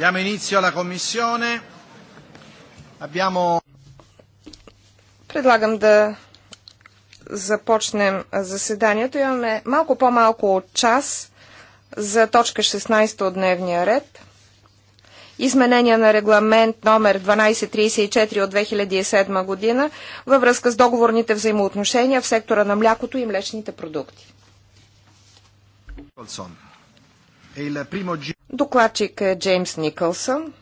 Diamo inizio alla commissione. Abbiamo... Предлагам да започнем заседанието. Имаме малко по-малко от час за точка 16 от дневния ред. Изменения на регламент номер 1234 от 2007 година във връзка с договорните взаимоотношения в сектора на млякото и млечните продукти. Докладчик е Джеймс Никълсън.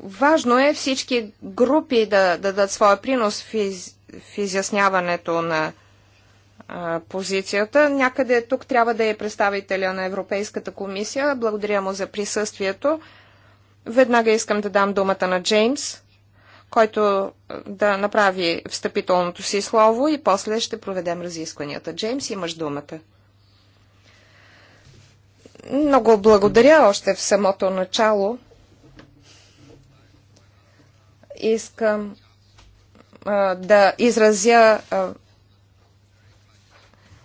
Важно е всички групи да, да дадат своя принос в, из, в изясняването на а, позицията. Някъде тук трябва да е представителя на Европейската комисия. Благодаря му за присъствието. Веднага искам да дам думата на Джеймс, който е, да направи встъпителното си слово и после ще проведем разискванията. Джеймс, имаш думата. Много благодаря още в самото начало. Искам а, е, да изразя а, е,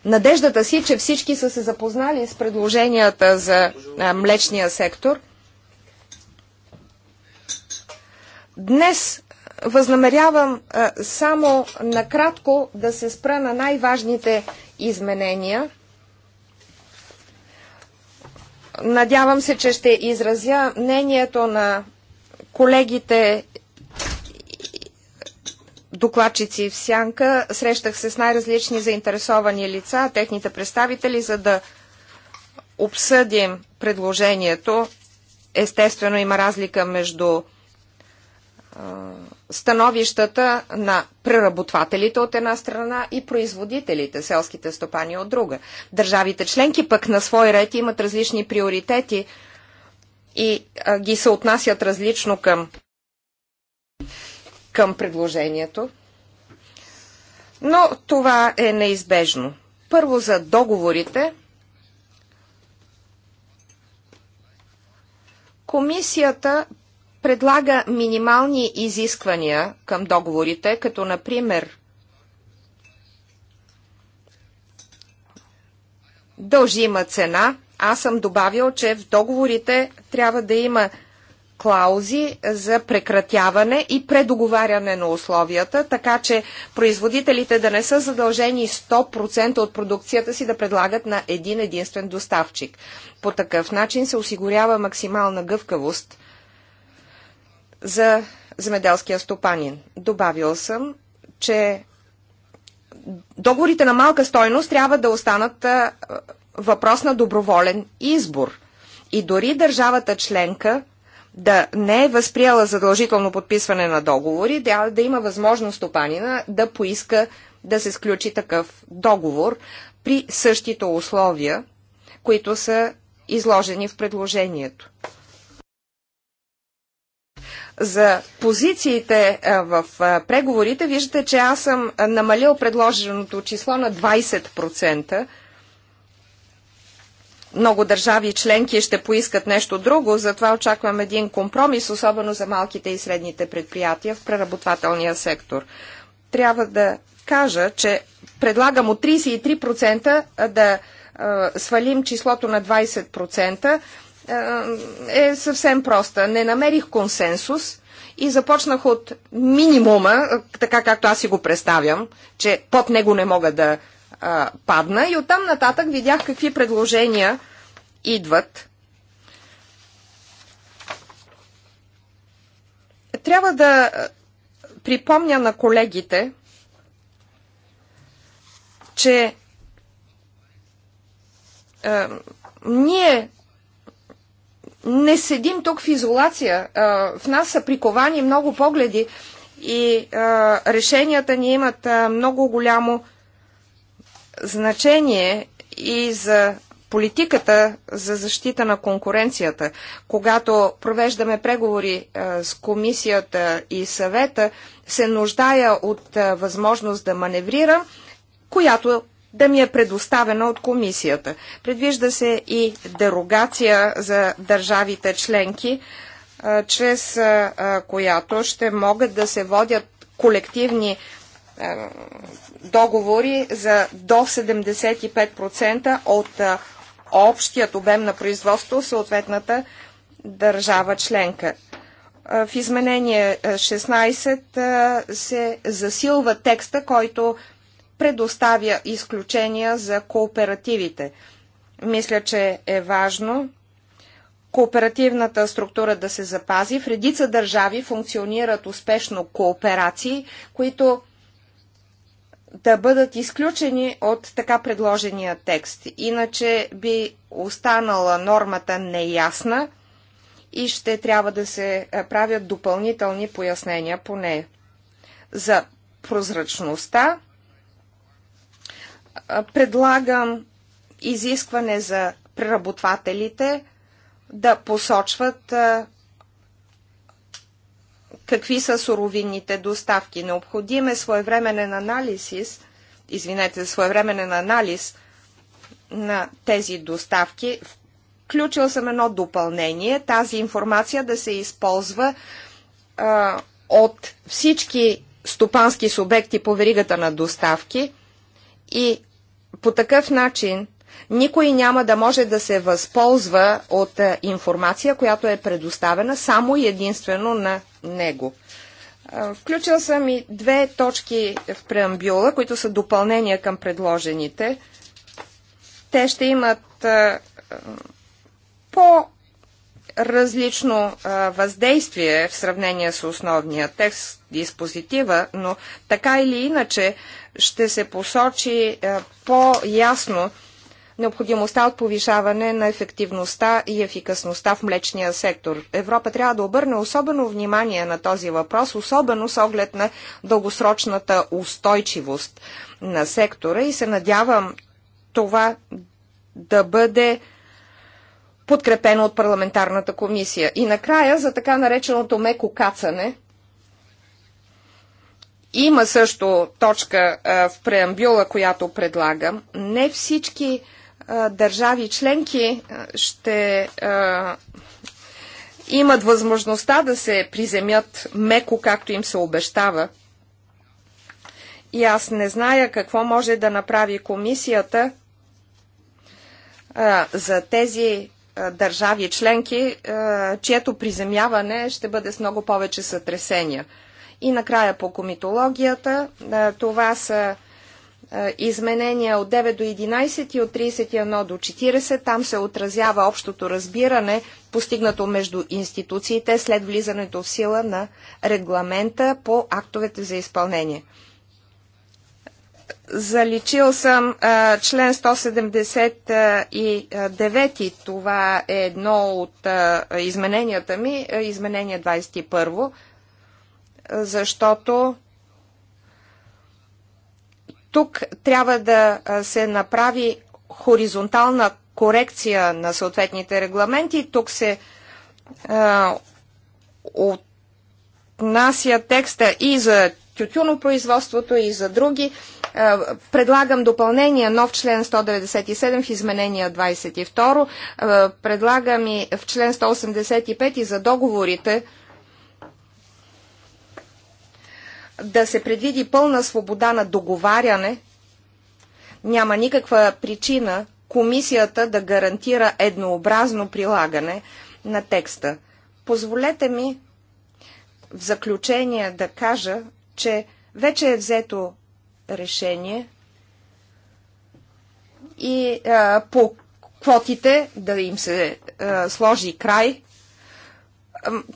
надеждата си, че всички са се запознали с предложенията за а, млечния сектор – Днес възнамерявам само накратко да се спра на най-важните изменения. Надявам се, че ще изразя мнението на колегите докладчици в Сянка. Срещах се с най-различни заинтересовани лица, техните представители, за да обсъдим предложението. Естествено има разлика между становищата на преработвателите от една страна и производителите, селските стопани от друга. Държавите членки пък на свой ред имат различни приоритети и а, ги се отнасят различно към, към предложението. Но това е неизбежно. Първо за договорите. Комисията предлага минимални изисквания към договорите, като например дължима цена. Аз съм добавил, че в договорите трябва да има клаузи за прекратяване и предоговаряне на условията, така че производителите да не са задължени 100% от продукцията си да предлагат на един единствен доставчик. По такъв начин се осигурява максимална гъвкавост – за земеделския стопанин. Добавил съм, че договорите на малка стойност трябва да останат въпрос на доброволен избор. И дори държавата членка да не е възприела задължително подписване на договори, трябва да има възможност стопанина да поиска да се сключи такъв договор при същите условия, които са изложени в предложението за позициите в преговорите, виждате, че аз съм намалил предложеното число на 20%. Много държави членки ще поискат нещо друго, затова очаквам един компромис, особено за малките и средните предприятия в преработвателния сектор. Трябва да кажа, че предлагам от 33% да свалим числото на 20%, е, е съвсем проста. Не намерих консенсус и започнах от минимума, така както аз си го представям, че под него не мога да а, падна. И оттам нататък видях какви предложения идват. Трябва да припомня на колегите, че а, ние не седим тук в изолация. В нас са приковани много погледи и решенията ни имат много голямо значение и за политиката за защита на конкуренцията. Когато провеждаме преговори с комисията и съвета, се нуждая от възможност да маневрирам, която да ми е предоставена от комисията. Предвижда се и дерогация за държавите членки, чрез която ще могат да се водят колективни договори за до 75% от общият обем на производство в съответната държава членка. В изменение 16 се засилва текста, който предоставя изключения за кооперативите. Мисля, че е важно кооперативната структура да се запази. В редица държави функционират успешно кооперации, които да бъдат изключени от така предложения текст. Иначе би останала нормата неясна и ще трябва да се правят допълнителни пояснения по нея. За прозрачността предлагам изискване за преработвателите да посочват какви са суровинните доставки. Необходим е своевременен анализ, извинете, своевременен анализ на тези доставки. Включил съм едно допълнение. Тази информация да се използва а, от всички стопански субекти по веригата на доставки и по такъв начин никой няма да може да се възползва от е, информация, която е предоставена само и единствено на него. Е, включил съм и две точки в преамбюла, които са допълнения към предложените. Те ще имат е, по-различно въздействие в сравнение с основния текст, диспозитива, но така или иначе ще се посочи е, по-ясно необходимостта от повишаване на ефективността и ефикасността в млечния сектор. Европа трябва да обърне особено внимание на този въпрос, особено с оглед на дългосрочната устойчивост на сектора и се надявам това да бъде подкрепено от парламентарната комисия. И накрая за така нареченото меко кацане – има също точка в преамбюла, която предлагам. Не всички държави членки ще имат възможността да се приземят меко, както им се обещава. И аз не зная какво може да направи комисията за тези държави членки, чието приземяване ще бъде с много повече сътресения. И накрая по комитологията, е, това са е, изменения от 9 до 11 и от 31 до 40. Там се отразява общото разбиране, постигнато между институциите след влизането в сила на регламента по актовете за изпълнение. Заличил съм а, е, член 179. Това е едно от а, измененията ми, изменение 21 защото тук трябва да се направи хоризонтална корекция на съответните регламенти. Тук се отнася текста и за тютюнопроизводството, и за други. предлагам допълнение, нов член 197 в изменение 22. предлагам и в член 185 и за договорите, да се предвиди пълна свобода на договаряне, няма никаква причина комисията да гарантира еднообразно прилагане на текста. Позволете ми в заключение да кажа, че вече е взето решение и а, по квотите да им се а, сложи край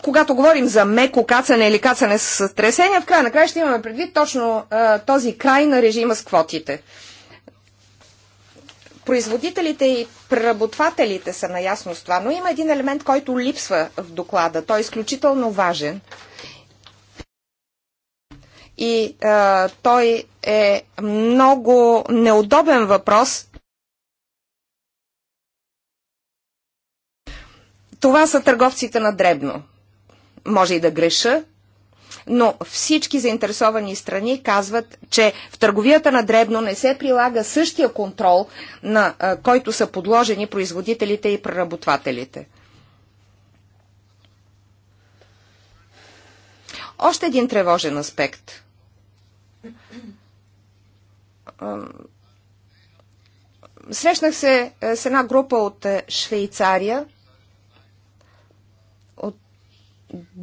когато говорим за меко кацане или кацане с тресения, в края на края ще имаме предвид точно а, този край на режима с квотите. Производителите и преработвателите са наясно с това, но има един елемент, който липсва в доклада. Той е изключително важен. И а, той е много неудобен въпрос Това са търговците на дребно. Може и да греша, но всички заинтересовани страни казват, че в търговията на дребно не се прилага същия контрол, на който са подложени производителите и преработвателите. Още един тревожен аспект. Срещнах се с една група от Швейцария,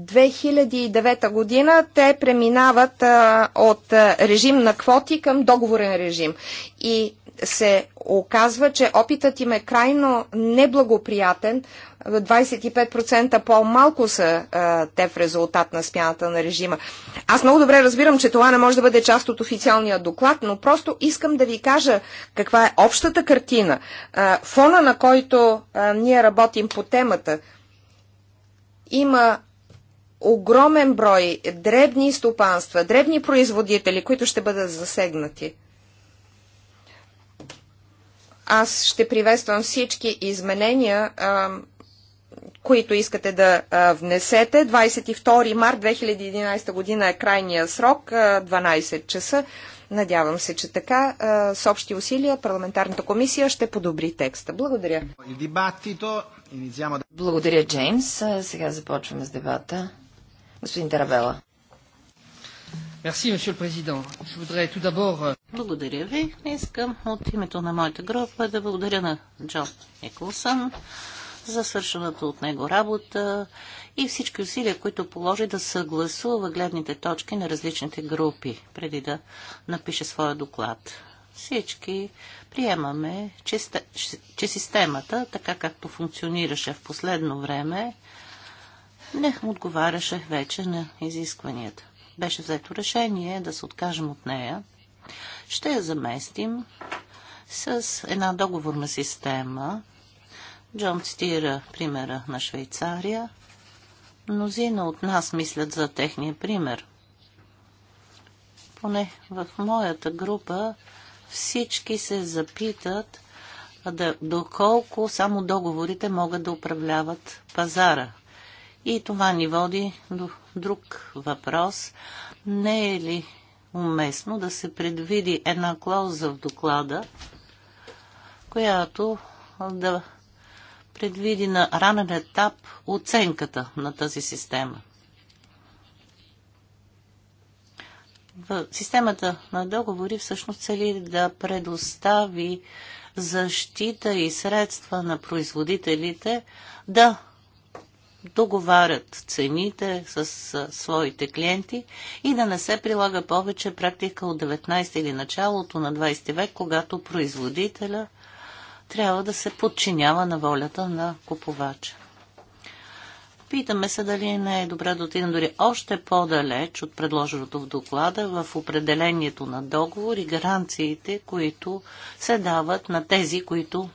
2009 година те преминават а, от режим на квоти към договорен режим. И се оказва, че опитът им е крайно неблагоприятен. 25% по-малко са а, те в резултат на смяната на режима. Аз много добре разбирам, че това не може да бъде част от официалния доклад, но просто искам да ви кажа каква е общата картина, а, фона на който а, ние работим по темата. Има огромен брой дребни стопанства, дребни производители, които ще бъдат засегнати. Аз ще приветствам всички изменения, които искате да внесете. 22 март 2011 година е крайния срок, 12 часа. Надявам се, че така с общи усилия парламентарната комисия ще подобри текста. Благодаря. Благодаря, Джеймс. Сега започваме с дебата. Господин Тарабела. Euh, благодаря ви. Искам от името на моята група да благодаря на Джон Николсън за свършената от него работа и всички усилия, които положи да съгласува гледните точки на различните групи, преди да напише своя доклад. Всички приемаме, че, че системата, така както функционираше в последно време, не отговаряше вече на изискванията. Беше взето решение да се откажем от нея. Ще я заместим с една договорна система. Джон цитира примера на Швейцария. Мнозина от нас мислят за техния пример. Поне в моята група всички се запитат да, доколко само договорите могат да управляват пазара. И това ни води до друг въпрос. Не е ли уместно да се предвиди една клауза в доклада, която да предвиди на ранен етап оценката на тази система? В системата на договори всъщност цели да предостави защита и средства на производителите да договарят цените с своите клиенти и да не се прилага повече практика от 19 или началото на 20 век, когато производителя трябва да се подчинява на волята на купувача. Питаме се дали не е добре да отидем дори още по-далеч от предложеното в доклада в определението на договор и гаранциите, които се дават на тези, които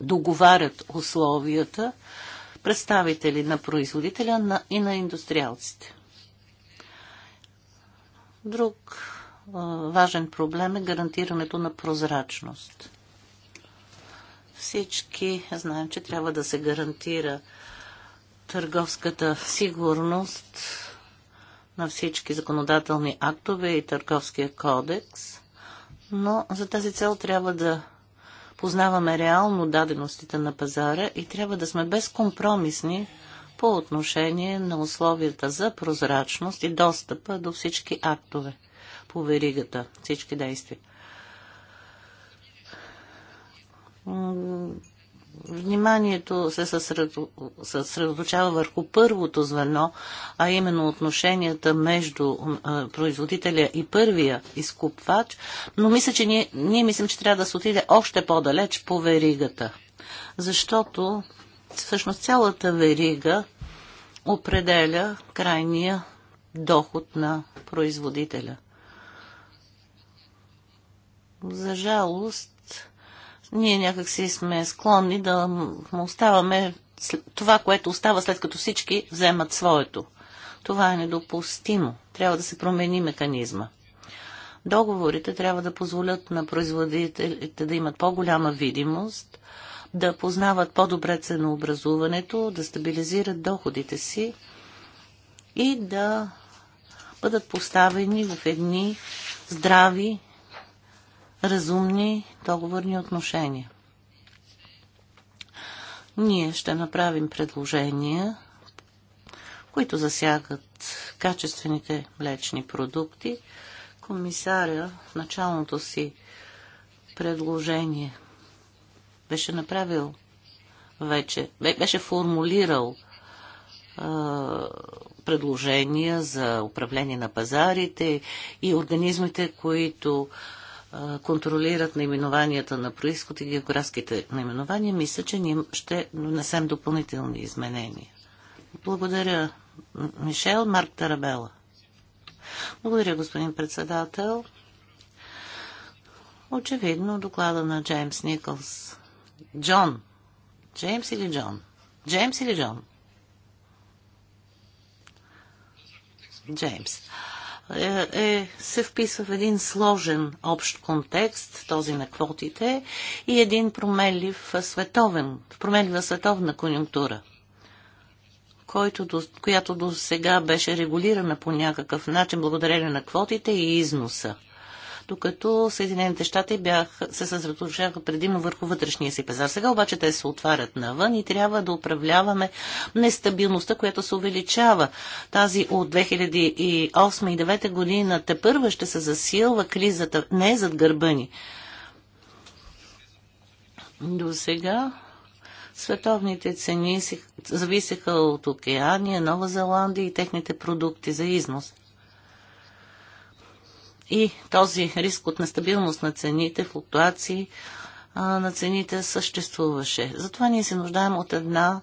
договарят условията представители на производителя и на индустриалците. Друг важен проблем е гарантирането на прозрачност. Всички знаем, че трябва да се гарантира търговската сигурност на всички законодателни актове и търговския кодекс, но за тази цел трябва да познаваме реално даденостите на пазара и трябва да сме безкомпромисни по отношение на условията за прозрачност и достъпа до всички актове по веригата, всички действия. Вниманието се съсредоточава върху първото звено, а именно отношенията между производителя и първия изкупвач, но мисля, че ние, ние мислим, че трябва да се отиде още по-далеч по веригата. Защото всъщност цялата верига определя крайния доход на производителя. За жалост, ние някакси сме склонни да му оставаме това, което остава след като всички вземат своето. Това е недопустимо. Трябва да се промени механизма. Договорите трябва да позволят на производителите да имат по-голяма видимост, да познават по-добре ценообразуването, да стабилизират доходите си и да бъдат поставени в едни здрави разумни договорни отношения. Ние ще направим предложения, които засягат качествените млечни продукти. Комисаря в началното си предложение беше направил вече, беше формулирал предложения за управление на пазарите и организмите, които контролират наименованията на происход и географските наименования, мисля, че ние ще нанесем допълнителни изменения. Благодаря, Мишел Марк Тарабела. Благодаря, господин председател. Очевидно, доклада на Джеймс Николс. Джон. Джеймс или Джон? Джеймс или Джон? Джеймс. Е, е, се вписва в един сложен общ контекст, този на квотите, и един променлив световен, променлива световна конюнктура, който до, която до сега беше регулирана по някакъв начин благодарение на квотите и износа докато Съединените щати бях, се съсредоточаха предимно върху вътрешния си пазар. Сега обаче те се отварят навън и трябва да управляваме нестабилността, която се увеличава. Тази от 2008 и 2009 година те първа ще се засилва кризата, не е зад зад гърбани. До сега световните цени зависеха от Океания, Нова Зеландия и техните продукти за износ. И този риск от нестабилност на цените, флуктуации а, на цените съществуваше. Затова ние се нуждаем от една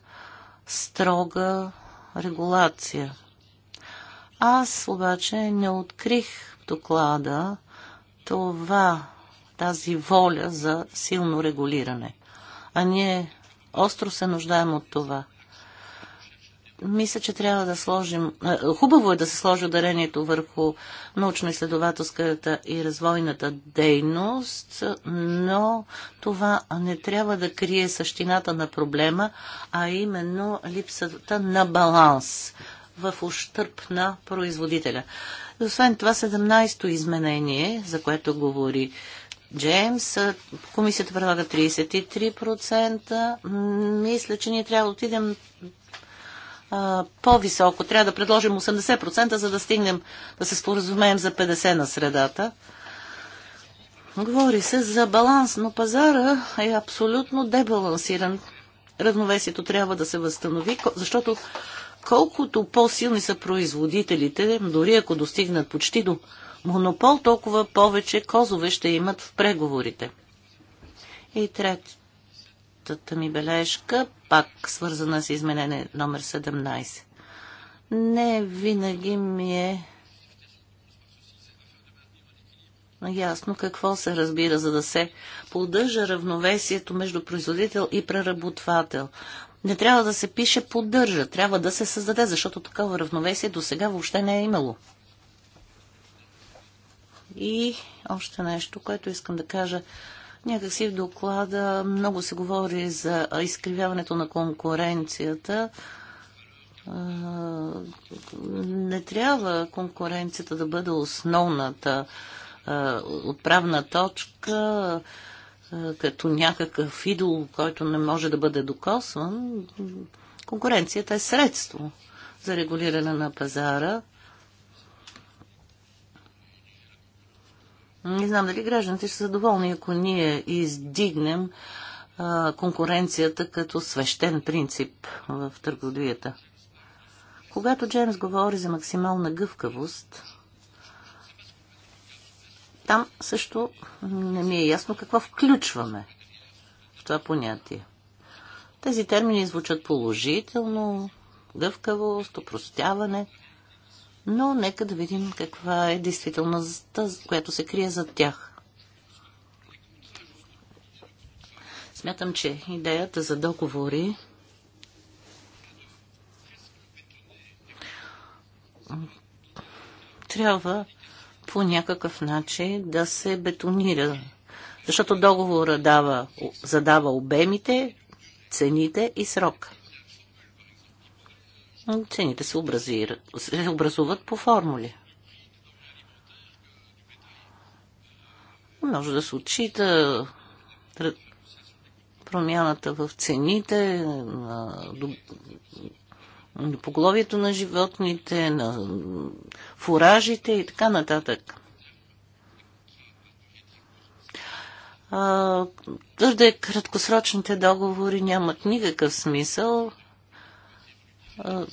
строга регулация. Аз обаче не открих в доклада това, тази воля за силно регулиране. А ние остро се нуждаем от това мисля, че трябва да сложим. Е, хубаво е да се сложи ударението върху научно-изследователската и развойната дейност, но това не трябва да крие същината на проблема, а именно липсата на баланс в ущърп на производителя. освен това, 17-то изменение, за което говори Джеймс, комисията предлага 33%. Мисля, че ние трябва да отидем по-високо. Трябва да предложим 80%, за да стигнем да се споразумеем за 50% на средата. Говори се за баланс, но пазара е абсолютно дебалансиран. Равновесието трябва да се възстанови, защото колкото по-силни са производителите, дори ако достигнат почти до монопол, толкова повече козове ще имат в преговорите. И третата ми бележка пак свързана с изменение номер 17. Не винаги ми е ясно какво се разбира, за да се поддържа равновесието между производител и преработвател. Не трябва да се пише поддържа, трябва да се създаде, защото такова равновесие до сега въобще не е имало. И още нещо, което искам да кажа Някакси в доклада много се говори за изкривяването на конкуренцията. Не трябва конкуренцията да бъде основната отправна точка като някакъв идол, който не може да бъде докосван. Конкуренцията е средство за регулиране на пазара Не знам дали гражданите ще са доволни, ако ние издигнем а, конкуренцията като свещен принцип в търговията. Когато Джеймс говори за максимална гъвкавост, там също не ми е ясно какво включваме в това понятие. Тези термини звучат положително, гъвкавост, опростяване, но нека да видим каква е действителността, която се крие зад тях. Смятам, че идеята за договори трябва по някакъв начин да се бетонира. Защото договора задава обемите, цените и срока цените се, образират, се образуват по формули. Може да се отчита промяната в цените, на поголовието на животните, на фуражите и така нататък. Твърде краткосрочните договори нямат никакъв смисъл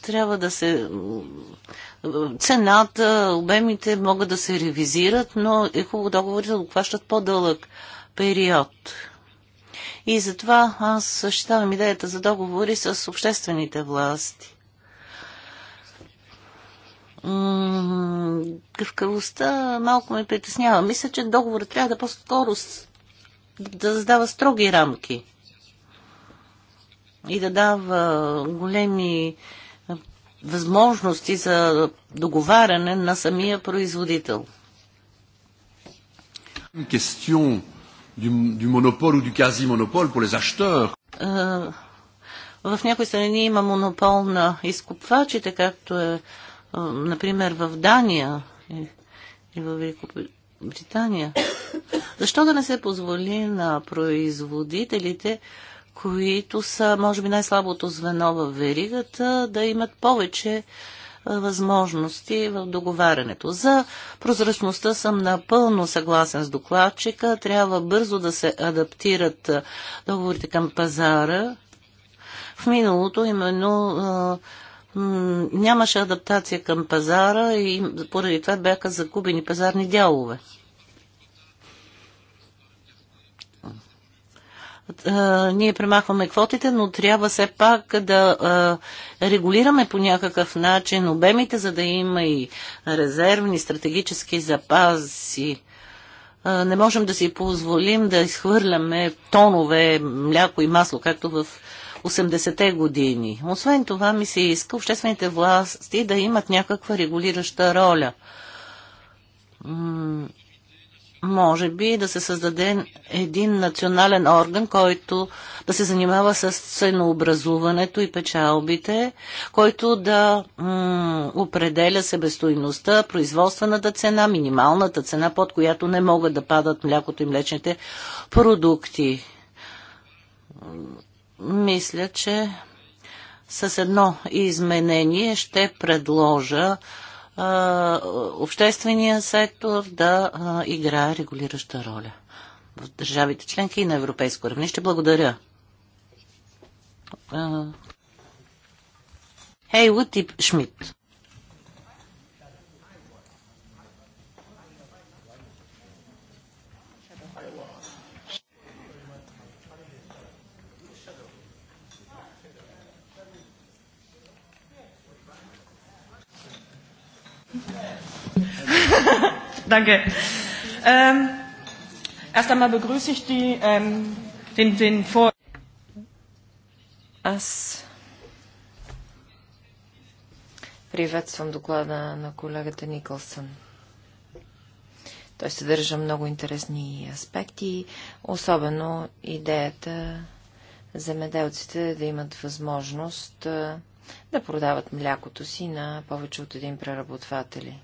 трябва да се. Цената, обемите могат да се ревизират, но е хубаво договорите да обхващат по-дълъг период. И затова аз съществявам идеята за договори с обществените власти. Гъвкавостта малко ме притеснява. Мисля, че договорът трябва да е по-скоро да задава строги рамки и да дава големи възможности за договаряне на самия производител. Question du, du monopole ou du quasi-monopole pour les acheteurs. в някои страни има монопол на изкупвачите, както е, например, в Дания и, в Великобритания. Защо да не се позволи на производителите които са, може би, най-слабото звено в веригата, да имат повече е, възможности в договарянето. За прозрачността съм напълно съгласен с докладчика. Трябва бързо да се адаптират е, договорите към пазара. В миналото именно е, нямаше адаптация към пазара и поради това бяха загубени пазарни дялове. ние премахваме квотите, но трябва все пак да регулираме по някакъв начин обемите, за да има и резервни стратегически запаси. Не можем да си позволим да изхвърляме тонове мляко и масло, както в 80-те години. Освен това ми се иска обществените власти да имат някаква регулираща роля може би да се създаде един национален орган, който да се занимава с ценообразуването и печалбите, който да определя себестойността, производствената цена, минималната цена, под която не могат да падат млякото и млечните продукти. Мисля, че с едно изменение ще предложа обществения сектор да а, играе регулираща роля в държавите членки и на европейско равнище. Благодаря. Хейлът и Шмидт. Danke. Ähm, erst einmal begrüße ich die, ähm, den, den Vor... Аз приветствам доклада на колегата Никълсън. Той съдържа много интересни аспекти, особено идеята земеделците да имат възможност да продават млякото си на повече от един преработватели.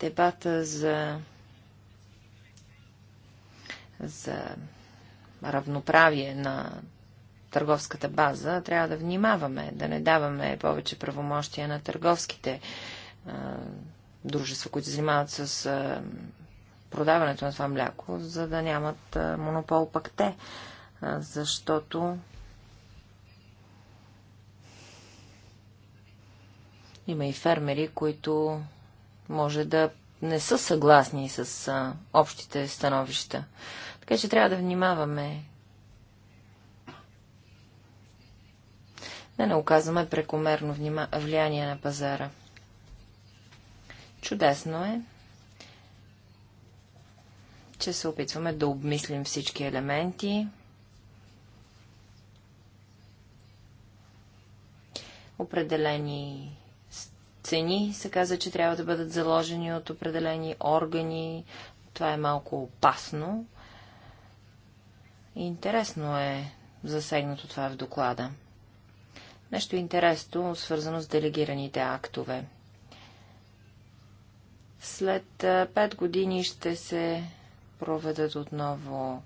Дебата за, за равноправие на търговската база, трябва да внимаваме, да не даваме повече правомощия на търговските а, дружества, които занимават с а, продаването на това мляко, за да нямат а, монопол пък те, а, защото има и фермери, които може да не са съгласни с а, общите становища. Така че трябва да внимаваме. Да не оказваме прекомерно внима... влияние на пазара. Чудесно е, че се опитваме да обмислим всички елементи. Определени цени се каза, че трябва да бъдат заложени от определени органи. Това е малко опасно. Интересно е засегнато това в доклада. Нещо интересно, свързано с делегираните актове. След пет години ще се проведат отново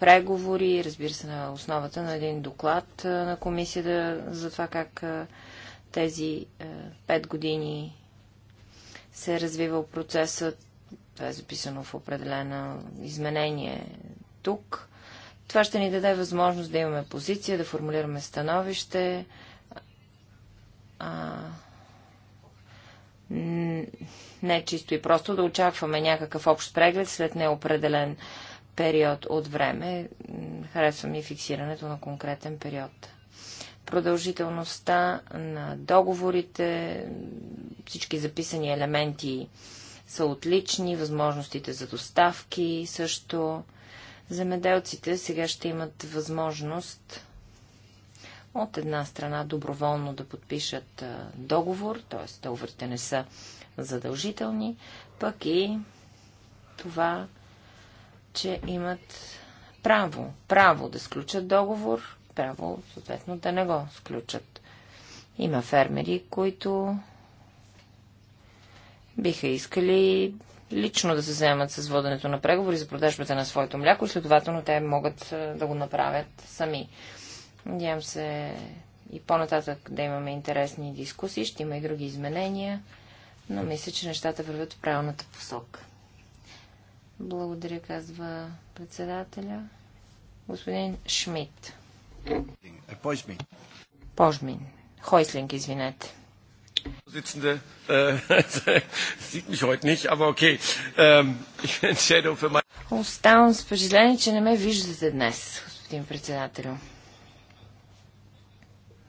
преговори, разбира се, на основата на един доклад на комисията за това как тези е, пет години се е развивал процесът, това е записано в определено изменение тук. Това ще ни даде възможност да имаме позиция, да формулираме становище. А, не чисто и просто да очакваме някакъв общ преглед след неопределен период от време. Харесвам и фиксирането на конкретен период продължителността на договорите, всички записани елементи са отлични, възможностите за доставки също. Земеделците сега ще имат възможност от една страна доброволно да подпишат договор, т.е. договорите не са задължителни, пък и това, че имат право, право да сключат договор право, съответно, да не го сключат. Има фермери, които биха искали лично да се заемат с воденето на преговори за продажбата на своето мляко и следователно те могат да го направят сами. Надявам се и по-нататък да имаме интересни дискусии, ще има и други изменения, но мисля, че нещата вървят в правилната посока. Благодаря, казва председателя. Господин Шмидт. Пожмин. Пожмин. Хойслинг, извинете. äh, sieht mich heute nicht, aber okay. Ähm, ich bin Shadow für mein... Оставам с впечатление, че не ме виждате днес, господин председател.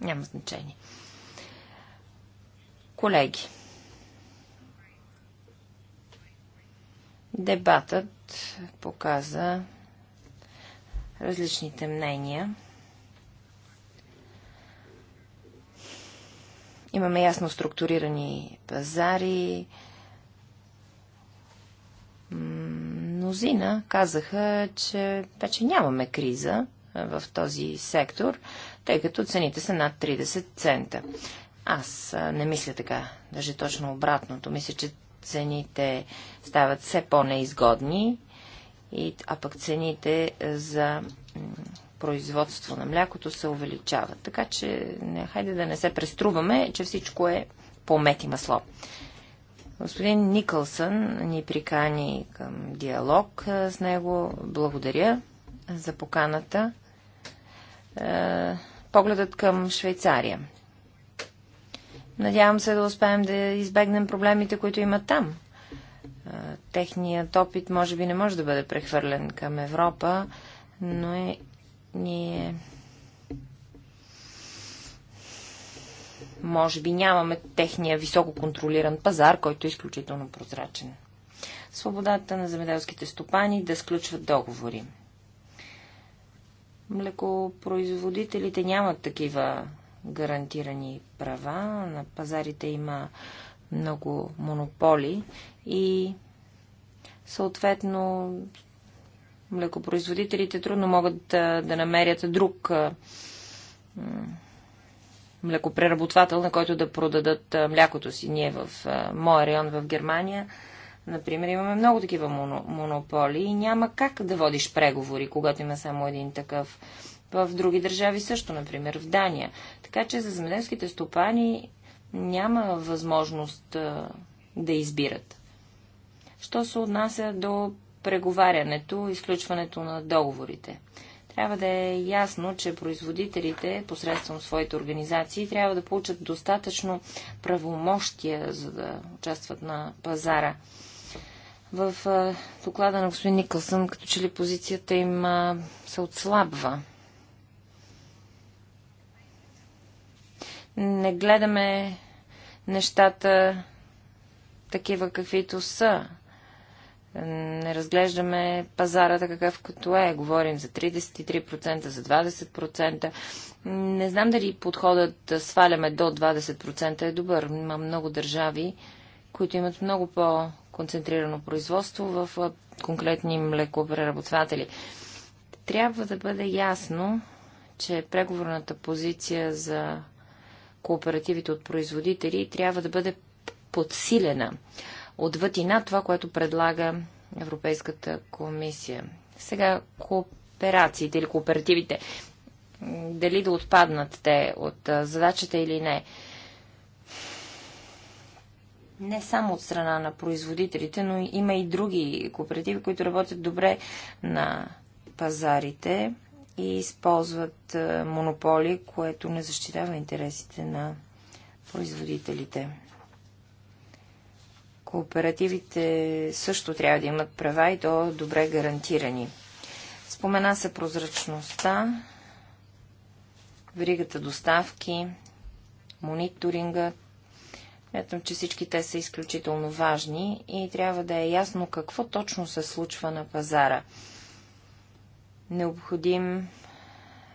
Няма значение. Колеги, дебатът показа различните мнения. Имаме ясно структурирани пазари. Мнозина казаха, че вече нямаме криза в този сектор, тъй като цените са над 30 цента. Аз не мисля така, даже точно обратното. Мисля, че цените стават все по-неизгодни, а пък цените за производство на млякото се увеличават. Така че, не, хайде да не се преструваме, че всичко е по мет и масло. Господин Никълсън ни прикани към диалог с него. Благодаря за поканата. Погледът към Швейцария. Надявам се да успеем да избегнем проблемите, които имат там. Техният опит може би не може да бъде прехвърлен към Европа, но е ние може би нямаме техния високо контролиран пазар, който е изключително прозрачен. Свободата на земеделските стопани да сключват договори. Млекопроизводителите нямат такива гарантирани права. На пазарите има много монополи и съответно млекопроизводителите трудно могат да, да намерят друг млекопреработвател, на който да продадат млякото си. Ние в моя район в Германия, например, имаме много такива монополи и няма как да водиш преговори, когато има само един такъв. В други държави също, например в Дания. Така че за земеделските стопани няма възможност да избират. Що се отнася до преговарянето, изключването на договорите. Трябва да е ясно, че производителите, посредством своите организации, трябва да получат достатъчно правомощия, за да участват на пазара. В доклада на господин Никълсън, като че ли позицията им се отслабва. Не гледаме нещата такива, каквито са не разглеждаме пазара така какъв като е. Говорим за 33%, за 20%. Не знам дали подходът да сваляме до 20% е добър. Има много държави, които имат много по-концентрирано производство в конкретни млекопреработватели. Трябва да бъде ясно, че преговорната позиция за кооперативите от производители трябва да бъде подсилена отвъд и над това, което предлага Европейската комисия. Сега кооперациите или кооперативите, дали да отпаднат те от задачата или не. Не само от страна на производителите, но има и други кооперативи, които работят добре на пазарите и използват монополи, което не защитава интересите на производителите. Кооперативите също трябва да имат права и то добре гарантирани. Спомена се прозрачността, веригата доставки, мониторинга. Мятам, че всички те са изключително важни и трябва да е ясно какво точно се случва на пазара. Необходим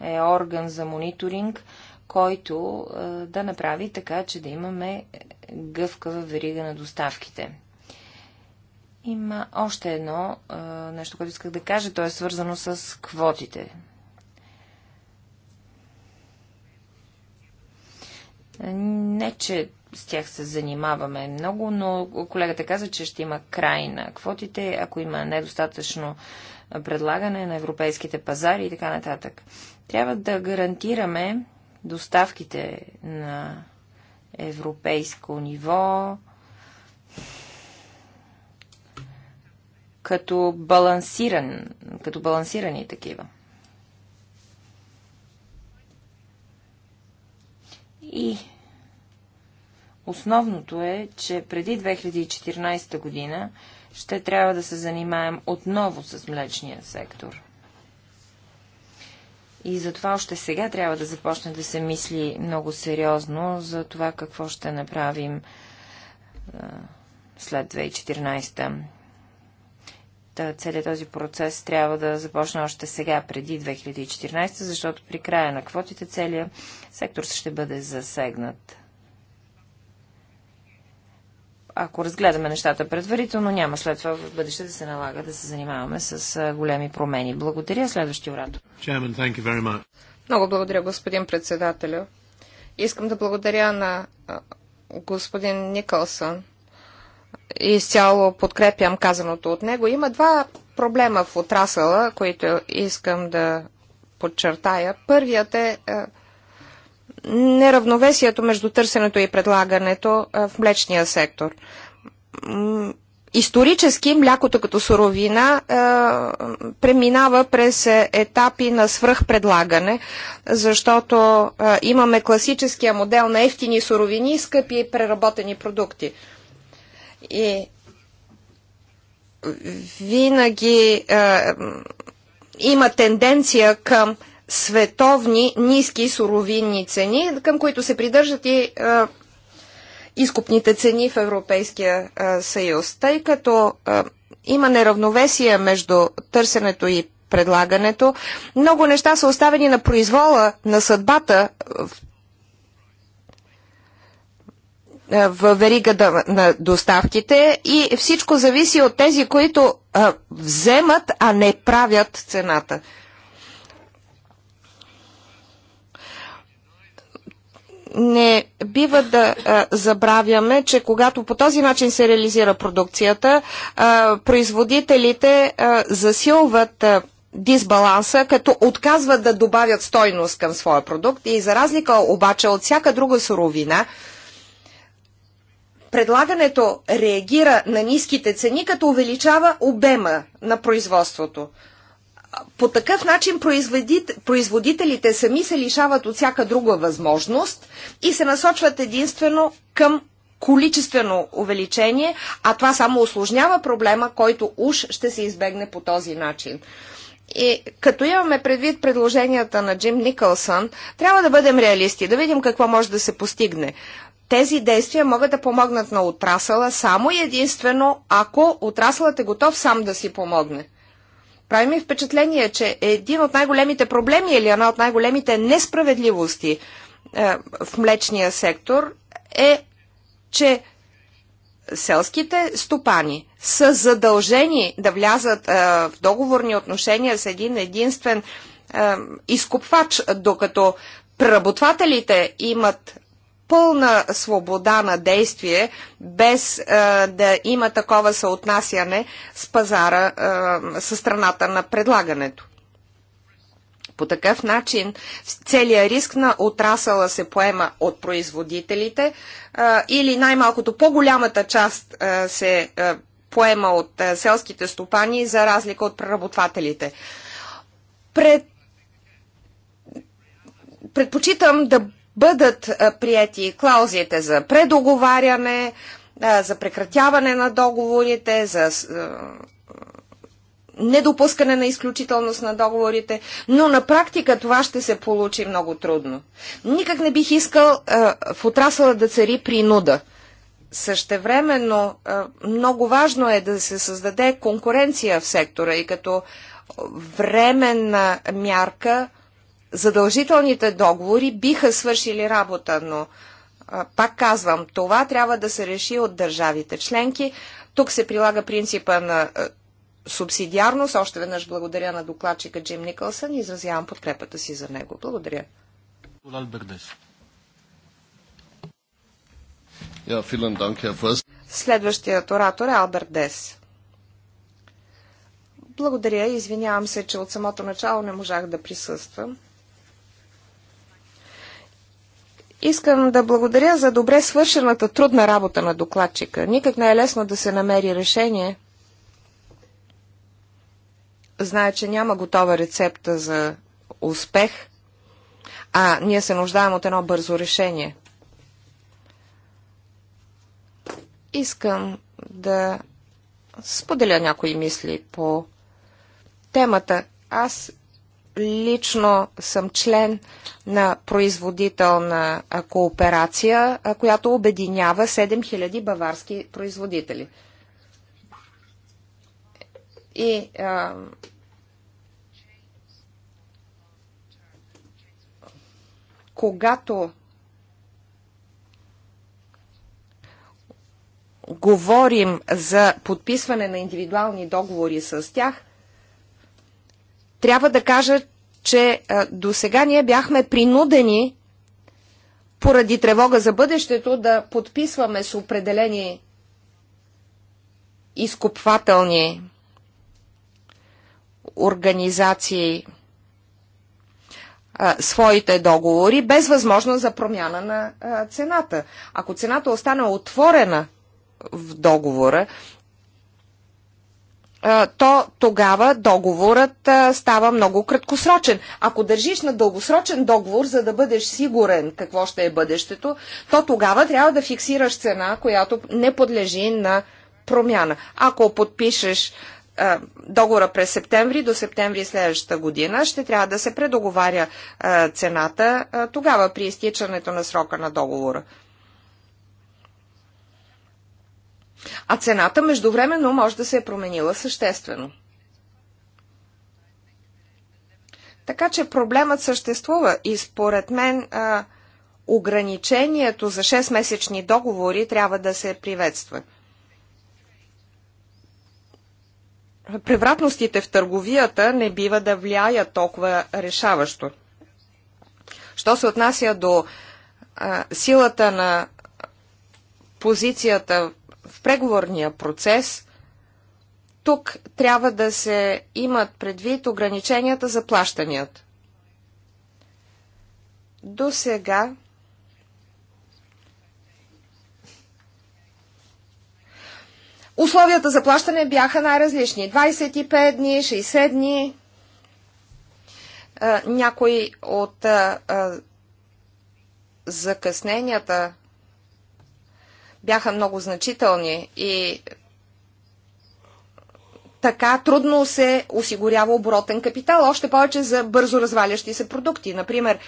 е орган за мониторинг, който да направи така, че да имаме гъвкава верига на доставките. Има още едно а, нещо, което исках да кажа. То е свързано с квотите. Не, че с тях се занимаваме много, но колегата каза, че ще има край на квотите, ако има недостатъчно предлагане на европейските пазари и така нататък. Трябва да гарантираме доставките на европейско ниво, като, балансиран, като балансирани такива. И основното е, че преди 2014 година ще трябва да се занимаем отново с млечния сектор – и затова още сега трябва да започне да се мисли много сериозно за това какво ще направим а, след 2014. Та, целият този процес трябва да започне още сега, преди 2014, защото при края на квотите целият сектор ще бъде засегнат ако разгледаме нещата предварително, няма след това в бъдеще да се налага да се занимаваме с големи промени. Благодаря. Следващия оратор. Много благодаря, господин председателю. Искам да благодаря на господин Никълсън. Изцяло подкрепям казаното от него. Има два проблема в отрасъла, които искам да подчертая. Първият е, е неравновесието между търсенето и предлагането в млечния сектор. Исторически млякото като суровина е, преминава през етапи на свръхпредлагане, защото е, имаме класическия модел на ефтини суровини и скъпи преработени продукти. И винаги е, има тенденция към е, световни ниски суровинни цени, към които се придържат и а, изкупните цени в Европейския а, съюз. Тъй като а, има неравновесие между търсенето и предлагането, много неща са оставени на произвола на съдбата в в веригата на доставките и всичко зависи от тези, които а, вземат, а не правят цената. не бива да а, забравяме, че когато по този начин се реализира продукцията, а, производителите а, засилват а, дисбаланса, като отказват да добавят стойност към своя продукт и за разлика обаче от всяка друга суровина, предлагането реагира на ниските цени, като увеличава обема на производството. По такъв начин производителите сами се лишават от всяка друга възможност и се насочват единствено към количествено увеличение, а това само осложнява проблема, който уж ще се избегне по този начин. И като имаме предвид предложенията на Джим Никълсън, трябва да бъдем реалисти, да видим какво може да се постигне. Тези действия могат да помогнат на отрасъла само и единствено, ако отрасълът е готов сам да си помогне. Прави ми впечатление, че един от най-големите проблеми или една от най-големите несправедливости е, в млечния сектор е, че селските стопани са задължени да влязат е, в договорни отношения с един единствен е, изкупвач, докато преработвателите имат пълна свобода на действие, без а, е, да има такова съотнасяне с пазара, е, със страната на предлагането. По такъв начин целият риск на отрасъла се поема от производителите а, е, или най-малкото по-голямата част а, се а, поема от а, селските стопани за разлика от преработвателите. Пред... Предпочитам да бъдат прияти клаузите за предоговаряне, за прекратяване на договорите, за недопускане на изключителност на договорите, но на практика това ще се получи много трудно. Никак не бих искал в отрасъла да цари принуда. Същевременно много важно е да се създаде конкуренция в сектора и като временна мярка – задължителните договори биха свършили работа, но пак казвам, това трябва да се реши от държавите членки. Тук се прилага принципа на субсидиарност. Още веднъж благодаря на докладчика Джим Никълсън и изразявам подкрепата си за него. Благодаря. Следващият оратор е Алберт Дес. Благодаря. Извинявам се, че от самото начало не можах да присъствам. Искам да благодаря за добре свършената трудна работа на докладчика. Никак не е лесно да се намери решение. Знае, че няма готова рецепта за успех, а ние се нуждаем от едно бързо решение. Искам да споделя някои мисли по темата. Аз лично съм член на производителна кооперация, която обединява 7000 баварски производители. И а, когато говорим за подписване на индивидуални договори с тях – трябва да кажа, че до сега ние бяхме принудени поради тревога за бъдещето да подписваме с определени изкупвателни организации а, своите договори без възможност за промяна на а, цената. Ако цената остана отворена в договора то тогава договорът става много краткосрочен. Ако държиш на дългосрочен договор, за да бъдеш сигурен какво ще е бъдещето, то тогава трябва да фиксираш цена, която не подлежи на промяна. Ако подпишеш договора през септември до септември следващата година, ще трябва да се предоговаря цената тогава при изтичането на срока на договора. А цената междувременно може да се е променила съществено. Така че проблемът съществува и според мен а, ограничението за 6-месечни договори трябва да се приветства. Превратностите в търговията не бива да влияят толкова решаващо. Що се отнася до а, силата на позицията в преговорния процес, тук трябва да се имат предвид ограниченията за плащаният. До сега условията за плащане бяха най-различни. 25 дни, 60 дни. Някои от закъсненията бяха много значителни и така трудно се осигурява оборотен капитал, още повече за бързо развалящи се продукти. Например,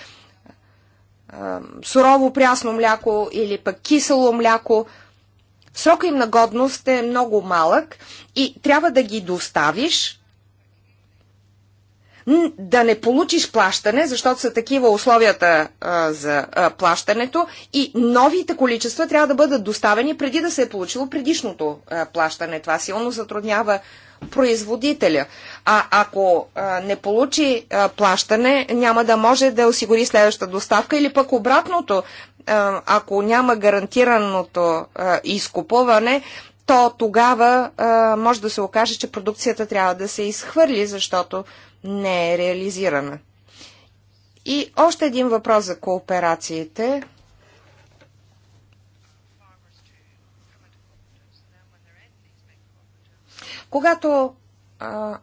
сурово прясно мляко или пък кисело мляко. Срока им на годност е много малък и трябва да ги доставиш да не получиш плащане, защото са такива условията а, за а, плащането и новите количества трябва да бъдат доставени преди да се е получило предишното а, плащане. Това силно затруднява производителя. А ако а, не получи а, плащане, няма да може да осигури следваща доставка или пък обратното, а, ако няма гарантираното а, изкупуване, то тогава а, може да се окаже, че продукцията трябва да се изхвърли, защото не е реализирана. И още един въпрос за кооперациите. Когато а,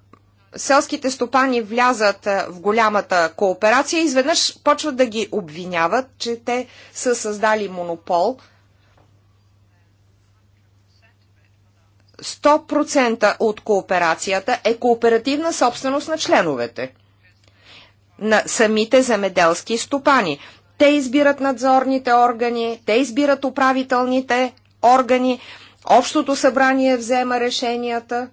селските стопани влязат в голямата кооперация, изведнъж почват да ги обвиняват, че те са създали монопол 100% от кооперацията е кооперативна собственост на членовете, на самите земеделски стопани. Те избират надзорните органи, те избират управителните органи, Общото събрание взема решенията.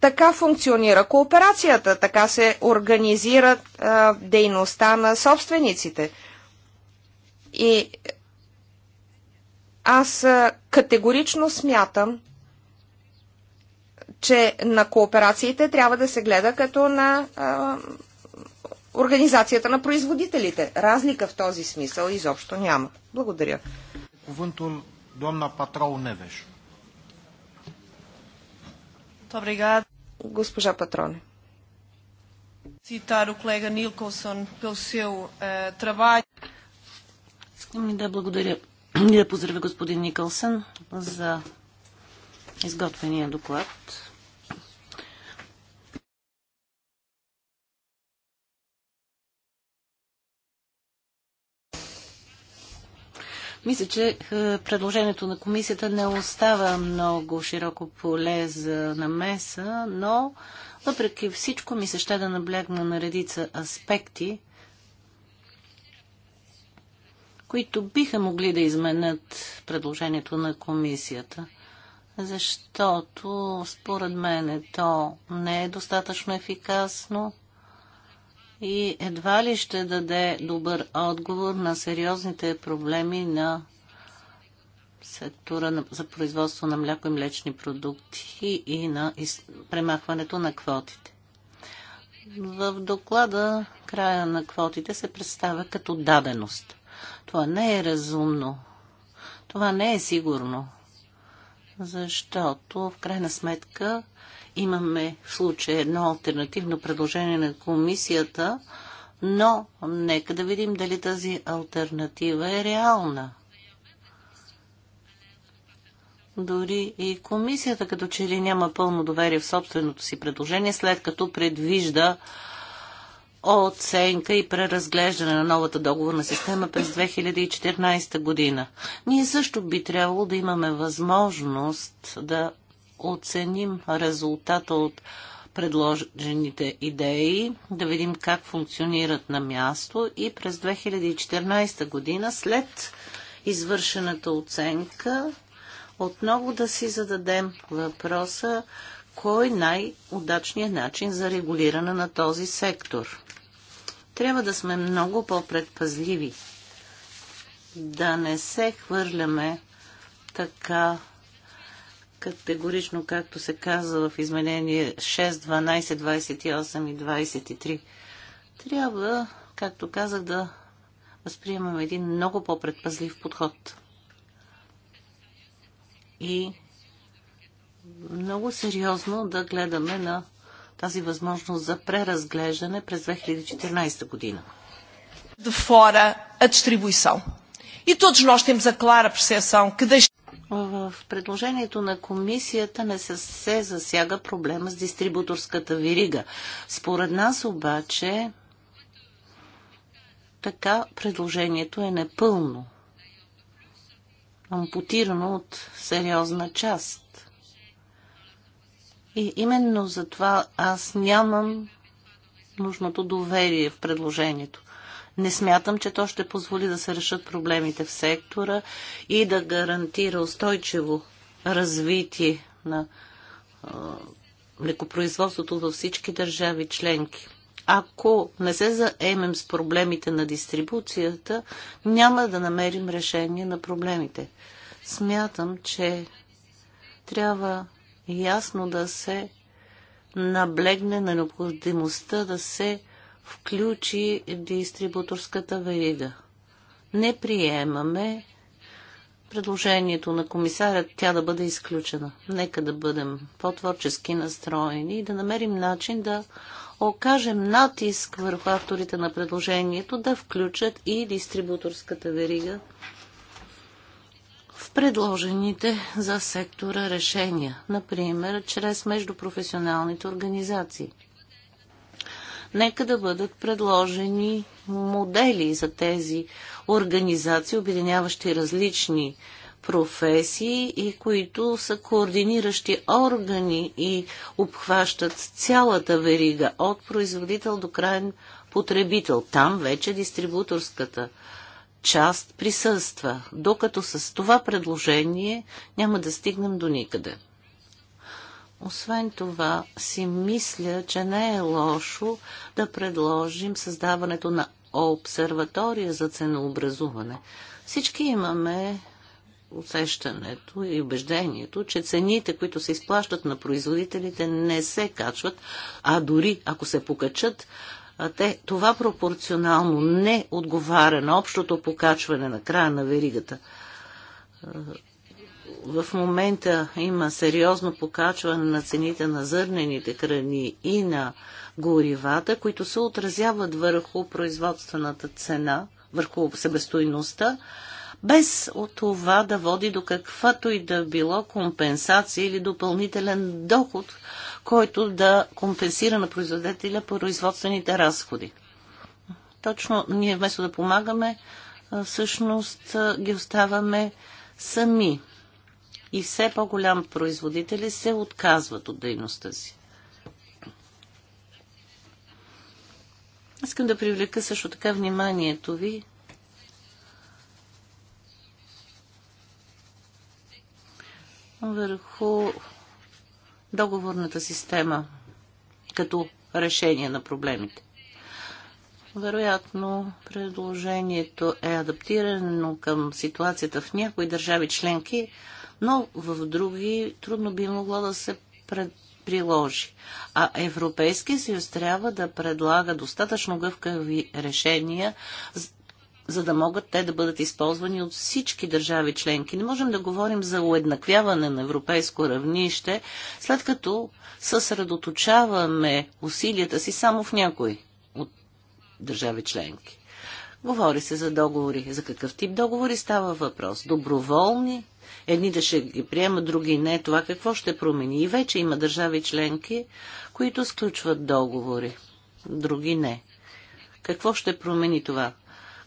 Така функционира кооперацията, така се организира а, дейността на собствениците. И аз категорично смятам, че на кооперациите трябва да се гледа като на а, организацията на производителите. Разлика в този смисъл изобщо няма. Благодаря. Cuvântul doamna Patrau Neveș. Obrigado. Госпожа Патроне. Citar колега colega Нилкосон pelo Искам да благодаря и да поздравя господин Никълсън за изготвения доклад. Мисля, че е, предложението на комисията не остава много широко поле за намеса, но въпреки всичко ми се ще да наблегна на редица аспекти, които биха могли да изменят предложението на комисията, защото според мен е то не е достатъчно ефикасно и едва ли ще даде добър отговор на сериозните проблеми на сектора за производство на мляко и млечни продукти и на премахването на квотите. В доклада края на квотите се представя като даденост. Това не е разумно. Това не е сигурно. Защото в крайна сметка имаме в случая едно альтернативно предложение на комисията, но нека да видим дали тази альтернатива е реална. Дори и комисията като че ли няма пълно доверие в собственото си предложение, след като предвижда оценка и преразглеждане на новата договорна система през 2014 година. Ние също би трябвало да имаме възможност да оценим резултата от предложените идеи, да видим как функционират на място и през 2014 година след извършената оценка отново да си зададем въпроса кой най-удачният начин за регулиране на този сектор. Трябва да сме много по-предпазливи, да не се хвърляме така категорично, както се казва в изменение 6, 12, 28 и 23. Трябва, както казах, да възприемам един много по-предпазлив подход. И много сериозно да гледаме на тази възможност за преразглеждане през 2014 година. De fora a distribuição. E todos nós temos a clara percepção que deixa... В предложението на комисията не се, се засяга проблема с дистрибуторската вирига. Според нас обаче така предложението е непълно, ампутирано от сериозна част. И именно за това аз нямам нужното доверие в предложението. Не смятам, че то ще позволи да се решат проблемите в сектора и да гарантира устойчиво развитие на лекопроизводството във всички държави членки. Ако не се заемем с проблемите на дистрибуцията, няма да намерим решение на проблемите. Смятам, че трябва ясно да се наблегне на необходимостта да се включи дистрибуторската верига. Не приемаме предложението на комисарят тя да бъде изключена. Нека да бъдем по-творчески настроени и да намерим начин да окажем натиск върху авторите на предложението да включат и дистрибуторската верига в предложените за сектора решения, например, чрез междупрофесионалните организации. Нека да бъдат предложени модели за тези организации, обединяващи различни професии и които са координиращи органи и обхващат цялата верига от производител до крайен потребител. Там вече дистрибуторската част присъства, докато с това предложение няма да стигнем до никъде. Освен това, си мисля, че не е лошо да предложим създаването на обсерватория за ценообразуване. Всички имаме усещането и убеждението, че цените, които се изплащат на производителите, не се качват, а дори ако се покачат, те, това пропорционално не отговаря на общото покачване на края на веригата. В момента има сериозно покачване на цените на зърнените храни и на горивата, които се отразяват върху производствената цена, върху себестойността, без от това да води до каквато и да било компенсация или допълнителен доход който да компенсира на производителя производствените разходи. Точно ние вместо да помагаме, всъщност ги оставаме сами. И все по-голям производители се отказват от дейността си. Искам да привлека също така вниманието ви върху договорната система като решение на проблемите. Вероятно, предложението е адаптирано към ситуацията в някои държави членки, но в други трудно би могло да се пред... приложи. А Европейския съюз трябва да предлага достатъчно гъвкави решения за да могат те да бъдат използвани от всички държави членки. Не можем да говорим за уеднаквяване на европейско равнище, след като съсредоточаваме усилията си само в някой от държави членки. Говори се за договори. За какъв тип договори става въпрос? Доброволни? да ще ги приемат, други не. Това какво ще промени? И вече има държави членки, които сключват договори. Други не. Какво ще промени това?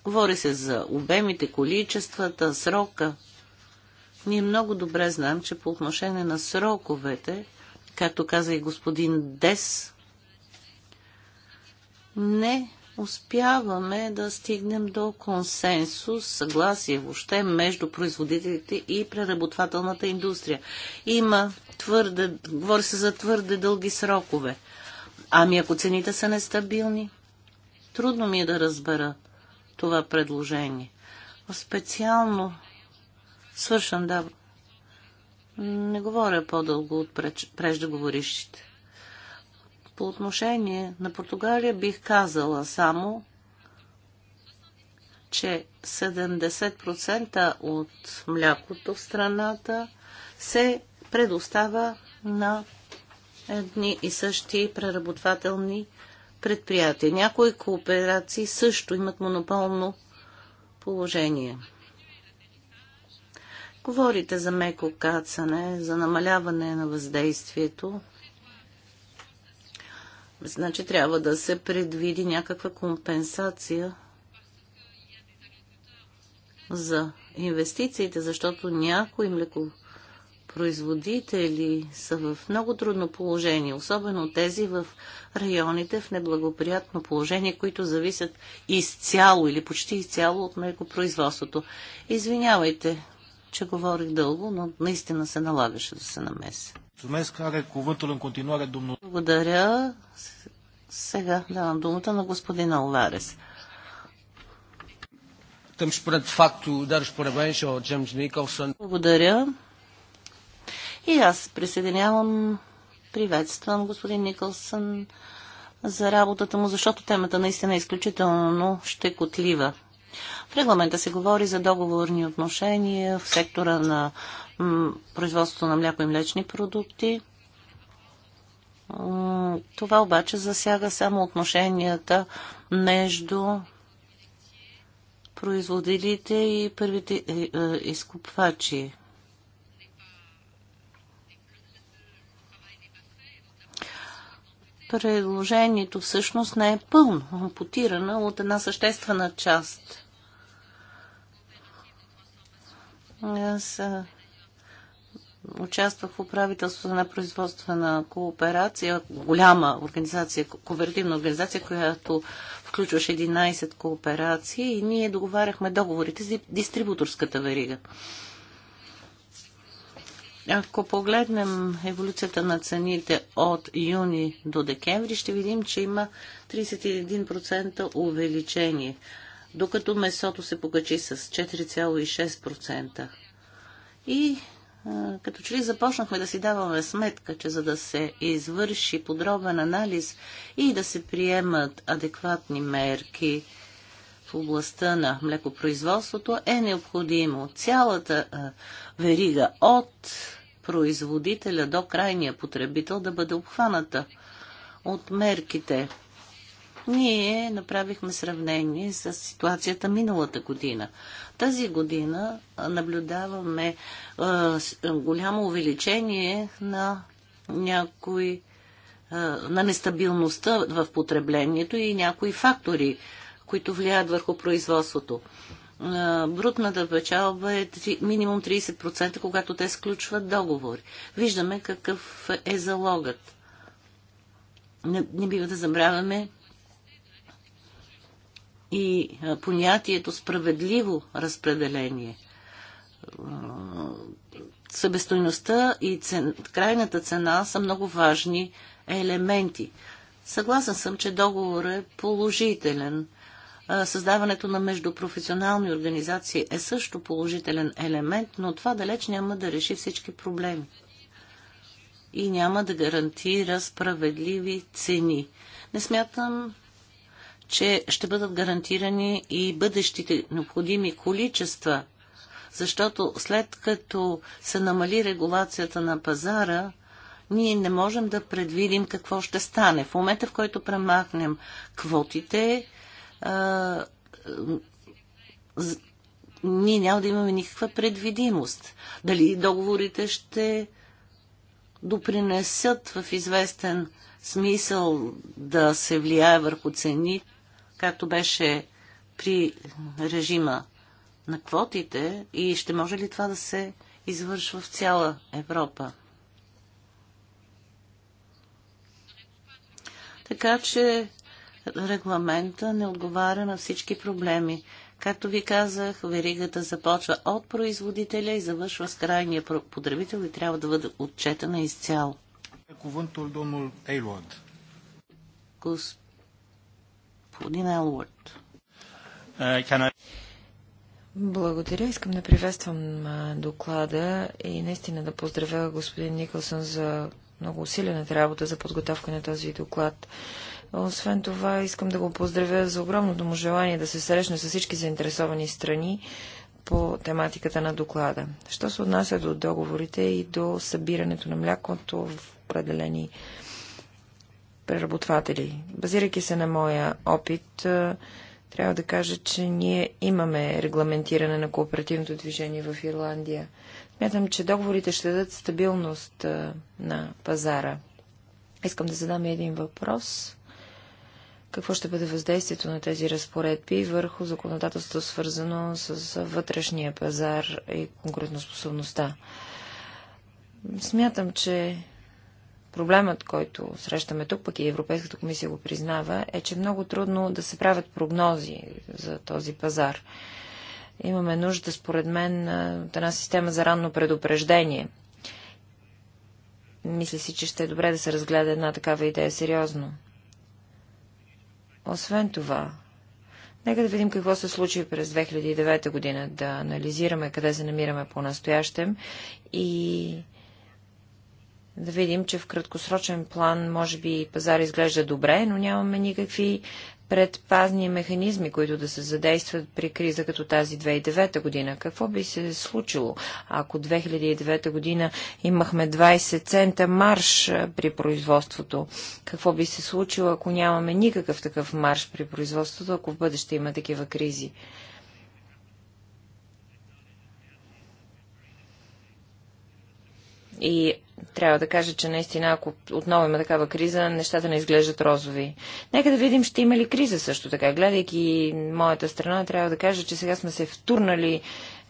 Говори се за обемите, количествата, срока. Ние много добре знаем, че по отношение на сроковете, както каза и господин Дес, не успяваме да стигнем до консенсус, съгласие въобще между производителите и преработвателната индустрия. Има твърде, говори се за твърде дълги срокове. Ами ако цените са нестабилни, трудно ми е да разбера това предложение. Специално свършвам, да. Не говоря по-дълго от преждеговорищите. По отношение на Португалия бих казала само, че 70% от млякото в страната се предоставя на едни и същи преработвателни предприятия. Някои кооперации също имат монополно положение. Говорите за меко кацане, за намаляване на въздействието. Значи трябва да се предвиди някаква компенсация за инвестициите, защото някои млекови производители са в много трудно положение, особено тези в районите в неблагоприятно положение, които зависят изцяло или почти изцяло от мекопроизводството. Извинявайте, че говорих дълго, но наистина се налагаше да се намеся. Благодаря. Сега давам думата на господин Алварес. Благодаря. И аз присъединявам, приветствам господин Никълсън за работата му, защото темата наистина е изключително щекотлива. В регламента се говори за договорни отношения в сектора на производството на мляко и млечни продукти. Това обаче засяга само отношенията между производителите и първите е, изкупвачи. предложението всъщност не е пълно, ампутирана от една съществена част. Аз участвах в управителството на производствена кооперация, голяма организация, кооперативна организация, която включваше 11 кооперации и ние договаряхме договорите за дистрибуторската верига. Ако погледнем еволюцията на цените от юни до декември, ще видим, че има 31% увеличение, докато месото се покачи с 4,6%. И като че ли започнахме да си даваме сметка, че за да се извърши подробен анализ и да се приемат адекватни мерки, в областта на млекопроизводството е необходимо цялата верига от производителя до крайния потребител да бъде обхваната от мерките. Ние направихме сравнение с ситуацията миналата година. Тази година наблюдаваме голямо увеличение на някои на нестабилността в потреблението и някои фактори които влияят върху производството. Брутната печалба е минимум 30%, когато те сключват договори. Виждаме какъв е залогът. Не, не бива да забравяме и понятието справедливо разпределение. Събестойността и цен, крайната цена са много важни елементи. Съгласен съм, че договорът е положителен Създаването на междупрофесионални организации е също положителен елемент, но това далеч няма да реши всички проблеми и няма да гарантира справедливи цени. Не смятам, че ще бъдат гарантирани и бъдещите необходими количества, защото след като се намали регулацията на пазара, ние не можем да предвидим какво ще стане. В момента, в който премахнем квотите, а, ние няма да имаме никаква предвидимост. Дали договорите ще допринесат в известен смисъл да се влияе върху цени, както беше при режима на квотите и ще може ли това да се извършва в цяла Европа? Така че регламента не отговаря на всички проблеми. Както ви казах, веригата започва от производителя и завършва с крайния потребител и трябва да бъде отчетена изцяло. domnul Aylward. Господин Елвард. Uh, Благодаря. Искам да приветствам доклада и наистина да поздравя господин Никълсън за много усилената работа за подготовка на този доклад. Освен това, искам да го поздравя за огромното му желание да се срещне с всички заинтересовани страни по тематиката на доклада. Що се отнася до договорите и до събирането на млякото в определени преработватели. Базирайки се на моя опит, трябва да кажа, че ние имаме регламентиране на кооперативното движение в Ирландия. Смятам, че договорите ще дадат стабилност на пазара. Искам да задам един въпрос какво ще бъде въздействието на тези разпоредби върху законодателството, свързано с вътрешния пазар и конкурентоспособността. Смятам, че проблемът, който срещаме тук, пък и Европейската комисия го признава, е, че е много трудно да се правят прогнози за този пазар. Имаме нужда, според мен, от една система за ранно предупреждение. Мисля си, че ще е добре да се разгледа една такава идея сериозно. Освен това, нека да видим какво се случи през 2009 година, да анализираме къде се намираме по-настоящем и да видим, че в краткосрочен план може би пазар изглежда добре, но нямаме никакви предпазни механизми, които да се задействат при криза като тази 2009 година? Какво би се случило, ако 2009 година имахме 20 цента марш при производството? Какво би се случило, ако нямаме никакъв такъв марш при производството, ако в бъдеще има такива кризи? И трябва да кажа, че наистина, ако отново има такава криза, нещата не изглеждат розови. Нека да видим, ще има ли криза също така. Гледайки моята страна, трябва да кажа, че сега сме се втурнали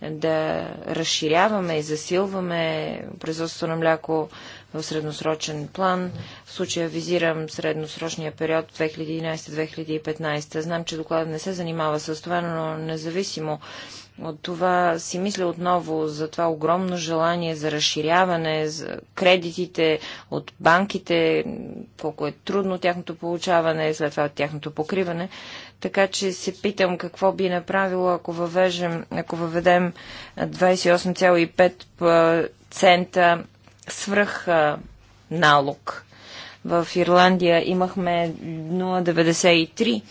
да разширяваме и засилваме производството на мляко в средносрочен план. В случая визирам средносрочния период 2011-2015. Знам, че докладът не се занимава с това, но независимо от това си мисля отново за това огромно желание за разширяване, за кредитите от банките, колко е трудно тяхното получаване, след това тяхното покриване. Така че се питам какво би направило, ако, въвежем, ако въведем 28,5% цента свръх налог. В Ирландия имахме 0,93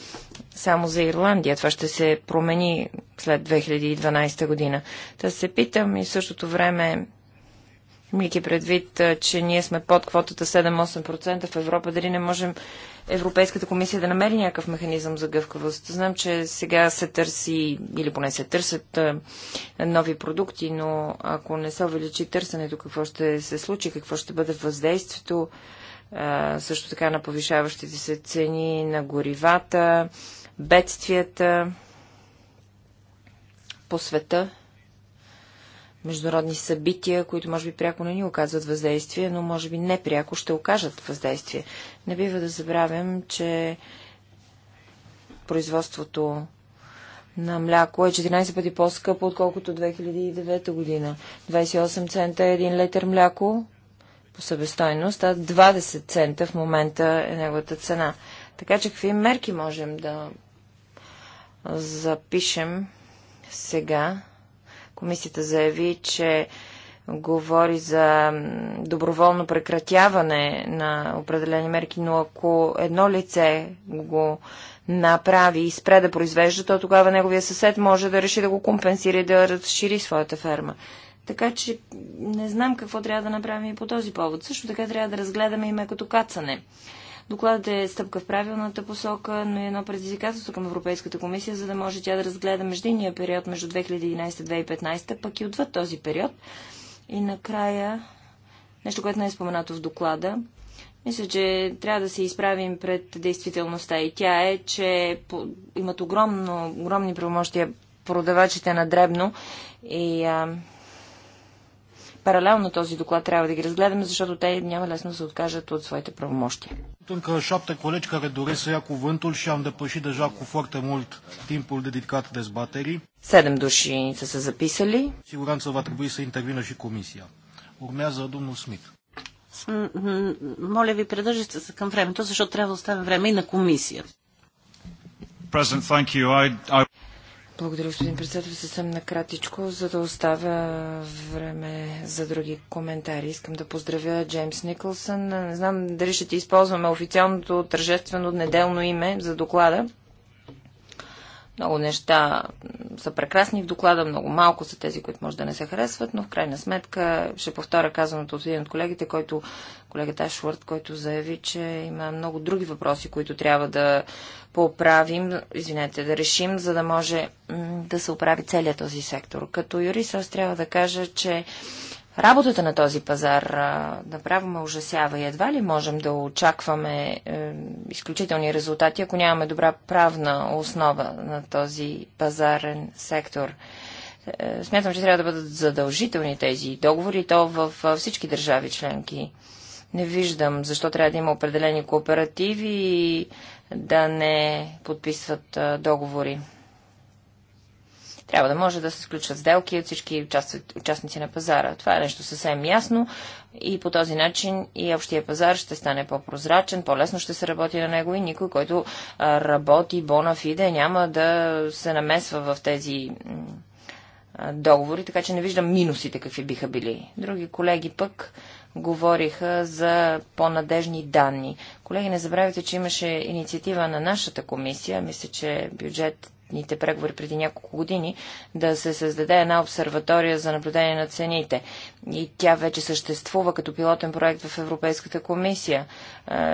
само за Ирландия. Това ще се промени след 2012 година. Та се питам и в същото време мики предвид, че ние сме под квотата 7-8% в Европа, дали не можем Европейската комисия да намери някакъв механизъм за гъвкавост. Знам, че сега се търси, или поне се търсят нови продукти, но ако не се увеличи търсенето, какво ще се случи, какво ще бъде въздействието също така на повишаващите се цени на горивата, бедствията по света, международни събития, които може би пряко не ни оказват въздействие, но може би непряко ще окажат въздействие. Не бива да забравям, че производството на мляко е 14 пъти по-скъпо, отколкото 2009 година. 28 цента е един литър мляко, по събестойност, а 20 цента в момента е неговата цена. Така че какви мерки можем да запишем сега? Комисията заяви, че говори за доброволно прекратяване на определени мерки, но ако едно лице го направи и спре да произвежда, то тогава неговия съсед може да реши да го компенсира и да разшири своята ферма. Така че не знам какво трябва да направим и по този повод. Също така трябва да разгледаме и мекото кацане. Докладът е стъпка в правилната посока, но е едно предизвикателство към Европейската комисия, за да може тя да разгледа междинния период между 2011-2015, пък и отвъд този период. И накрая, нещо, което не е споменато в доклада, мисля, че трябва да се изправим пред действителността и тя е, че имат огромно, огромни правомощия продавачите на дребно и а, паралелно този доклад трябва да ги разгледаме, защото те няма лесно да се откажат от своите правомощия. Încă е, Седем души са се записали. Siguranță va са să intervină комисия. Урмя за Думно Смит. Моля ви, придържайте се към времето, защото трябва да оставим време и на комисията. Благодаря, господин председател. Съвсем накратичко, за да оставя време за други коментари. Искам да поздравя Джеймс Никълсън. Не знам дали ще ти използваме официалното тържествено неделно име за доклада. Много неща са прекрасни в доклада, много малко са тези, които може да не се харесват, но в крайна сметка ще повторя казаното от един от колегите, който, колегата Шварт, който заяви, че има много други въпроси, които трябва да поправим, извинете, да решим, за да може да се оправи целият този сектор. Като юрист аз трябва да кажа, че работата на този пазар направо ме ужасява и едва ли можем да очакваме е, изключителни резултати, ако нямаме добра правна основа на този пазарен сектор. Е, смятам, че трябва да бъдат задължителни тези договори, то в всички държави членки. Не виждам защо трябва да има определени кооперативи и да не подписват договори. Трябва да може да се сключват сделки от всички участници на пазара. Това е нещо съвсем ясно и по този начин и общия пазар ще стане по-прозрачен, по-лесно ще се работи на него и никой, който работи бонафиде, няма да се намесва в тези договори, така че не виждам минусите какви биха били. Други колеги пък говориха за по-надежни данни. Колеги, не забравяйте, че имаше инициатива на нашата комисия, мисля, че бюджет предните преговори преди няколко години, да се създаде една обсерватория за наблюдение на цените. И тя вече съществува като пилотен проект в Европейската комисия.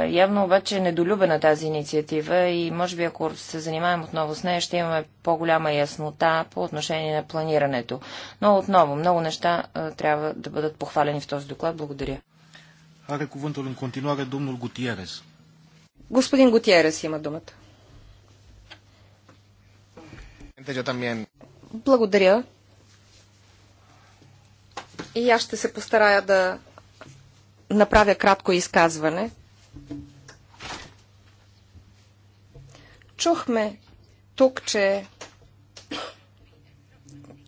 Явно обаче е недолюбена тази инициатива и може би ако се занимаем отново с нея, ще имаме по-голяма яснота по отношение на планирането. Но отново, много неща трябва да бъдат похвалени в този доклад. Благодаря. Господин Гутиерес има думата. Благодаря. И аз ще се постарая да направя кратко изказване. Чухме тук, че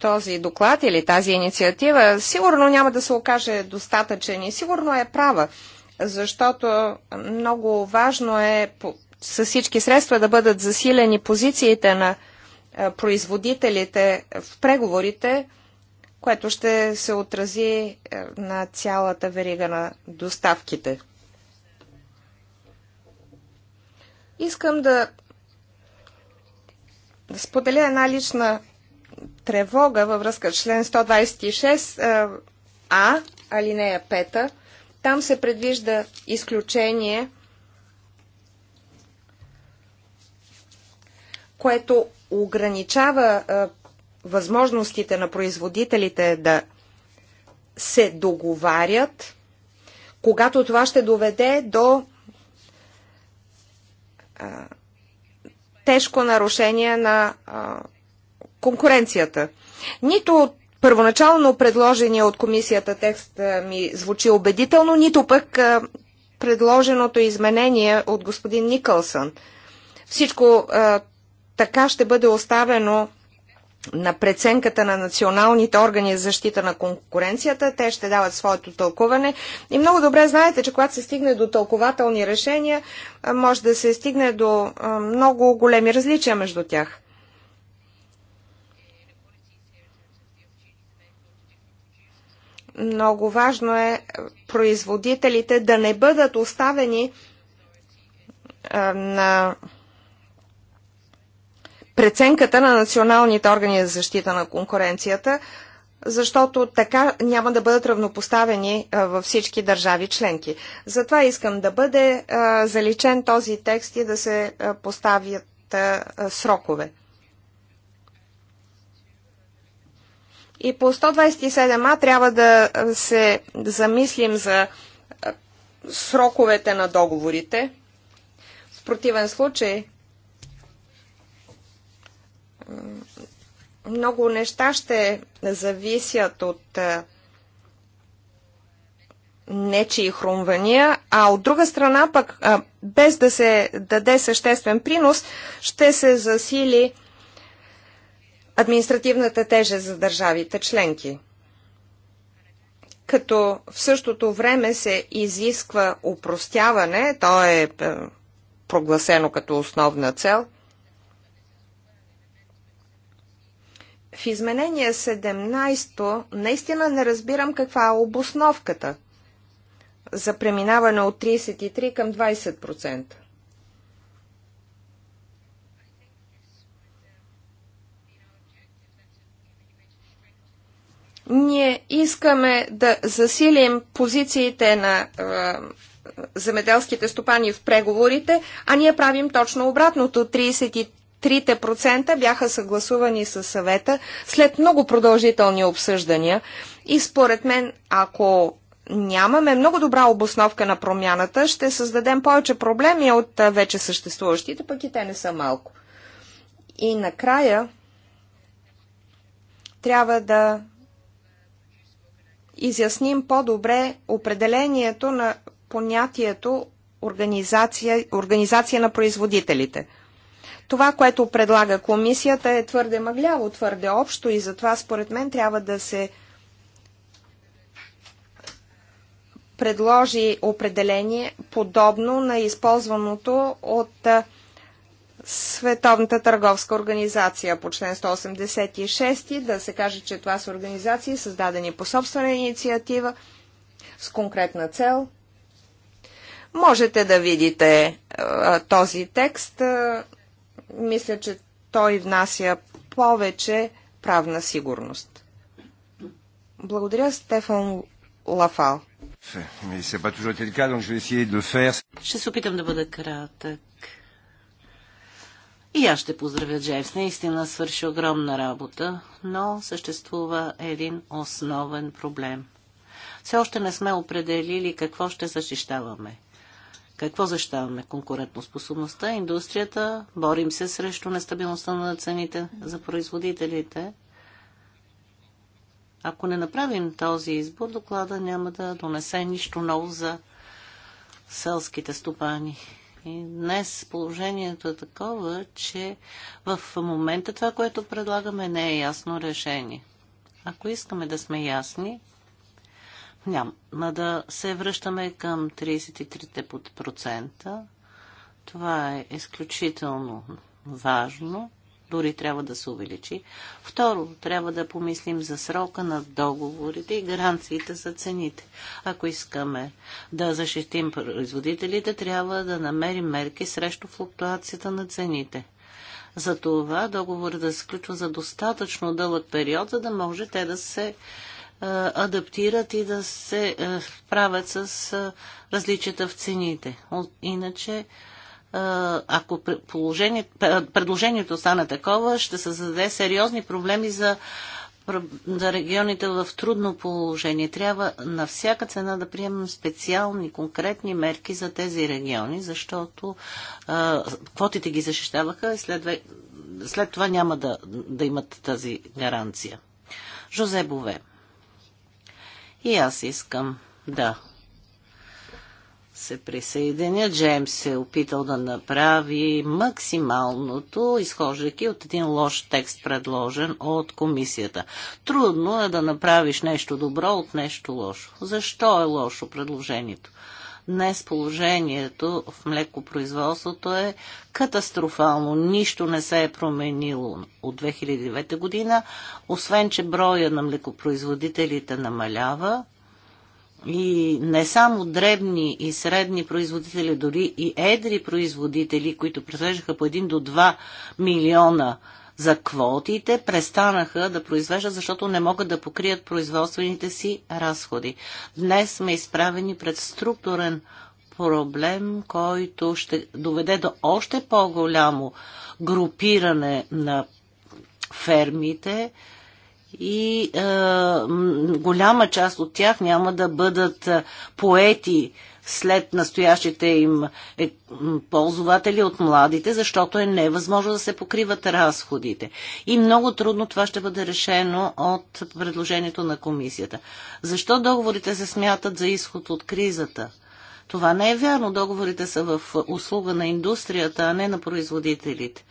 този доклад или тази инициатива сигурно няма да се окаже достатъчен и сигурно е права, защото много важно е с всички средства да бъдат засилени позициите на производителите в преговорите, което ще се отрази на цялата верига на доставките. Искам да споделя една лична тревога във връзка с член 126а, алинея 5. Там се предвижда изключение, което ограничава възможностите на производителите да се договарят, когато това ще доведе до а, тежко нарушение на а, конкуренцията. Нито първоначално предложения от комисията текст ми звучи убедително, нито пък а, предложеното изменение от господин Никълсън. Всичко а, така ще бъде оставено на преценката на националните органи за защита на конкуренцията. Те ще дават своето тълкуване. И много добре знаете, че когато се стигне до тълкователни решения, може да се стигне до много големи различия между тях. Много важно е производителите да не бъдат оставени на преценката на националните органи за защита на конкуренцията, защото така няма да бъдат равнопоставени във всички държави членки. Затова искам да бъде заличен този текст и да се поставят срокове. И по 127а трябва да се замислим за сроковете на договорите. В противен случай много неща ще зависят от е, и хрумвания, а от друга страна пък, е, без да се даде съществен принос, ще се засили административната тежест за държавите членки. Като в същото време се изисква упростяване, то е, е прогласено като основна цел – в изменение 17 наистина не разбирам каква е обосновката за преминаване от 33 към 20%. Ние искаме да засилим позициите на е, земеделските стопани в преговорите, а ние правим точно обратното. 33 Трите процента бяха съгласувани с съвета след много продължителни обсъждания и според мен, ако нямаме много добра обосновка на промяната, ще създадем повече проблеми от вече съществуващите, пък и те не са малко. И накрая трябва да изясним по-добре определението на понятието организация, организация на производителите – това, което предлага комисията е твърде мъгляво, твърде общо и затова според мен трябва да се предложи определение подобно на използваното от Световната търговска организация по член 186, да се каже, че това са организации, създадени по собствена инициатива, с конкретна цел. Можете да видите а, този текст а, мисля, че той внася повече правна сигурност. Благодаря, Стефан Лафал. Ще се опитам да бъда кратък. И аз ще поздравя Джеймс. Наистина свърши огромна работа, но съществува един основен проблем. Все още не сме определили какво ще защищаваме. Какво защаваме Конкурентоспособността, индустрията, борим се срещу нестабилността на цените за производителите. Ако не направим този избор, доклада няма да донесе нищо ново за селските стопани. И днес положението е такова, че в момента това, което предлагаме, не е ясно решение. Ако искаме да сме ясни, няма да се връщаме към 33%. Това е изключително важно. Дори трябва да се увеличи. Второ, трябва да помислим за срока на договорите и гаранциите за цените. Ако искаме да защитим производителите, трябва да намерим мерки срещу флуктуацията на цените. За това да се сключва за достатъчно дълъг период, за да може те да се адаптират и да се правят с различията в цените. Иначе, ако предложението стане такова, ще се създаде сериозни проблеми за, за регионите в трудно положение. Трябва на всяка цена да приемем специални, конкретни мерки за тези региони, защото квотите ги защищаваха и след, след това няма да, да имат тази гаранция. Жозе Бове. И аз искам да се присъединя. Джеймс се е опитал да направи максималното, изхождайки от един лош текст, предложен от комисията. Трудно е да направиш нещо добро от нещо лошо. Защо е лошо предложението? Днес положението в млекопроизводството е катастрофално. Нищо не се е променило от 2009 година, освен че броя на млекопроизводителите намалява. И не само дребни и средни производители, дори и едри производители, които произвеждаха по 1 до 2 милиона за квотите престанаха да произвеждат, защото не могат да покрият производствените си разходи. Днес сме изправени пред структурен проблем, който ще доведе до още по-голямо групиране на фермите, и е, голяма част от тях няма да бъдат е, поети след настоящите им е, ползватели от младите, защото е невъзможно да се покриват разходите. И много трудно това ще бъде решено от предложението на комисията. Защо договорите се смятат за изход от кризата? Това не е вярно. Договорите са в услуга на индустрията, а не на производителите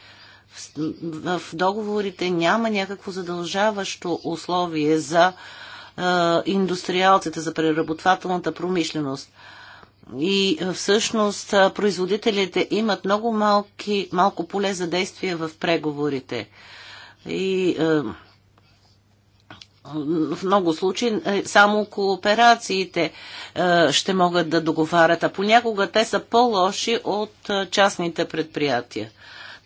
в договорите няма някакво задължаващо условие за е, индустриалците, за преработвателната промишленост. И всъщност производителите имат много малки, малко поле за действие в преговорите. И е, в много случаи е, само кооперациите е, ще могат да договарят, а понякога те са по-лоши от частните предприятия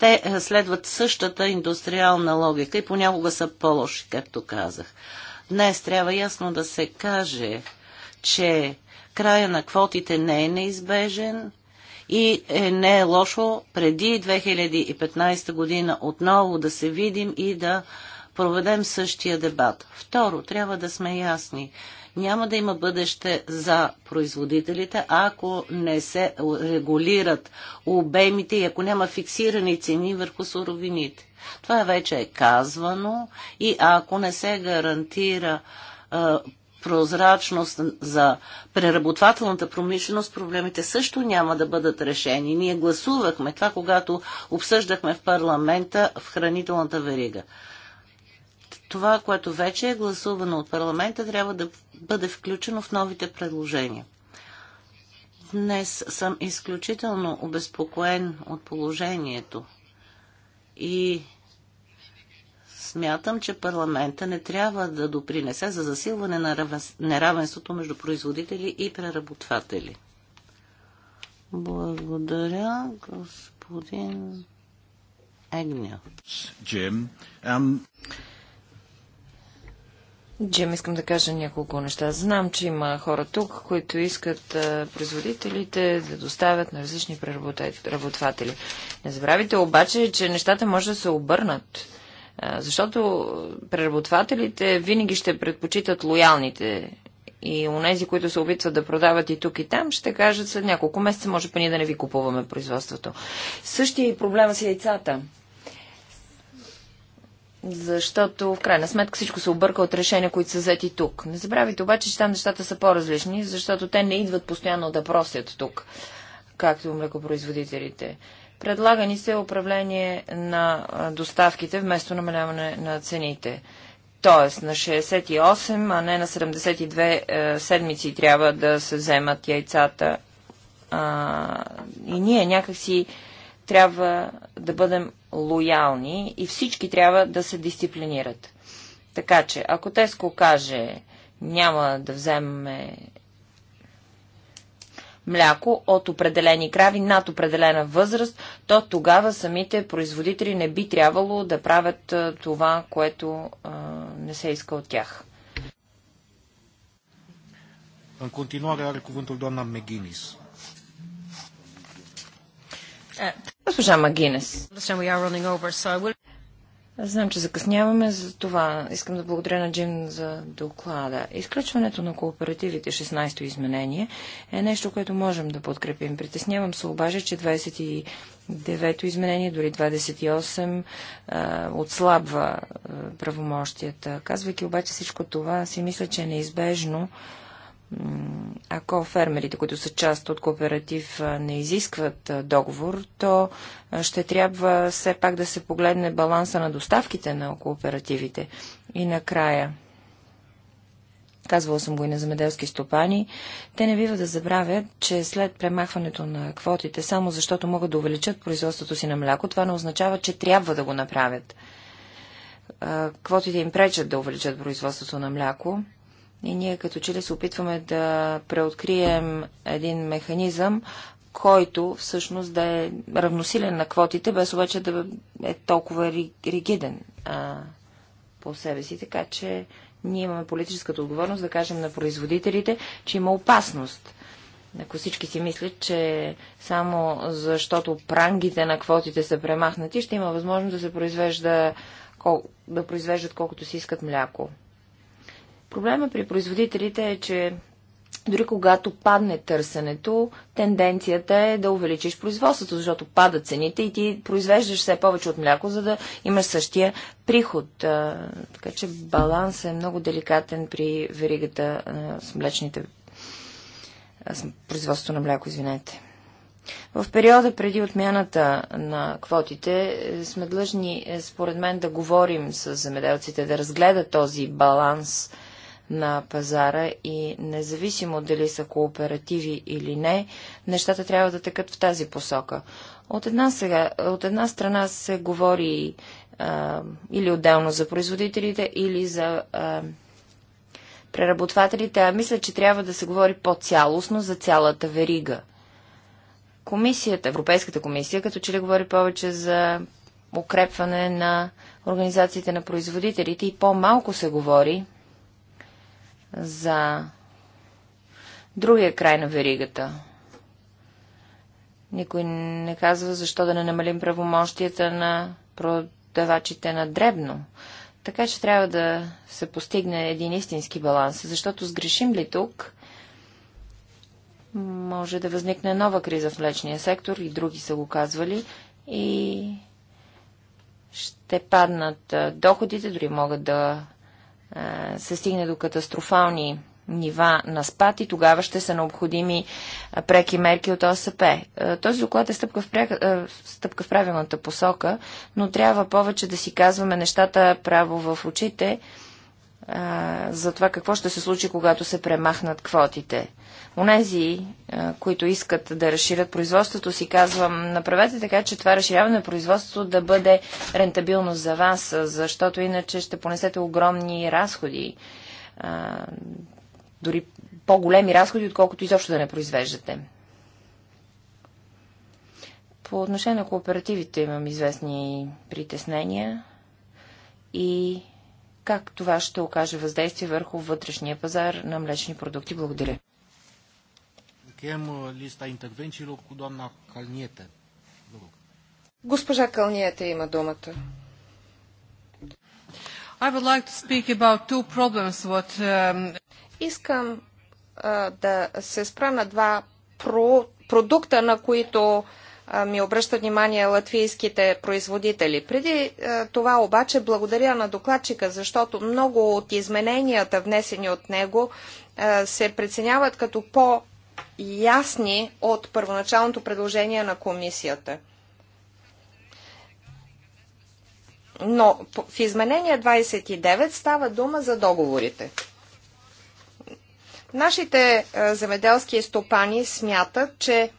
те е, следват същата индустриална логика и понякога са по-лоши, както казах. Днес трябва ясно да се каже, че края на квотите не е неизбежен и е, не е лошо преди 2015 година отново да се видим и да проведем същия дебат. Второ, трябва да сме ясни. Няма да има бъдеще за производителите, ако не се регулират обемите и ако няма фиксирани цени върху суровините. Това вече е казвано и ако не се гарантира прозрачност за преработвателната промишленост, проблемите също няма да бъдат решени. Ние гласувахме това, когато обсъждахме в парламента в хранителната верига това, което вече е гласувано от парламента, трябва да бъде включено в новите предложения. Днес съм изключително обезпокоен от положението и смятам, че парламента не трябва да допринесе за засилване на неравенството между производители и преработватели. Благодаря, господин Егня. Um... Джим, искам да кажа няколко неща. Знам, че има хора тук, които искат а, производителите да доставят на различни преработватели. Не забравяйте обаче, че нещата може да се обърнат. А, защото преработвателите винаги ще предпочитат лоялните и нези, които се опитват да продават и тук и там, ще кажат след няколко месеца, може па ние да не ви купуваме производството. Същия и проблема с яйцата. Защото в крайна сметка всичко се обърка от решения, които са взети тук. Не забравяйте обаче, че там нещата са по-различни, защото те не идват постоянно да просят тук, както млекопроизводителите. Предлага ни се управление на доставките вместо намаляване на цените. Тоест на 68, а не на 72 е, седмици трябва да се вземат яйцата. А, и ние някакси трябва да бъдем лоялни и всички трябва да се дисциплинират. Така че, ако Теско каже, няма да вземе мляко от определени крави над определена възраст, то тогава самите производители не би трябвало да правят това, което а, не се иска от тях. În continuare are cuvântul doamna McGuinness. Госпожа Магинес. Знам, че закъсняваме, за това искам да благодаря на Джим за доклада. Изключването на кооперативите, 16-то изменение, е нещо, което можем да подкрепим. Притеснявам се обаче, че 29-то изменение, дори 28, отслабва правомощията. Казвайки обаче всичко това, си мисля, че е неизбежно ако фермерите, които са част от кооператив, не изискват договор, то ще трябва все пак да се погледне баланса на доставките на кооперативите. И накрая, казвала съм го и на земеделски стопани, те не бива да забравят, че след премахването на квотите, само защото могат да увеличат производството си на мляко, това не означава, че трябва да го направят. Квотите им пречат да увеличат производството на мляко, и ние като че ли се опитваме да преоткрием един механизъм, който всъщност да е равносилен на квотите, без обаче да е толкова ригиден а, по себе си. Така че ние имаме политическата отговорност да кажем на производителите, че има опасност. Ако всички си мислят, че само защото прангите на квотите са премахнати, ще има възможност да се произвежда, да произвеждат колкото си искат мляко. Проблема при производителите е, че дори когато падне търсенето, тенденцията е да увеличиш производството, защото падат цените и ти произвеждаш все повече от мляко, за да имаш същия приход. Така че балансът е много деликатен при веригата с млечните производството производство на мляко, извинете. В периода преди отмяната на квотите е, сме длъжни, е, според мен, да говорим с земеделците, да разгледат този баланс – на пазара и независимо дали са кооперативи или не, нещата трябва да текат в тази посока. От една, сега, от една страна се говори а, или отделно за производителите, или за а, преработвателите, а мисля, че трябва да се говори по-цялостно за цялата верига. Комисията, Европейската комисия, като че ли говори повече за укрепване на организациите на производителите и по-малко се говори за другия край на веригата. Никой не казва защо да не намалим правомощията на продавачите на дребно. Така че трябва да се постигне един истински баланс, защото сгрешим ли тук, може да възникне нова криза в млечния сектор и други са го казвали и ще паднат доходите, дори могат да се стигне до катастрофални нива на спад и тогава ще са необходими преки мерки от ОСП. Този доклад е стъпка в, пря... стъпка в правилната посока, но трябва повече да си казваме нещата право в очите за това какво ще се случи, когато се премахнат квотите. Онези, които искат да разширят производството си, казвам, направете така, че това разширяване на производството да бъде рентабилно за вас, защото иначе ще понесете огромни разходи. А, дори по-големи разходи, отколкото изобщо да не произвеждате. По отношение на кооперативите имам известни притеснения и как това ще окаже въздействие върху вътрешния пазар на млечни продукти. Благодаря. Госпожа Кълниете има думата. I would like to speak about two problems, what, um... Искам uh, да се спра на два про- продукта, на които uh, ми обръщат внимание латвийските производители. Преди това обаче благодаря на докладчика, защото много от измененията, внесени от него, се преценяват като по-ясни от първоначалното предложение на комисията. Но в изменение 29 става дума за договорите. Нашите земеделски стопани смятат, че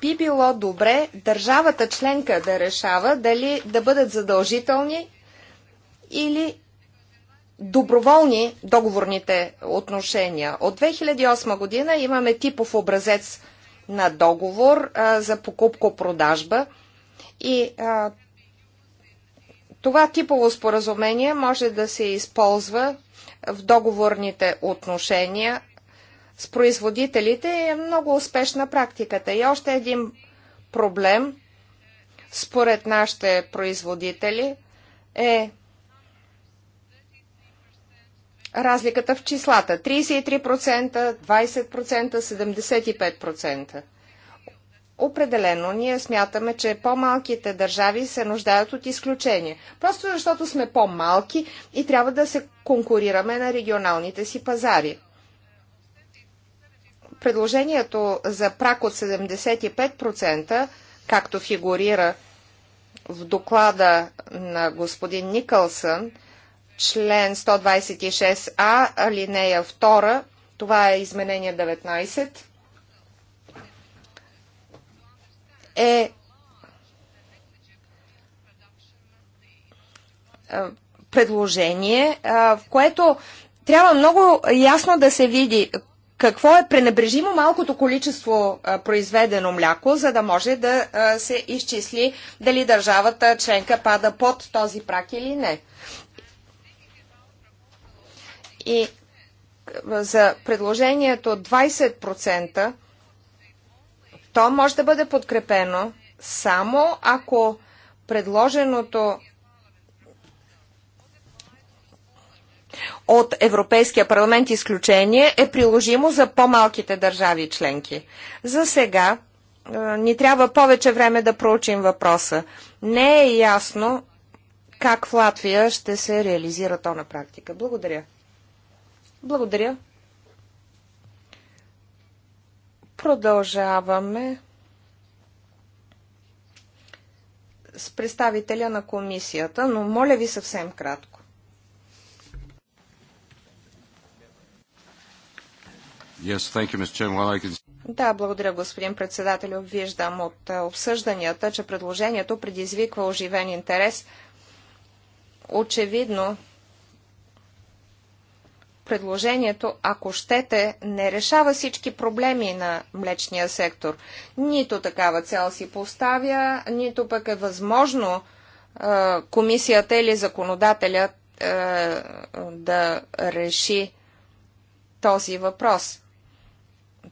би било добре държавата членка да решава дали да бъдат задължителни или доброволни договорните отношения. От 2008 година имаме типов образец на договор а, за покупко-продажба и а, това типово споразумение може да се използва в договорните отношения с производителите е много успешна практиката. И още един проблем, според нашите производители, е разликата в числата. 33%, 20%, 75%. Определено, ние смятаме, че по-малките държави се нуждаят от изключение. Просто защото сме по-малки и трябва да се конкурираме на регионалните си пазари предложението за прак от 75%, както фигурира в доклада на господин Никълсън, член 126а, алинея 2, това е изменение 19, е, е предложение, в което трябва много ясно да се види какво е пренебрежимо малкото количество а, произведено мляко, за да може да а, се изчисли дали държавата членка пада под този прак или не. И за предложението 20%, то може да бъде подкрепено само ако предложеното от Европейския парламент изключение е приложимо за по-малките държави членки. За сега ни трябва повече време да проучим въпроса. Не е ясно как в Латвия ще се реализира то на практика. Благодаря. Благодаря. Продължаваме с представителя на комисията, но моля ви съвсем кратко. Yes, thank you, Mr. Chairman. I can... Да, благодаря, господин председател. Виждам от обсъжданията, че предложението предизвиква оживен интерес. Очевидно, предложението, ако щете, не решава всички проблеми на млечния сектор. Нито такава цел си поставя, нито пък е възможно е, комисията или законодателят е, да реши този въпрос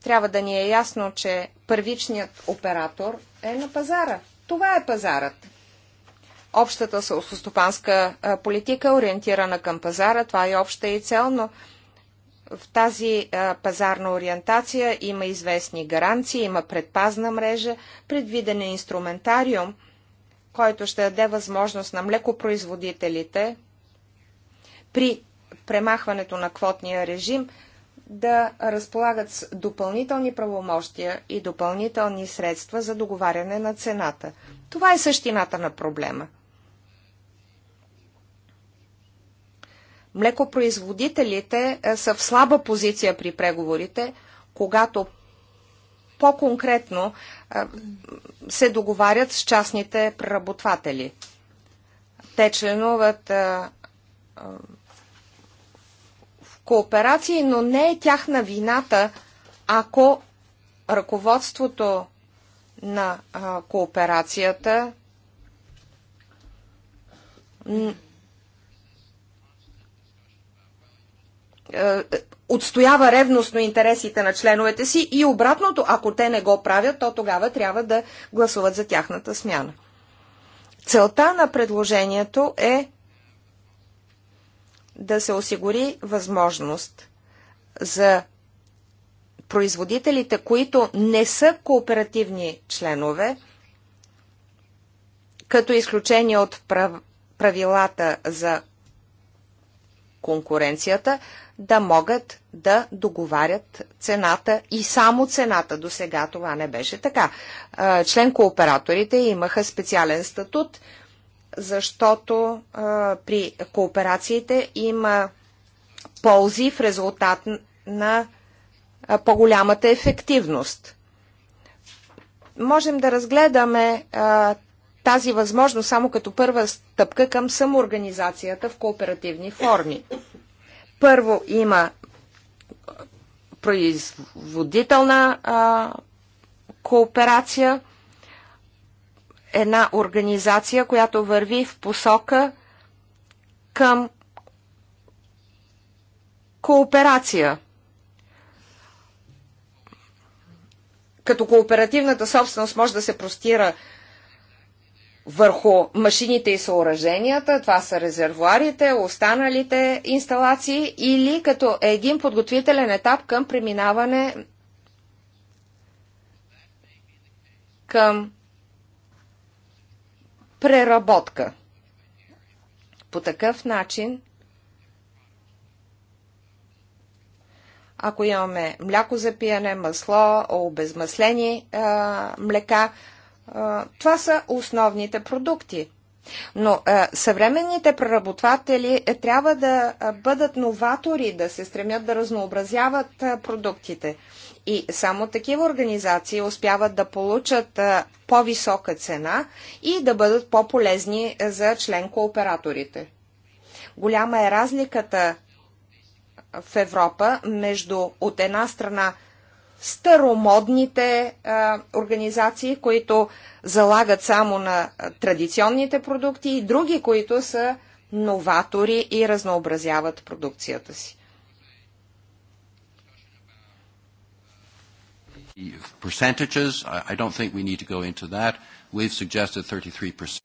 трябва да ни е ясно, че първичният оператор е на пазара. Това е пазарът. Общата сълсостопанска политика е ориентирана към пазара, това е обща и цел, но в тази пазарна ориентация има известни гаранции, има предпазна мрежа, предвиден е инструментариум, който ще даде възможност на млекопроизводителите при премахването на квотния режим да разполагат с допълнителни правомощия и допълнителни средства за договаряне на цената. Това е същината на проблема. Млекопроизводителите е, са в слаба позиция при преговорите, когато по-конкретно е, се договарят с частните преработватели. Те членуват е, кооперации, но не е тяхна вината, ако ръководството на а, кооперацията е, отстоява ревностно интересите на членовете си и обратното, ако те не го правят, то тогава трябва да гласуват за тяхната смяна. Целта на предложението е да се осигури възможност за производителите, които не са кооперативни членове, като изключение от правилата за конкуренцията, да могат да договарят цената и само цената. До сега това не беше така. Член кооператорите имаха специален статут – защото а, при кооперациите има ползи в резултат на по-голямата ефективност. Можем да разгледаме а, тази възможност само като първа стъпка към самоорганизацията в кооперативни форми. Първо има производителна а, кооперация – една организация, която върви в посока към кооперация. Като кооперативната собственост може да се простира върху машините и съоръженията, това са резервуарите, останалите инсталации или като един подготвителен етап към преминаване към преработка. По такъв начин, ако имаме мляко за пиене, масло, обезмаслени а, млека, а, това са основните продукти. Но а, съвременните преработватели е, трябва да бъдат новатори, да се стремят да разнообразяват а, продуктите. И само такива организации успяват да получат по-висока цена и да бъдат по-полезни за член-кооператорите. Голяма е разликата в Европа между от една страна старомодните а, организации, които залагат само на традиционните продукти и други, които са новатори и разнообразяват продукцията си.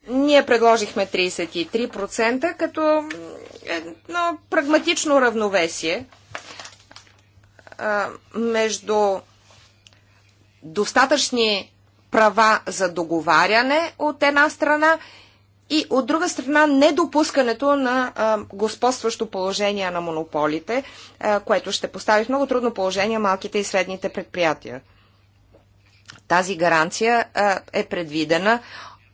Ние предложихме 33% като едно прагматично равновесие между достатъчни права за договаряне от една страна и от друга страна недопускането на а, господстващо положение на монополите, а, което ще постави в много трудно положение малките и средните предприятия. Тази гаранция е предвидена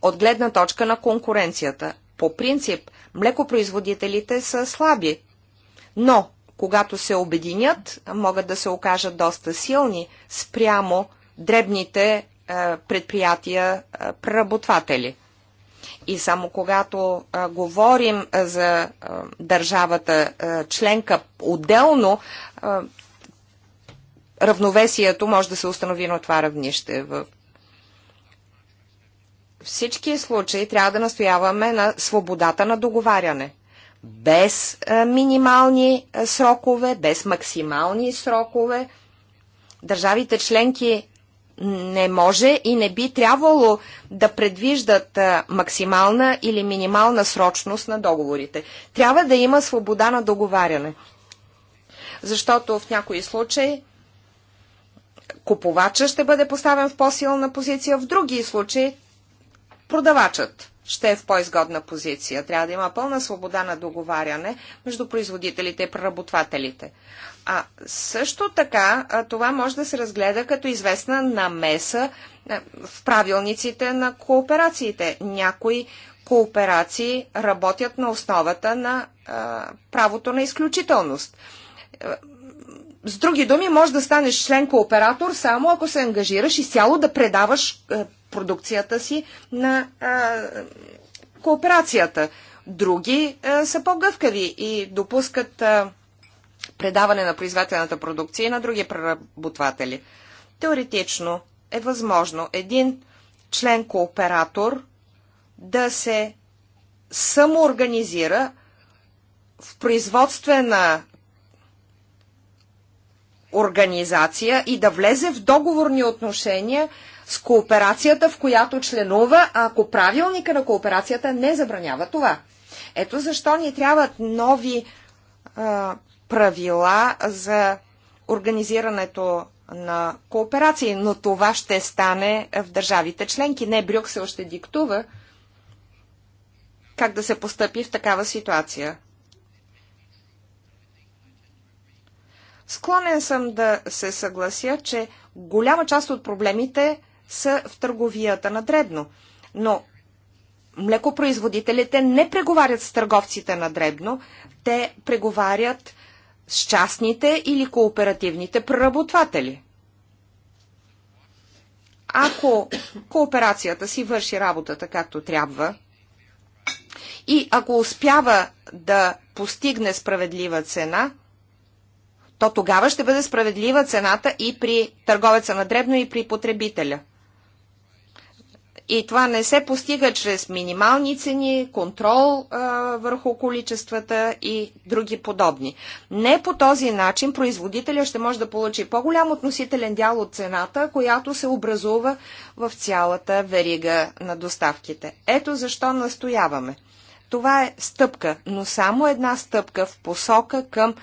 от гледна точка на конкуренцията. По принцип, млекопроизводителите са слаби, но когато се обединят, могат да се окажат доста силни спрямо дребните предприятия-преработватели. И само когато а, говорим а, за а, държавата а, членка отделно, а, равновесието може да се установи на това равнище. В всички случаи трябва да настояваме на свободата на договаряне. Без минимални срокове, без максимални срокове. Държавите членки не може и не би трябвало да предвиждат максимална или минимална срочност на договорите. Трябва да има свобода на договаряне. Защото в някои случаи купувача ще бъде поставен в по-силна позиция, в други случаи продавачът ще е в по-изгодна позиция. Трябва да има пълна свобода на договаряне между производителите и преработвателите. А също така това може да се разгледа като известна намеса в правилниците на кооперациите. Някои кооперации работят на основата на а, правото на изключителност с други думи, може да станеш член-кооператор само ако се ангажираш изцяло да предаваш е, продукцията си на е, кооперацията. Други е, са по-гъвкави и допускат е, предаване на произведената продукция и на други преработватели. Теоретично е възможно един член-кооператор да се самоорганизира в производствена организация и да влезе в договорни отношения с кооперацията, в която членува, ако правилника на кооперацията не забранява това. Ето защо ни трябват нови а, правила за организирането на кооперации, но това ще стане в държавите членки. Не Брюксел ще диктува как да се постъпи в такава ситуация. Склонен съм да се съглася, че голяма част от проблемите са в търговията на дребно. Но млекопроизводителите не преговарят с търговците на дребно, те преговарят с частните или кооперативните преработватели. Ако кооперацията си върши работата както трябва и ако успява да постигне справедлива цена – то тогава ще бъде справедлива цената и при търговеца на дребно и при потребителя. И това не се постига чрез минимални цени, контрол а, върху количествата и други подобни. Не по този начин производителя ще може да получи по-голям относителен дял от цената, която се образува в цялата верига на доставките. Ето защо настояваме. Това е стъпка, но само една стъпка в посока към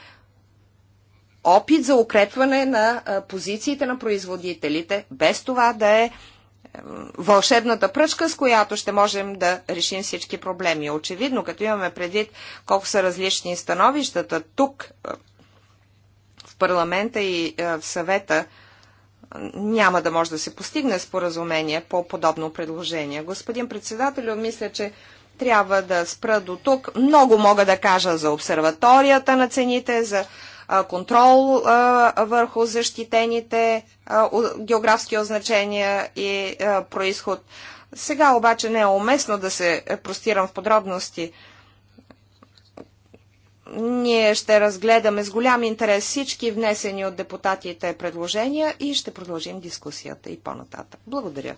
опит за укрепване на позициите на производителите, без това да е вълшебната пръчка, с която ще можем да решим всички проблеми. Очевидно, като имаме предвид колко са различни становищата тук е, в парламента и е, в съвета, няма да може да се постигне споразумение по подобно предложение. Господин председател, мисля, че трябва да спра до тук. Много мога да кажа за обсерваторията на цените, за контрол върху защитените географски означения и происход. Сега обаче не е уместно да се простирам в подробности. Ние ще разгледаме с голям интерес всички внесени от депутатите предложения и ще продължим дискусията и по-нататък. Благодаря.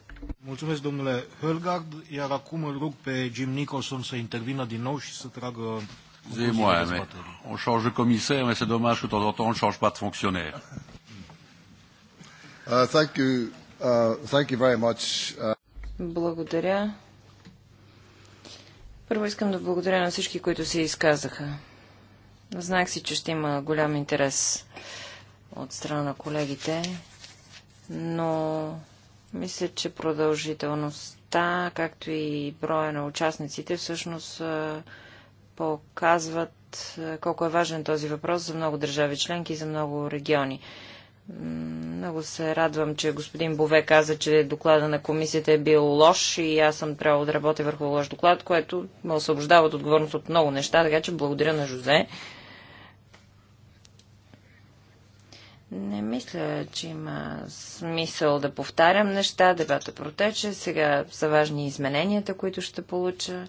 Mulțumesc, domnule Hölgard, iar acum îl rog pe Jim Nicholson să intervină din nou și să tragă Excusez-moi, mais on change de commissaire, mais c'est dommage que de temps en temps on ne change pas de fonctionnaire. Uh, thank you. Uh, thank you very much. Uh... Благодаря. Първо искам да благодаря на всички, които се изказаха. Знаех си, че ще има голям интерес от страна на колегите, но мисля, че продължителността, както и броя на участниците, всъщност uh, показват е, колко е важен този въпрос за много държави членки и за много региони. Много се радвам, че господин Бове каза, че доклада на комисията е бил лош и аз съм трябвало да работя върху лош доклад, което ме освобождава от отговорност от много неща, така че благодаря на Жозе. Не мисля, че има смисъл да повтарям неща. Дебата протече. Сега са важни измененията, които ще получа.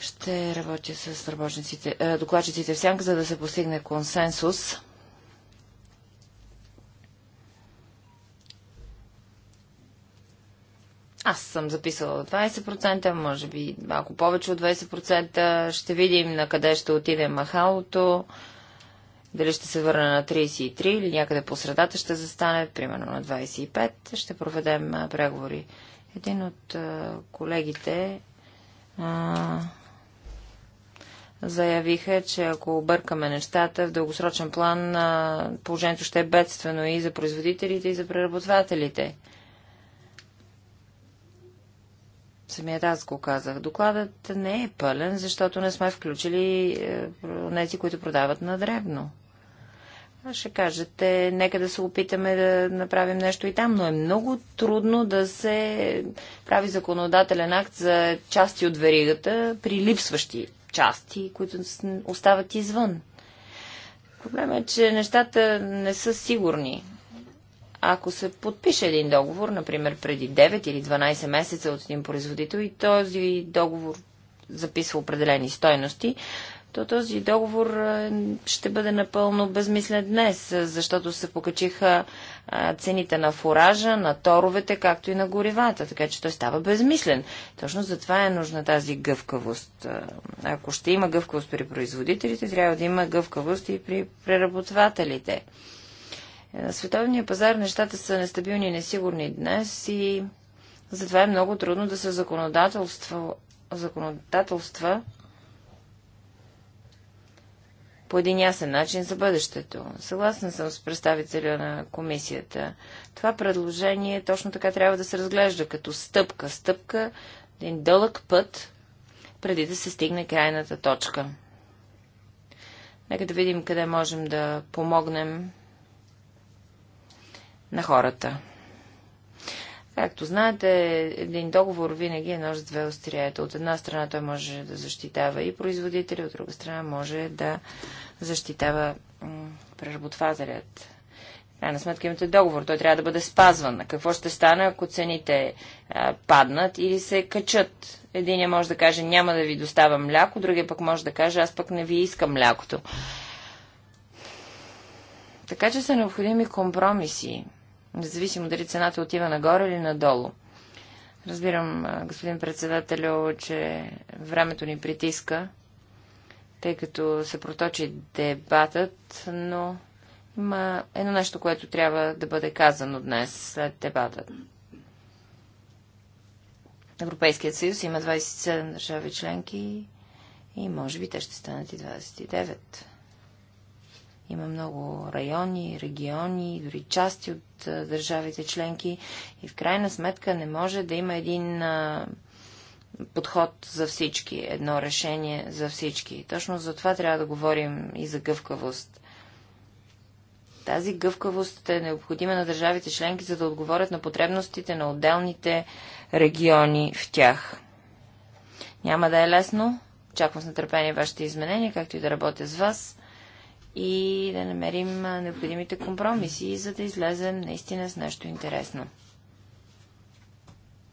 Ще работя с работниците, е, докладчиците в сянка, за да се постигне консенсус. Аз съм записала 20%, може би малко повече от 20%. Ще видим на къде ще отиде махалото. Дали ще се върне на 33 или някъде по средата ще застане, примерно на 25. Ще проведем преговори. Един от колегите а, заявиха, че ако объркаме нещата, в дългосрочен план положението ще е бедствено и за производителите, и за преработвателите. Самият аз го казах. Докладът не е пълен, защото не сме включили е, нези, които продават на дребно. Ще кажете, нека да се опитаме да направим нещо и там, но е много трудно да се прави законодателен акт за части от веригата при липсващи части, които остават извън. Проблема е, че нещата не са сигурни. Ако се подпише един договор, например преди 9 или 12 месеца от един производител и този договор записва определени стойности, то този договор ще бъде напълно безмислен днес, защото се покачиха цените на фуража, на торовете, както и на горивата, така че той става безмислен. Точно затова е нужна тази гъвкавост. Ако ще има гъвкавост при производителите, трябва да има гъвкавост и при преработвателите. Е, на световния пазар нещата са нестабилни и несигурни днес и затова е много трудно да се законодателство, законодателства по един ясен начин за бъдещето. Съгласна съм с представителя на комисията. Това предложение точно така трябва да се разглежда като стъпка, стъпка, един дълъг път, преди да се стигне крайната точка. Нека да видим къде можем да помогнем на хората. Както знаете, един договор винаги е нож с две острията. От една страна той може да защитава и производители, от друга страна може да защитава преработвателят. Крайна сметка имате договор, той трябва да бъде спазван. Какво ще стане, ако цените а, паднат или се качат? Единия може да каже няма да ви доставя мляко, другия пък може да каже аз пък не ви искам млякото. Така че са необходими компромиси независимо дали цената отива нагоре или надолу. Разбирам, господин председателю, че времето ни притиска, тъй като се проточи дебатът, но има едно нещо, което трябва да бъде казано днес след дебата. Европейският съюз има 27 държави членки и може би те ще станат и 29. Има много райони, региони, дори части от държавите членки и в крайна сметка не може да има един подход за всички, едно решение за всички. Точно за това трябва да говорим и за гъвкавост. Тази гъвкавост е необходима на държавите членки, за да отговорят на потребностите на отделните региони в тях. Няма да е лесно. Чаквам с нетърпение вашите изменения, както и да работя с вас и да намерим необходимите компромиси, за да излезем наистина с нещо интересно.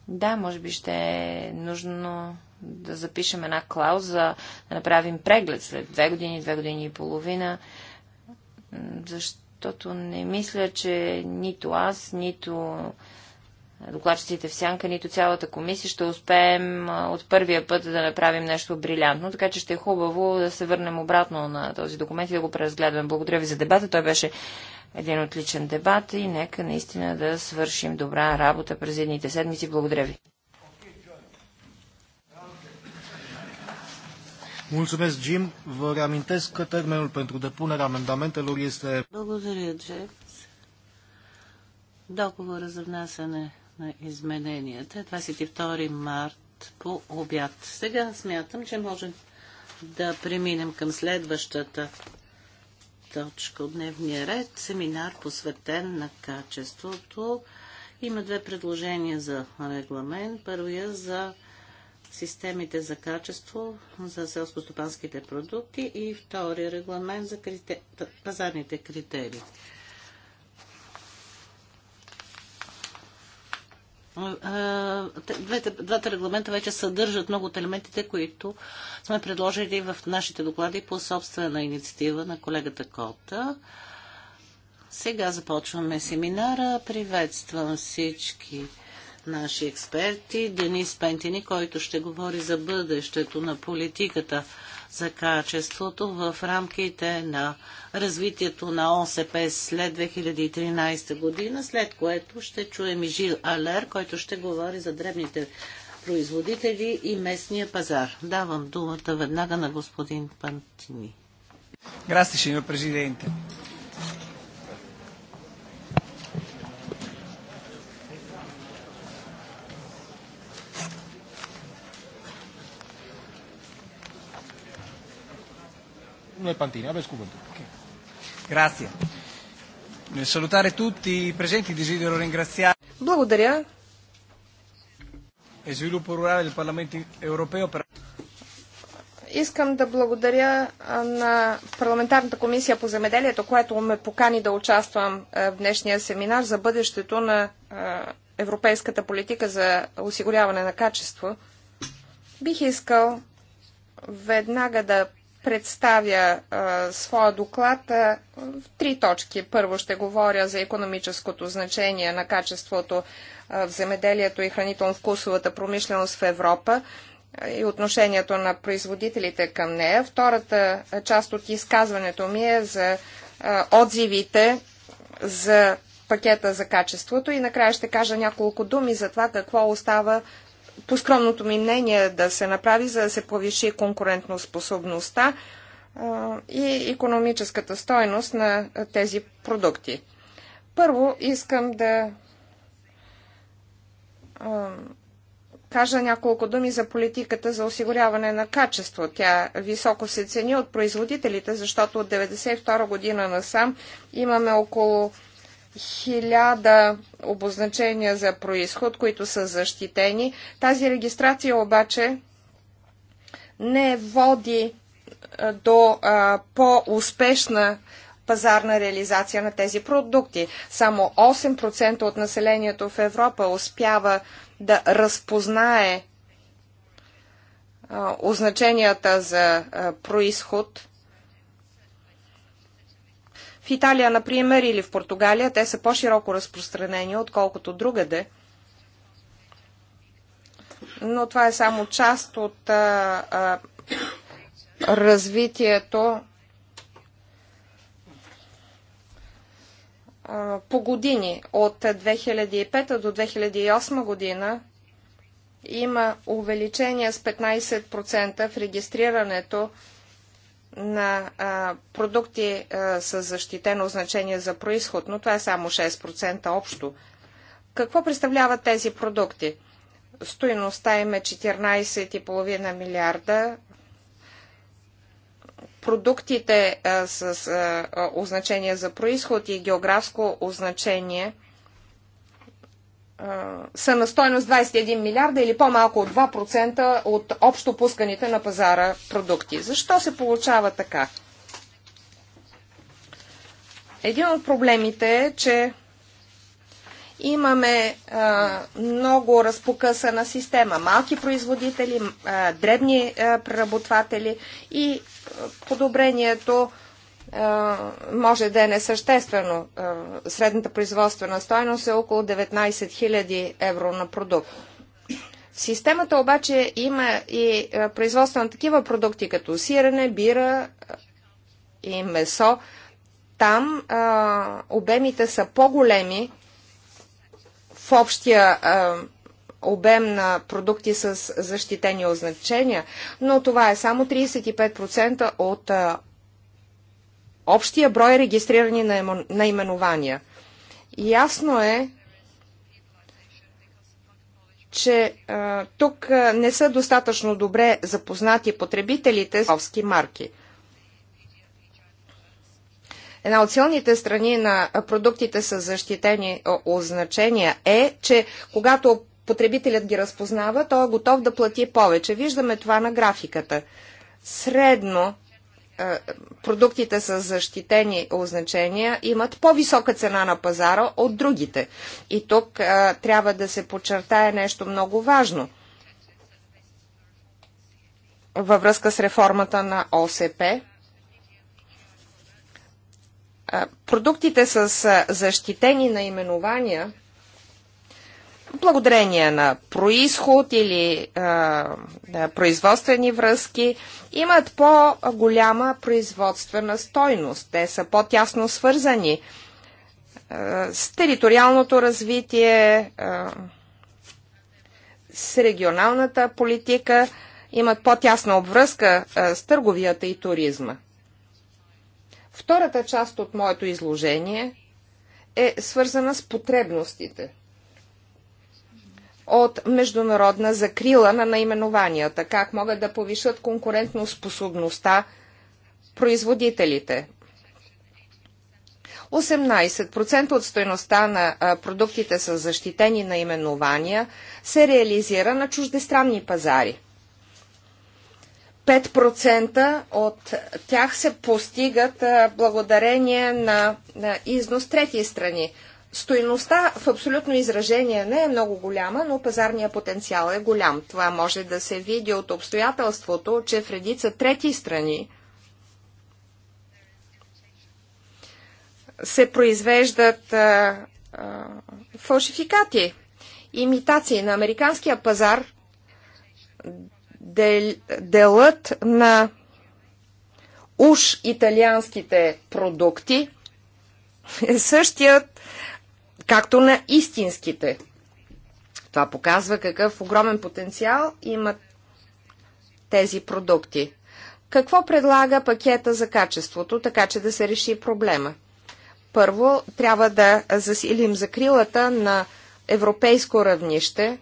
Да, може би ще е нужно да запишем една клауза, да направим преглед след две години, две години и половина, защото не мисля, че нито аз, нито докладчиците в сянка, нито цялата комисия ще успеем от първия път да направим нещо брилянтно, така че ще е хубаво да се върнем обратно на този документ и да го преразгледаме. Благодаря ви за дебата. Той беше един отличен дебат и нека наистина да свършим добра работа през едните седмици. Благодаря ви. Mulțumesc, Jim. Vă reamintesc că termenul pentru depunerea amendamentelor este... Благодаря, Джек. Договора за внасяне на измененията. 22 март по обяд. Сега смятам, че можем да преминем към следващата точка от дневния ред. Семинар посветен на качеството. Има две предложения за регламент. Първия за системите за качество за селскостопанските продукти и втория регламент за пазарните критерии. Двете, двата регламента вече съдържат много от елементите, които сме предложили в нашите доклади по собствена инициатива на колегата Кота. Сега започваме семинара. Приветствам всички наши експерти. Денис Пентини, който ще говори за бъдещето на политиката за качеството в рамките на развитието на ОСП след 2013 година, след което ще чуем и Жил Алер, който ще говори за дребните производители и местния пазар. Давам думата веднага на господин Пантини. Grazie, signor Presidente. Onorevole Pantini, aveți Okay. Grazie. Nel salutare tutti i presenti desidero ringraziare. Благодаря. E sviluppo rurale del Parlamento europeo per Искам да благодаря на Парламентарната комисия по земеделието, която ме покани да участвам в днешния семинар за бъдещето на европейската политика за осигуряване на качество. Бих искал веднага да представя а, своя доклад а, в три точки. Първо ще говоря за економическото значение на качеството а, в земеделието и хранително-вкусовата промишленост в Европа и отношението на производителите към нея. Втората част от изказването ми е за отзивите за пакета за качеството и накрая ще кажа няколко думи за това какво остава по скромното ми мнение, да се направи, за да се повиши конкурентноспособността и економическата стойност на тези продукти. Първо искам да кажа няколко думи за политиката за осигуряване на качество. Тя високо се цени от производителите, защото от 1992 година насам имаме около хиляда обозначения за происход, които са защитени. Тази регистрация обаче не води е, до е, по-успешна пазарна реализация на тези продукти. Само 8% от населението в Европа успява да разпознае а, е, означенията за а, происход в Италия, например, или в Португалия, те са по-широко разпространени, отколкото другаде. Но това е само част от а, а, развитието а, по години. От 2005 до 2008 година има увеличение с 15% в регистрирането на а, продукти а, с защитено значение за происход, но това е само 6% общо. Какво представляват тези продукти? Стоиността им е 14,5 милиарда. Продуктите а, с а, означение за происход и географско означение – са на стойност 21 милиарда или по-малко от 2% от общо пусканите на пазара продукти. Защо се получава така? Един от проблемите е, че имаме а, много разпокъсана система. Малки производители, а, дребни а, преработватели и а, подобрението може да е несъществено. Средната производствена стоеност е около 19 000 евро на продукт. В системата обаче има и производство на такива продукти, като сирене, бира и месо. Там а, обемите са по-големи в общия а, обем на продукти с защитени означения, но това е само 35% от а, общия брой регистрирани наименования. Ясно е, че а, тук а, не са достатъчно добре запознати потребителите с овски марки. Една от силните страни на продуктите с защитени означения е, че когато потребителят ги разпознава, той е готов да плати повече. Виждаме това на графиката. Средно е, продуктите с защитени означения имат по-висока цена на пазара от другите. И тук а, е, трябва да се подчертае нещо много важно във връзка с реформата на ОСП. А, е, продуктите с защитени наименования благодарение на происход или а, производствени връзки, имат по-голяма производствена стойност. Те са по-тясно свързани а, с териториалното развитие, а, с регионалната политика, имат по-тясна обвръзка а, с търговията и туризма. Втората част от моето изложение е свързана с потребностите – от международна закрила на наименованията, как могат да повишат конкурентно способността производителите. 18% от стоеността на продуктите с защитени наименования се реализира на чуждестранни пазари. 5% от тях се постигат благодарение на, на износ трети страни. Стоиността в абсолютно изражение не е много голяма, но пазарният потенциал е голям. Това може да се види от обстоятелството, че в редица трети страни се произвеждат а, а, фалшификати, имитации на американския пазар. Дел, делът на уж италианските продукти е същият както на истинските. Това показва какъв огромен потенциал имат тези продукти. Какво предлага пакета за качеството, така че да се реши проблема? Първо, трябва да засилим закрилата на европейско равнище.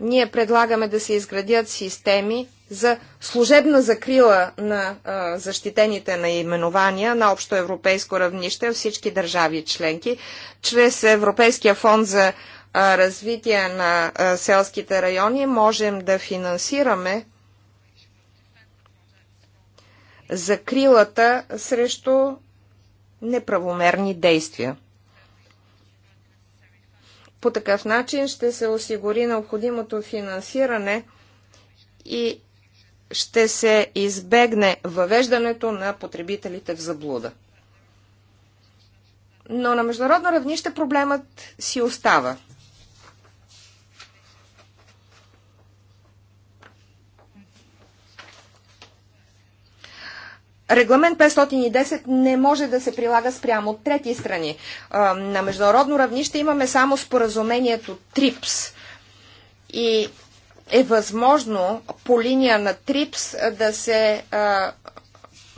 Ние предлагаме да се изградят системи за служебна закрила на а, защитените наименования на общо европейско равнище в всички държави членки, чрез Европейския фонд за а, развитие на а, селските райони можем да финансираме закрилата срещу неправомерни действия. По такъв начин ще се осигури необходимото финансиране и ще се избегне въвеждането на потребителите в заблуда. Но на международно равнище проблемът си остава. Регламент 510 не може да се прилага спрямо от трети страни. На международно равнище имаме само споразумението ТРИПС. И е възможно по линия на ТРИПС да се а,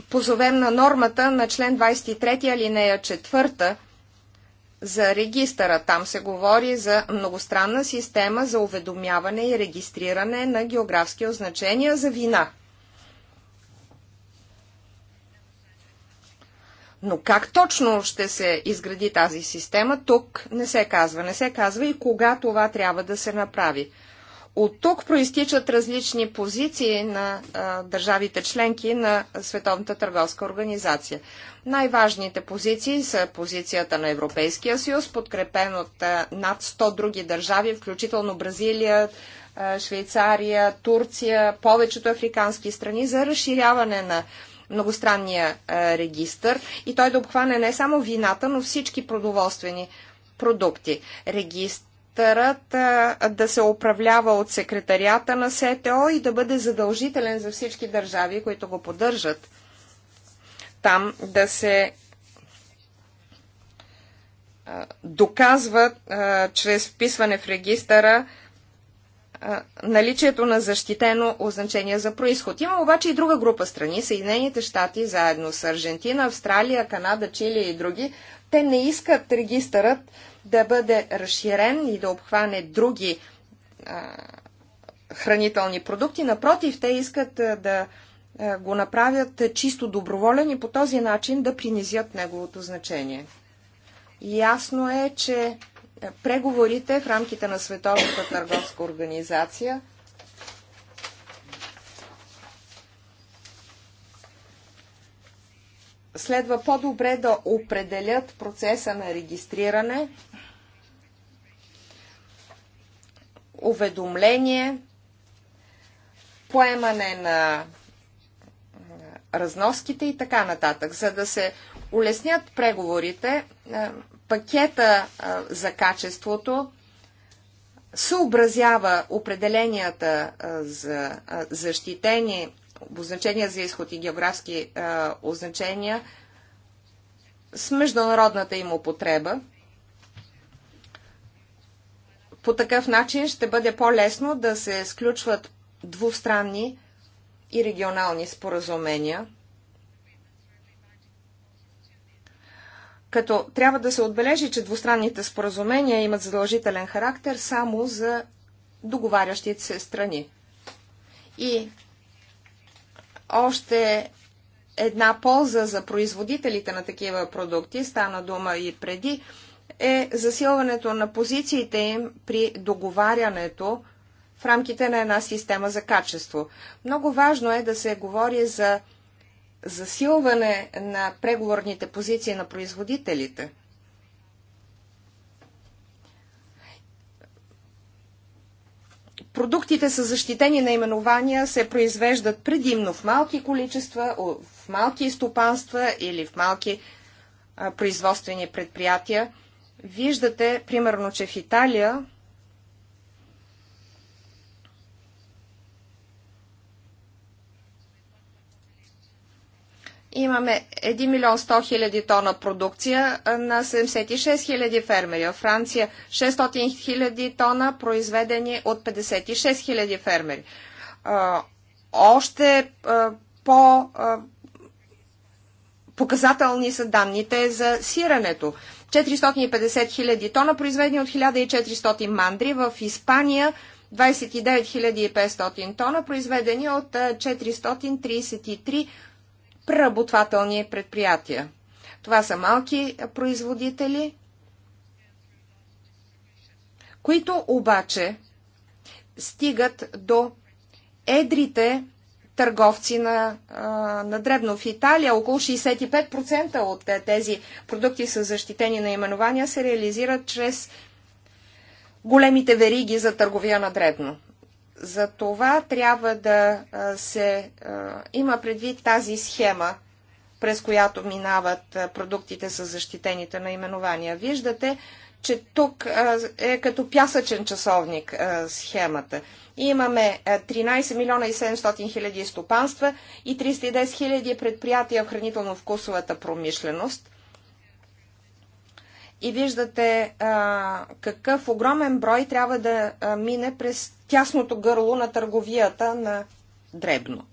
позовем на нормата на член 23 алинея 4 за регистъра. Там се говори за многостранна система за уведомяване и регистриране на географски означения за вина. Но как точно ще се изгради тази система, тук не се казва. Не се казва и кога това трябва да се направи. От тук проистичат различни позиции на държавите членки на Световната търговска организация. Най-важните позиции са позицията на Европейския съюз, подкрепен от над 100 други държави, включително Бразилия, Швейцария, Турция, повечето африкански страни за разширяване на многостранния регистр и той да обхване не само вината, но всички продоволствени продукти. Регистр регистърът а, да се управлява от секретарията на СТО и да бъде задължителен за всички държави, които го поддържат. Там да се а, доказва а, чрез вписване в регистъра наличието на защитено означение за происход. Има обаче и друга група страни, Съединените щати, заедно с Аржентина, Австралия, Канада, Чили и други, те не искат регистърът да бъде разширен и да обхване други а, хранителни продукти. Напротив, те искат а, да а, го направят чисто доброволен и по този начин да принизят неговото значение. Ясно е, че преговорите в рамките на Световната търговска организация – следва по-добре да определят процеса на регистриране, уведомление, поемане на разноските и така нататък. За да се улеснят преговорите, е, пакета е, за качеството съобразява определенията е, за защитени обозначения за изход и географски а, означения с международната им употреба. По такъв начин ще бъде по-лесно да се сключват двустранни и регионални споразумения. Като трябва да се отбележи, че двустранните споразумения имат задължителен характер само за договарящите се страни. И още една полза за производителите на такива продукти, стана дума и преди, е засилването на позициите им при договарянето в рамките на една система за качество. Много важно е да се говори за засилване на преговорните позиции на производителите – Продуктите с защитени наименования се произвеждат предимно в малки количества, в малки стопанства или в малки производствени предприятия. Виждате, примерно, че в Италия Имаме 1 милион 100 хиляди тона продукция на 76 хиляди фермери. В Франция 600 хиляди тона, произведени от 56 хиляди фермери. Още по показателни са данните за сирането. 450 хиляди тона, произведени от 1400 мандри. В Испания 29 500 тона, произведени от 433 преработвателни предприятия. Това са малки производители, които обаче стигат до едрите търговци на, на дребно. В Италия около 65% от е, тези продукти са защитени наименования се реализират чрез големите вериги за търговия на дребно. За това трябва да се има предвид тази схема, през която минават продуктите с защитените наименования. Виждате, че тук е като пясъчен часовник схемата. имаме 13 милиона и 700 хиляди стопанства и 310 хиляди предприятия в хранително-вкусовата промишленост. И виждате а, какъв огромен брой трябва да мине през тясното гърло на търговията на дребно.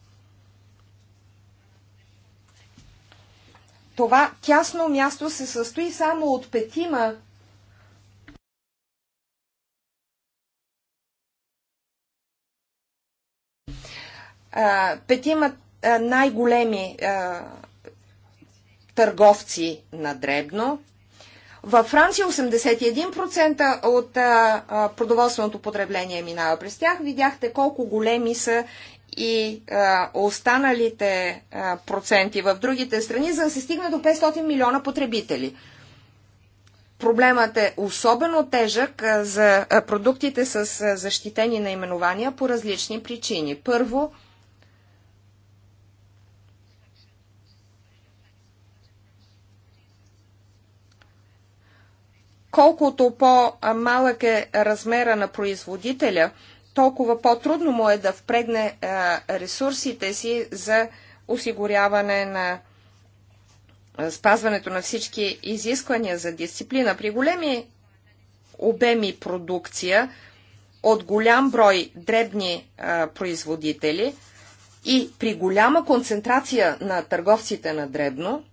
Това тясно място се състои само от петима петима най-големи търговци на дребно, във Франция 81% от а, а, продоволственото потребление е минава през тях. Видяхте колко големи са и а, останалите а, проценти в другите страни, за да се стигне до 500 милиона потребители. Проблемът е особено тежък за продуктите с защитени наименования по различни причини. Първо, Колкото по-малък е размера на производителя, толкова по-трудно му е да впрегне ресурсите си за осигуряване на спазването на всички изисквания за дисциплина. При големи обеми продукция от голям брой дребни производители и при голяма концентрация на търговците на дребно,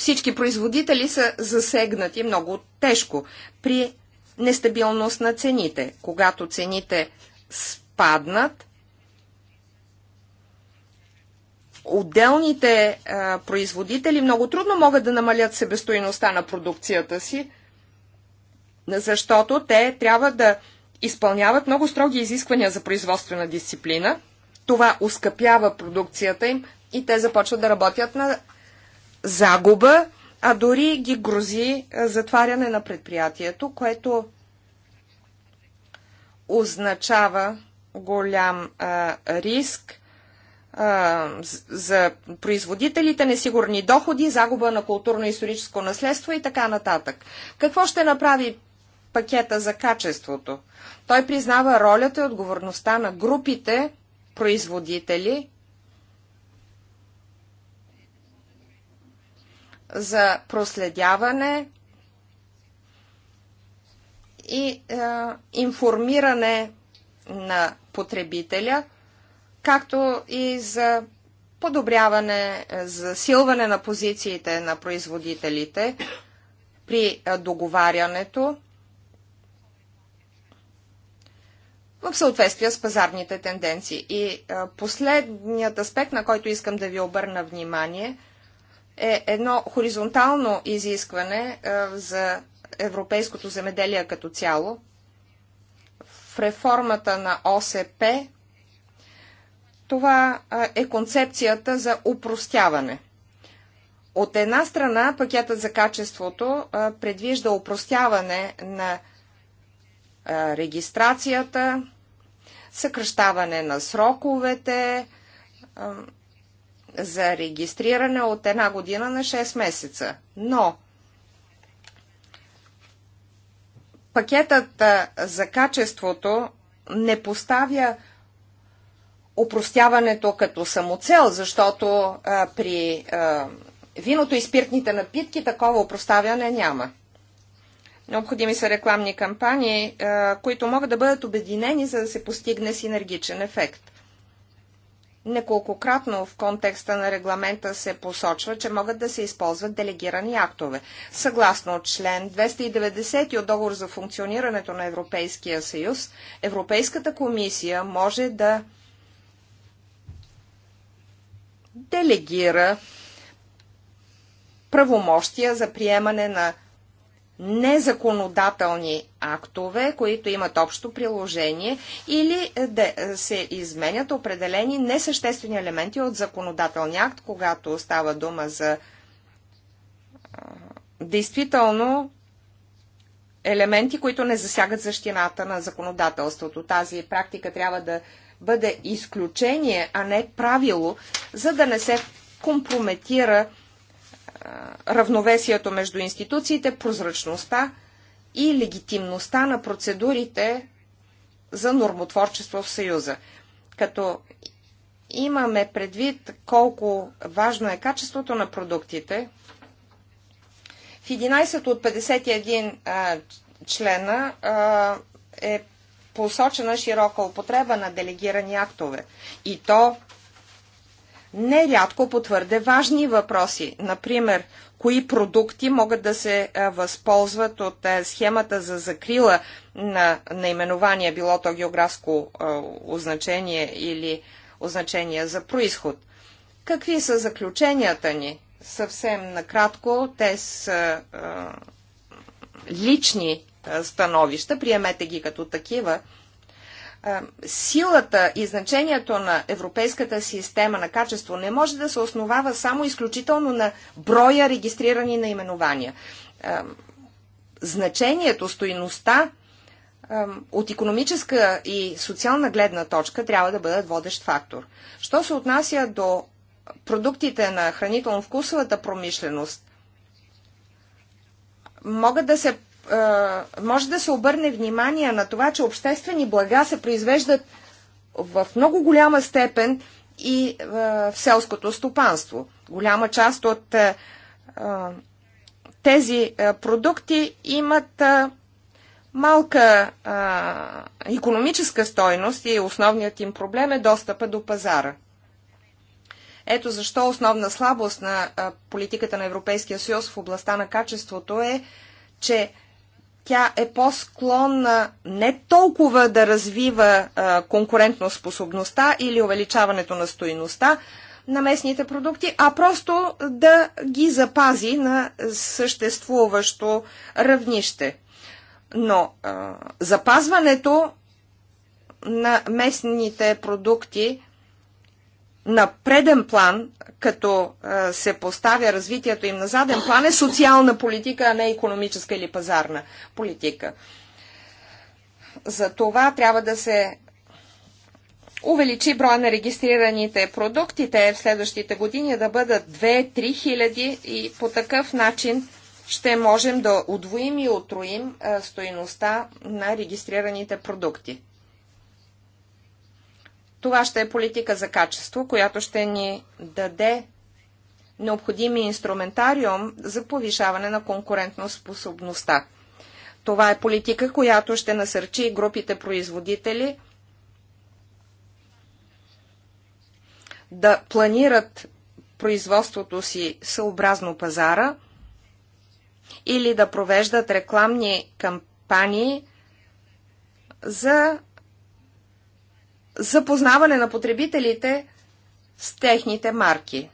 Всички производители са засегнати много тежко при нестабилност на цените. Когато цените спаднат, отделните а, производители много трудно могат да намалят себестоиността на продукцията си, защото те трябва да изпълняват много строги изисквания за производствена дисциплина. Това ускъпява продукцията им и те започват да работят на загуба, а дори ги грози затваряне на предприятието, което означава голям а, риск а, за производителите, несигурни доходи, загуба на културно-историческо наследство и така нататък. Какво ще направи пакета за качеството? Той признава ролята и отговорността на групите производители – за проследяване и е, информиране на потребителя, както и за подобряване, е, засилване на позициите на производителите при е, договарянето в съответствие с пазарните тенденции. И е, последният аспект, на който искам да ви обърна внимание – е едно хоризонтално изискване е, за европейското земеделие като цяло. В реформата на ОСП това е, е концепцията за упростяване. От една страна, пакетът за качеството е, предвижда упростяване на регистрацията, съкръщаване на сроковете, за регистриране от една година на 6 месеца. Но пакетът за качеството не поставя упростяването като самоцел, защото а, при а, виното и спиртните напитки такова упроставяне няма. Необходими са рекламни кампании, а, които могат да бъдат обединени, за да се постигне синергичен ефект. Неколкократно в контекста на регламента се посочва, че могат да се използват делегирани актове. Съгласно член 290 от договор за функционирането на Европейския съюз, Европейската комисия може да делегира правомощия за приемане на незаконодателни актове, които имат общо приложение, или да се изменят определени несъществени елементи от законодателния акт, когато става дума за действително елементи, които не засягат защината на законодателството. Тази практика трябва да бъде изключение, а не правило, за да не се компрометира равновесието между институциите, прозрачността и легитимността на процедурите за нормотворчество в Съюза. Като имаме предвид колко важно е качеството на продуктите, в 11 от 51 а, члена а, е посочена широка употреба на делегирани актове. И то нерядко по твърде важни въпроси. Например, кои продукти могат да се възползват от схемата за закрила на наименование, било то географско означение или означение за происход. Какви са заключенията ни? Съвсем накратко, те са лични становища, приемете ги като такива силата и значението на европейската система на качество не може да се основава само изключително на броя регистрирани наименования. Значението, стоиността от економическа и социална гледна точка трябва да бъдат водещ фактор. Що се отнася до продуктите на хранително-вкусовата промишленост, могат да се може да се обърне внимание на това, че обществени блага се произвеждат в много голяма степен и в селското стопанство. Голяма част от тези продукти имат малка економическа стойност и основният им проблем е достъпа до пазара. Ето защо основна слабост на политиката на Европейския съюз в областта на качеството е, че тя е по-склонна не толкова да развива а, способността или увеличаването на стоиността на местните продукти, а просто да ги запази на съществуващо равнище. Но а, запазването на местните продукти на преден план, като е, се поставя развитието им на заден план, е социална политика, а не економическа или пазарна политика. За това трябва да се увеличи броя на регистрираните продукти. Те в следващите години да бъдат 2-3 хиляди и по такъв начин ще можем да удвоим и отроим е, стоеността на регистрираните продукти. Това ще е политика за качество, която ще ни даде необходими инструментариум за повишаване на конкурентноспособността. Това е политика, която ще насърчи групите производители да планират производството си съобразно пазара или да провеждат рекламни кампании за за познаване на потребителите с техните марки.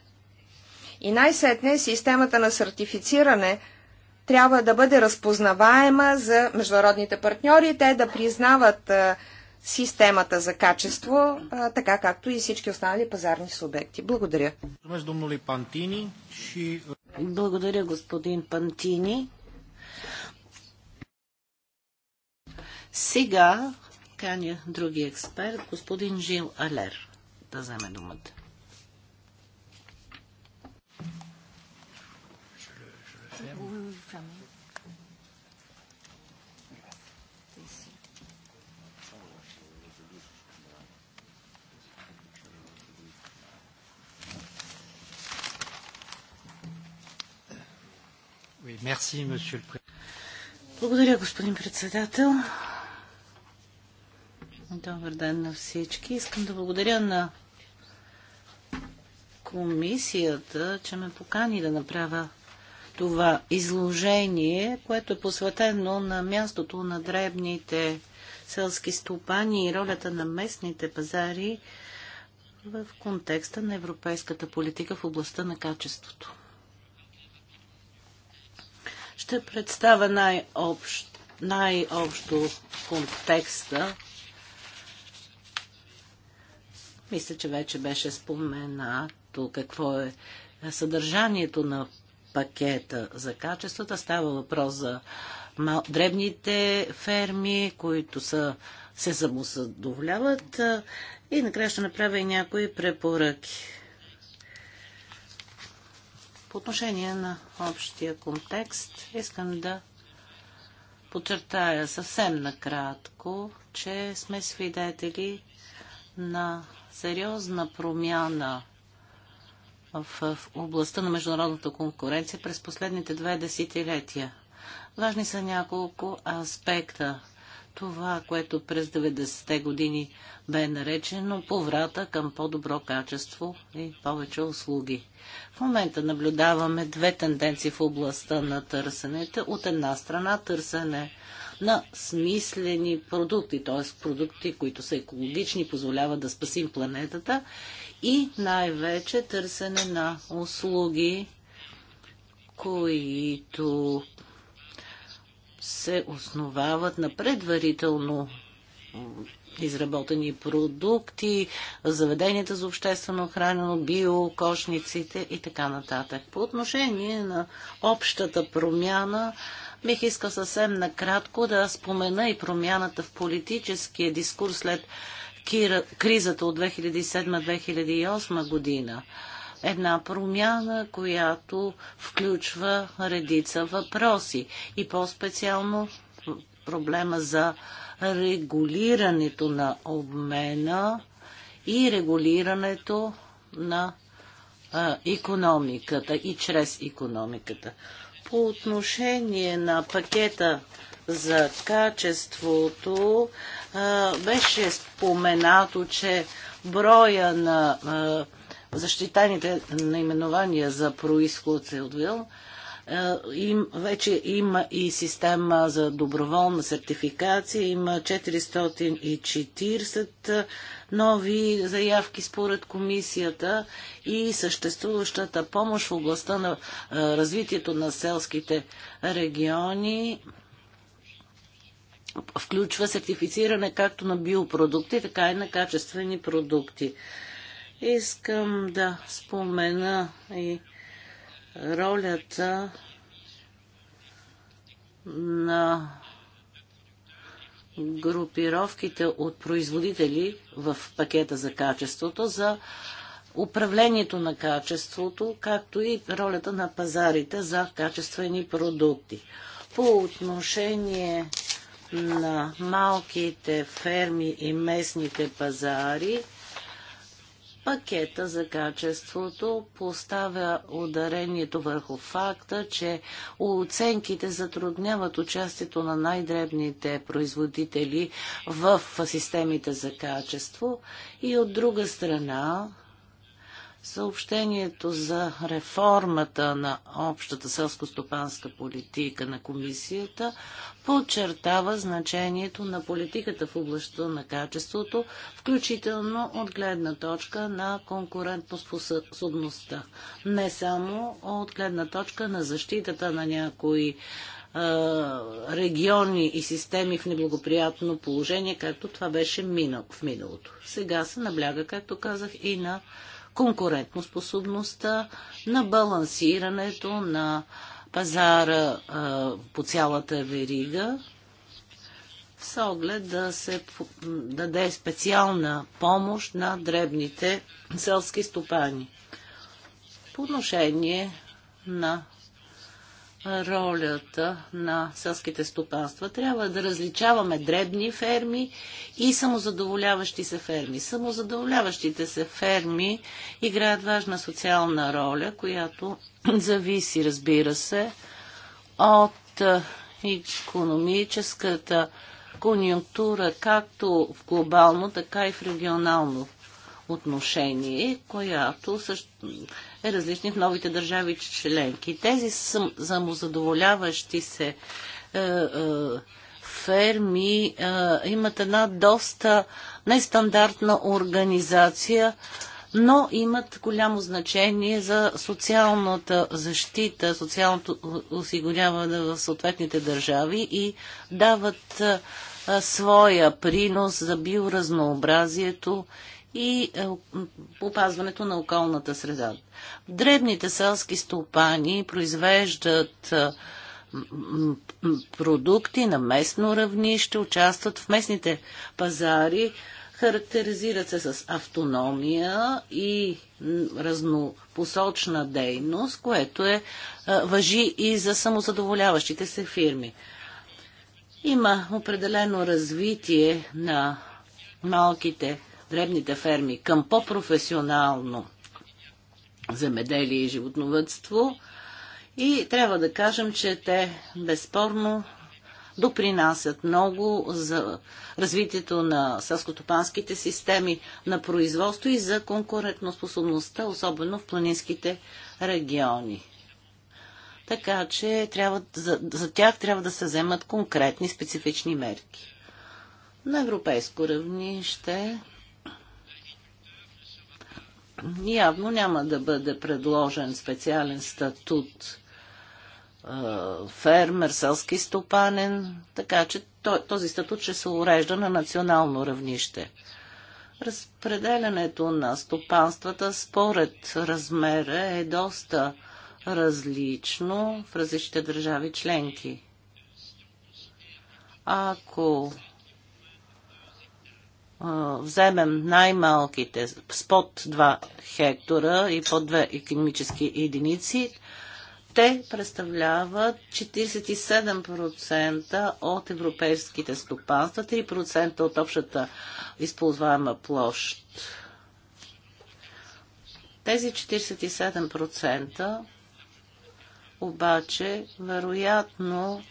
И най-сетне системата на сертифициране трябва да бъде разпознаваема за международните партньори, те да признават а, системата за качество, а, така както и всички останали пазарни субекти. Благодаря. Благодаря, господин Пантини. Сега каня други експерт, господин Жил Алер, да вземе думата. Благодаря, господин председател. Добър ден на всички. Искам да благодаря на комисията, че ме покани да направя това изложение, което е посветено на мястото на дребните селски стопани и ролята на местните пазари в контекста на европейската политика в областта на качеството. Ще представя най-общо най, -общо, най -общо контекста мисля, че вече беше споменато какво е съдържанието на пакета за качествата. Става въпрос за мал... дребните ферми, които са, се самозадоволяват. И накрая ще направя и някои препоръки. По отношение на общия контекст, искам да подчертая съвсем накратко, че сме свидетели на сериозна промяна в, областта на международната конкуренция през последните две десетилетия. Важни са няколко аспекта. Това, което през 90-те години бе наречено поврата към по-добро качество и повече услуги. В момента наблюдаваме две тенденции в областта на търсенето. От една страна търсене на смислени продукти, т.е. продукти, които са екологични, позволяват да спасим планетата и най-вече търсене на услуги, които се основават на предварително изработени продукти, заведенията за обществено хранено, биокошниците и така нататък. По отношение на общата промяна Бих искал съвсем накратко да спомена и промяната в политическия дискурс след кризата от 2007-2008 година. Една промяна, която включва редица въпроси и по-специално проблема за регулирането на обмена и регулирането на а, економиката и чрез економиката. По отношение на пакета за качеството беше споменато, че броя на защитаните наименования за происход се отвил е, им, вече има и система за доброволна сертификация. Има 440 е, нови заявки според комисията и съществуващата помощ в областта на е, развитието на селските региони включва сертифициране както на биопродукти, така и на качествени продукти. Искам да спомена и ролята на групировките от производители в пакета за качеството, за управлението на качеството, както и ролята на пазарите за качествени продукти. По отношение на малките ферми и местните пазари, Пакета за качеството поставя ударението върху факта, че оценките затрудняват участието на най-дребните производители в системите за качество и от друга страна Съобщението за реформата на общата селско-стопанска политика на комисията подчертава значението на политиката в областта на качеството, включително от гледна точка на конкурентоспособността. Не само от гледна точка на защитата на някои е, региони и системи в неблагоприятно положение, както това беше минал, в миналото. Сега се набляга, както казах, и на конкурентоспособността, на балансирането на пазара а, по цялата верига, с оглед да се даде специална помощ на дребните селски стопани. По отношение на ролята на селските стопанства. Трябва да различаваме дребни ферми и самозадоволяващи се ферми. Самозадоволяващите се ферми играят важна социална роля, която зависи, разбира се, от економическата конъюнктура, както в глобално, така и в регионално отношение, която също е различни в новите държави членки. Тези самозадоволяващи се е, е, ферми е, имат една доста нестандартна организация, но имат голямо значение за социалната защита, социалното осигуряване в съответните държави и дават е, своя принос за биоразнообразието и е, опазването на околната среда. Дребните селски стопани произвеждат е, продукти на местно равнище, участват в местните пазари, характеризират се с автономия и разнопосочна дейност, което е, е въжи и за самозадоволяващите се фирми. Има определено развитие на малките дребните ферми към по-професионално земеделие и животновътство. И трябва да кажем, че те безспорно допринасят много за развитието на селскотопанските системи на производство и за конкурентоспособността, особено в планинските региони. Така че трябва, за, за тях трябва да се вземат конкретни специфични мерки. На европейско равнище явно няма да бъде предложен специален статут фермер, селски стопанен, така че този статут ще се урежда на национално равнище. Разпределянето на стопанствата според размера е доста различно в различните държави членки. Ако вземем най-малките с под 2 хектара и под 2 економически единици, те представляват 47% от европейските стопанства, 3% от общата използваема площ. Тези 47% обаче вероятно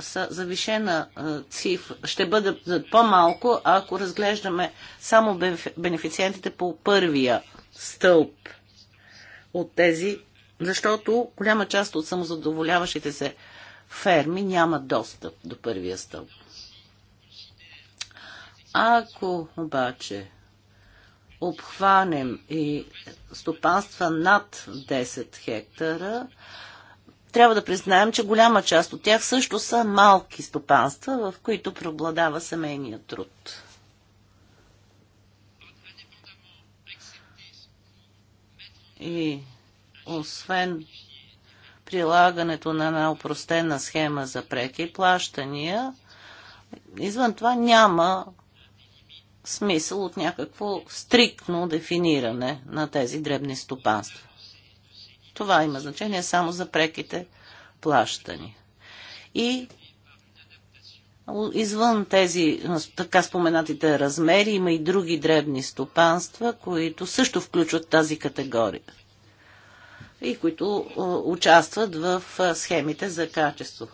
са завишена цифра, ще бъдат по-малко, ако разглеждаме само бенефициентите по първия стълб от тези, защото голяма част от самозадоволяващите се ферми нямат достъп до първия стълб. Ако обаче обхванем и стопанства над 10 хектара, трябва да признаем, че голяма част от тях също са малки стопанства, в които преобладава семейния труд. И освен прилагането на една упростена схема за преки плащания, извън това няма смисъл от някакво стриктно дефиниране на тези дребни стопанства. Това има значение само за преките плащани. И извън тези така споменатите размери има и други дребни стопанства, които също включват тази категория и които е, участват в е, схемите за качество.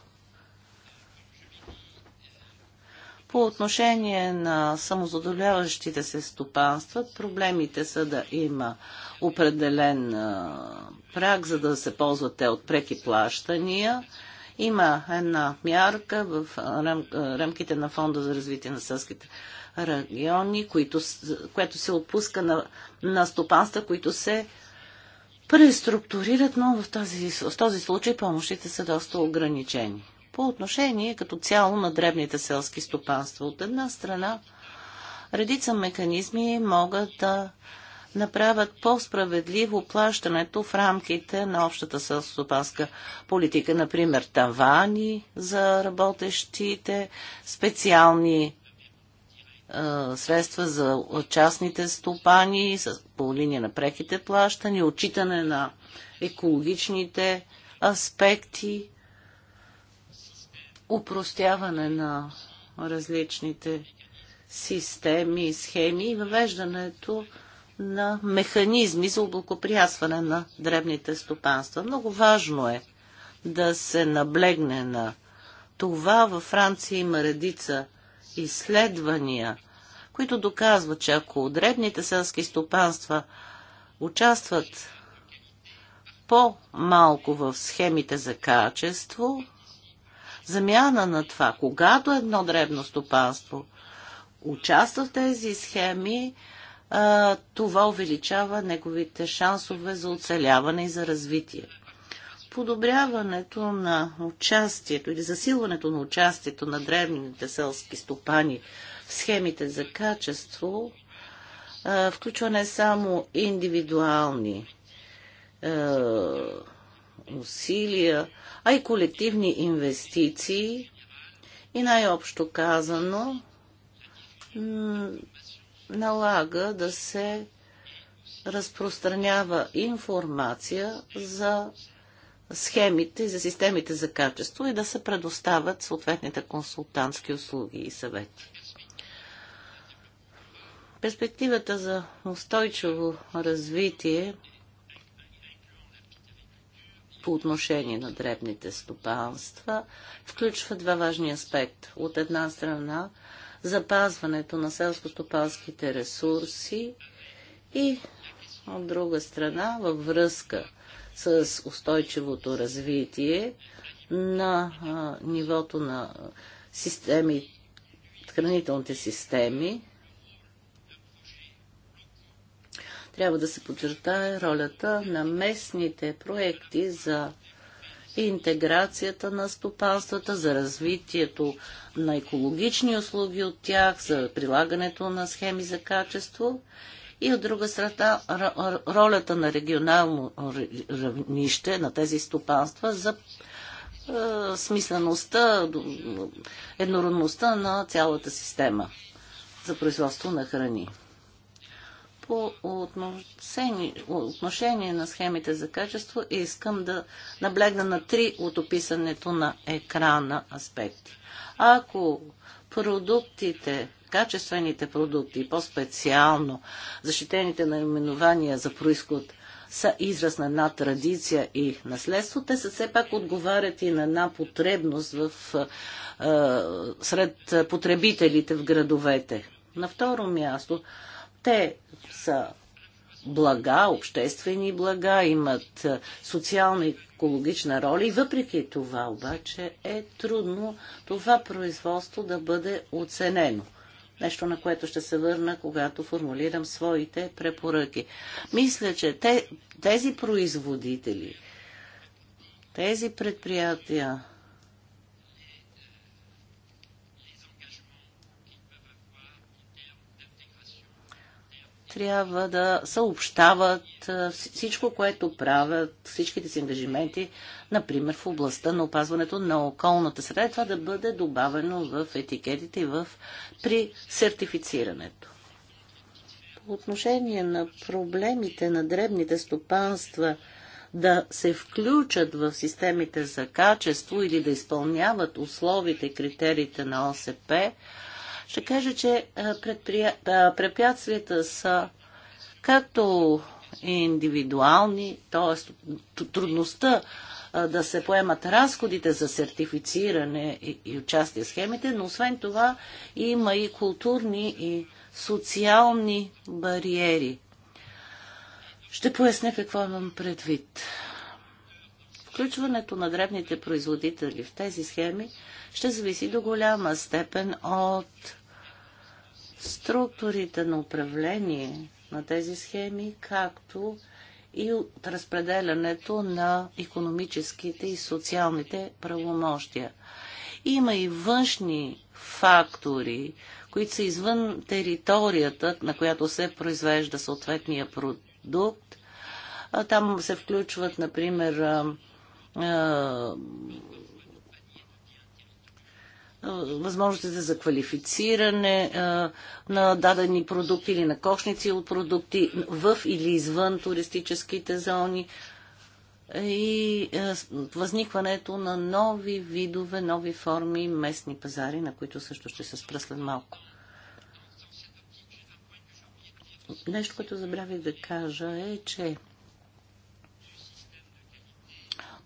По отношение на самозадоволяващите се стопанства, проблемите са да има определен праг, за да се ползват те от преки плащания. Има една мярка в рамките на Фонда за развитие на селските региони, които, което се отпуска на, на стопанства, които се преструктурират, но в този, в този случай помощите са доста ограничени по отношение като цяло на дребните селски стопанства. От една страна, редица механизми могат да направят по-справедливо плащането в рамките на общата селско-стопанска политика. Например, тавани за работещите, специални е, средства за частните стопани по линия на преките плащани, отчитане на екологичните аспекти упростяване на различните системи и схеми и въвеждането на механизми за облагоприятстване на дребните стопанства. Много важно е да се наблегне на това. Във Франция има редица изследвания, които доказват, че ако дребните селски стопанства участват по-малко в схемите за качество, замяна на това. Когато едно дребно стопанство участва в тези схеми, това увеличава неговите шансове за оцеляване и за развитие. Подобряването на участието или засилването на участието на древните селски стопани в схемите за качество включва не само индивидуални усилия, а и колективни инвестиции и най-общо казано налага да се разпространява информация за схемите, за системите за качество и да се предоставят съответните консултантски услуги и съвети. Перспективата за устойчиво развитие – по отношение на дребните стопанства включва два важни аспекта. От една страна запазването на селско-стопанските ресурси и от друга страна във връзка с устойчивото развитие на а, нивото на системи, хранителните системи, Трябва да се подчертае ролята на местните проекти за интеграцията на стопанствата, за развитието на екологични услуги от тях, за прилагането на схеми за качество и от друга страна ролята на регионално равнище на тези стопанства за е, смислеността, еднородността на цялата система за производство на храни по отношение, на схемите за качество и искам да наблегна на три от описането на екрана аспекти. Ако продуктите, качествените продукти, по-специално защитените наименования за происход са израз на една традиция и наследство, те са все пак отговарят и на една потребност в, сред потребителите в градовете. На второ място, те са блага, обществени блага, имат социална и екологична роля и въпреки това обаче е трудно това производство да бъде оценено. Нещо, на което ще се върна, когато формулирам своите препоръки. Мисля, че те, тези производители, тези предприятия, трябва да съобщават всичко, което правят, всичките си ангажименти, например в областта на опазването на околната среда. това да бъде добавено в етикетите и в, при сертифицирането. По отношение на проблемите на дребните стопанства да се включат в системите за качество или да изпълняват условите и критериите на ОСП, ще кажа, че препятствията са както индивидуални, т.е. трудността да се поемат разходите за сертифициране и участие в схемите, но освен това има и културни и социални бариери. Ще поясня какво имам предвид. Включването на дребните производители в тези схеми ще зависи до голяма степен от структурите на управление на тези схеми, както и от разпределянето на економическите и социалните правомощия. Има и външни фактори, които са извън територията, на която се произвежда съответния продукт. Там се включват, например, възможностите за квалифициране на дадени продукти или на кошници от продукти в или извън туристическите зони и възникването на нови видове, нови форми местни пазари, на които също ще се спръслят малко. Нещо, което забравих да кажа е, че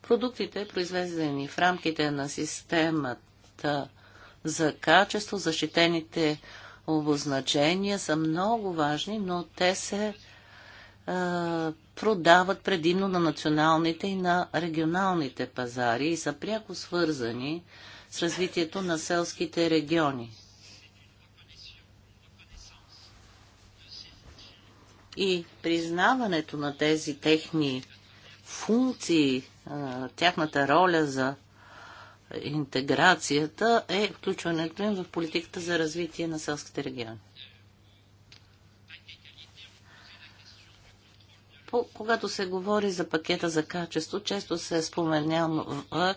Продуктите, произведени в рамките на системата за качество, защитените обозначения са много важни, но те се е, продават предимно на националните и на регионалните пазари и са пряко свързани с развитието на селските региони. И признаването на тези техни функции, тяхната роля за интеграцията е включването им в политиката за развитие на селските региони. По, когато се говори за пакета за качество, често се е споменява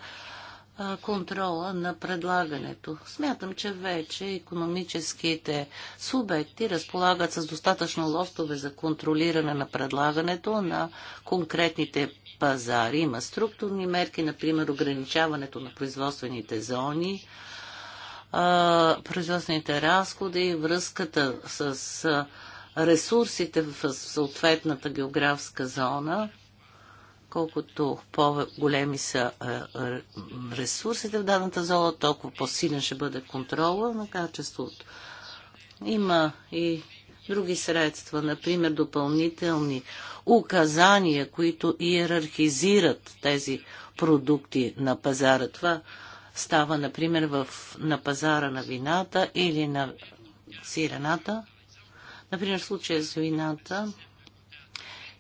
контрола на предлагането. Смятам, че вече економическите субекти разполагат с достатъчно лостове за контролиране на предлагането на конкретните пазари, Има структурни мерки, например ограничаването на производствените зони, производствените разходи, връзката с ресурсите в съответната географска зона. Колкото по-големи са ресурсите в дадената зона, толкова по-силен ще бъде контрола на качеството. Има и други средства, например допълнителни указания, които иерархизират тези продукти на пазара. Това става, например, в, на пазара на вината или на сирената. Например, в случая с вината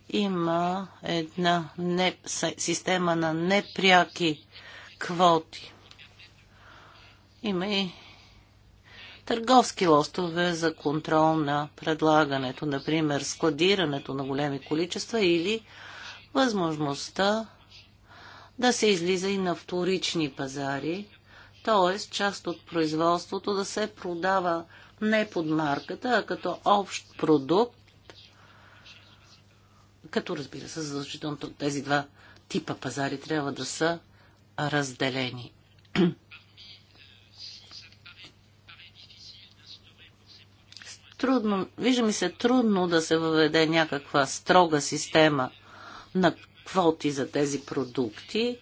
има една не, система на непряки квоти. Има и търговски лостове за контрол на предлагането, например складирането на големи количества или възможността да се излиза и на вторични пазари, т.е. част от производството да се продава не под марката, а като общ продукт, като разбира се, задължително тези два типа пазари трябва да са разделени. Трудно, вижда ми се трудно да се въведе някаква строга система на квоти за тези продукти,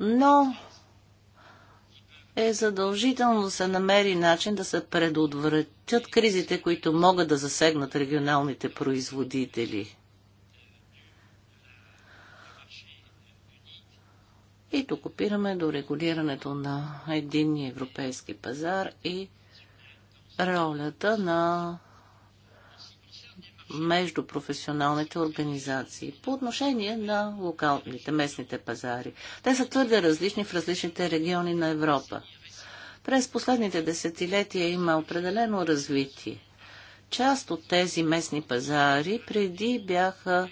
но е задължително да се намери начин да се предотвратят кризите, които могат да засегнат регионалните производители. И тук опираме до регулирането на един европейски пазар и ролята на междупрофесионалните организации по отношение на локалните, местните пазари. Те са твърде различни в различните региони на Европа. През последните десетилетия има определено развитие. Част от тези местни пазари преди бяха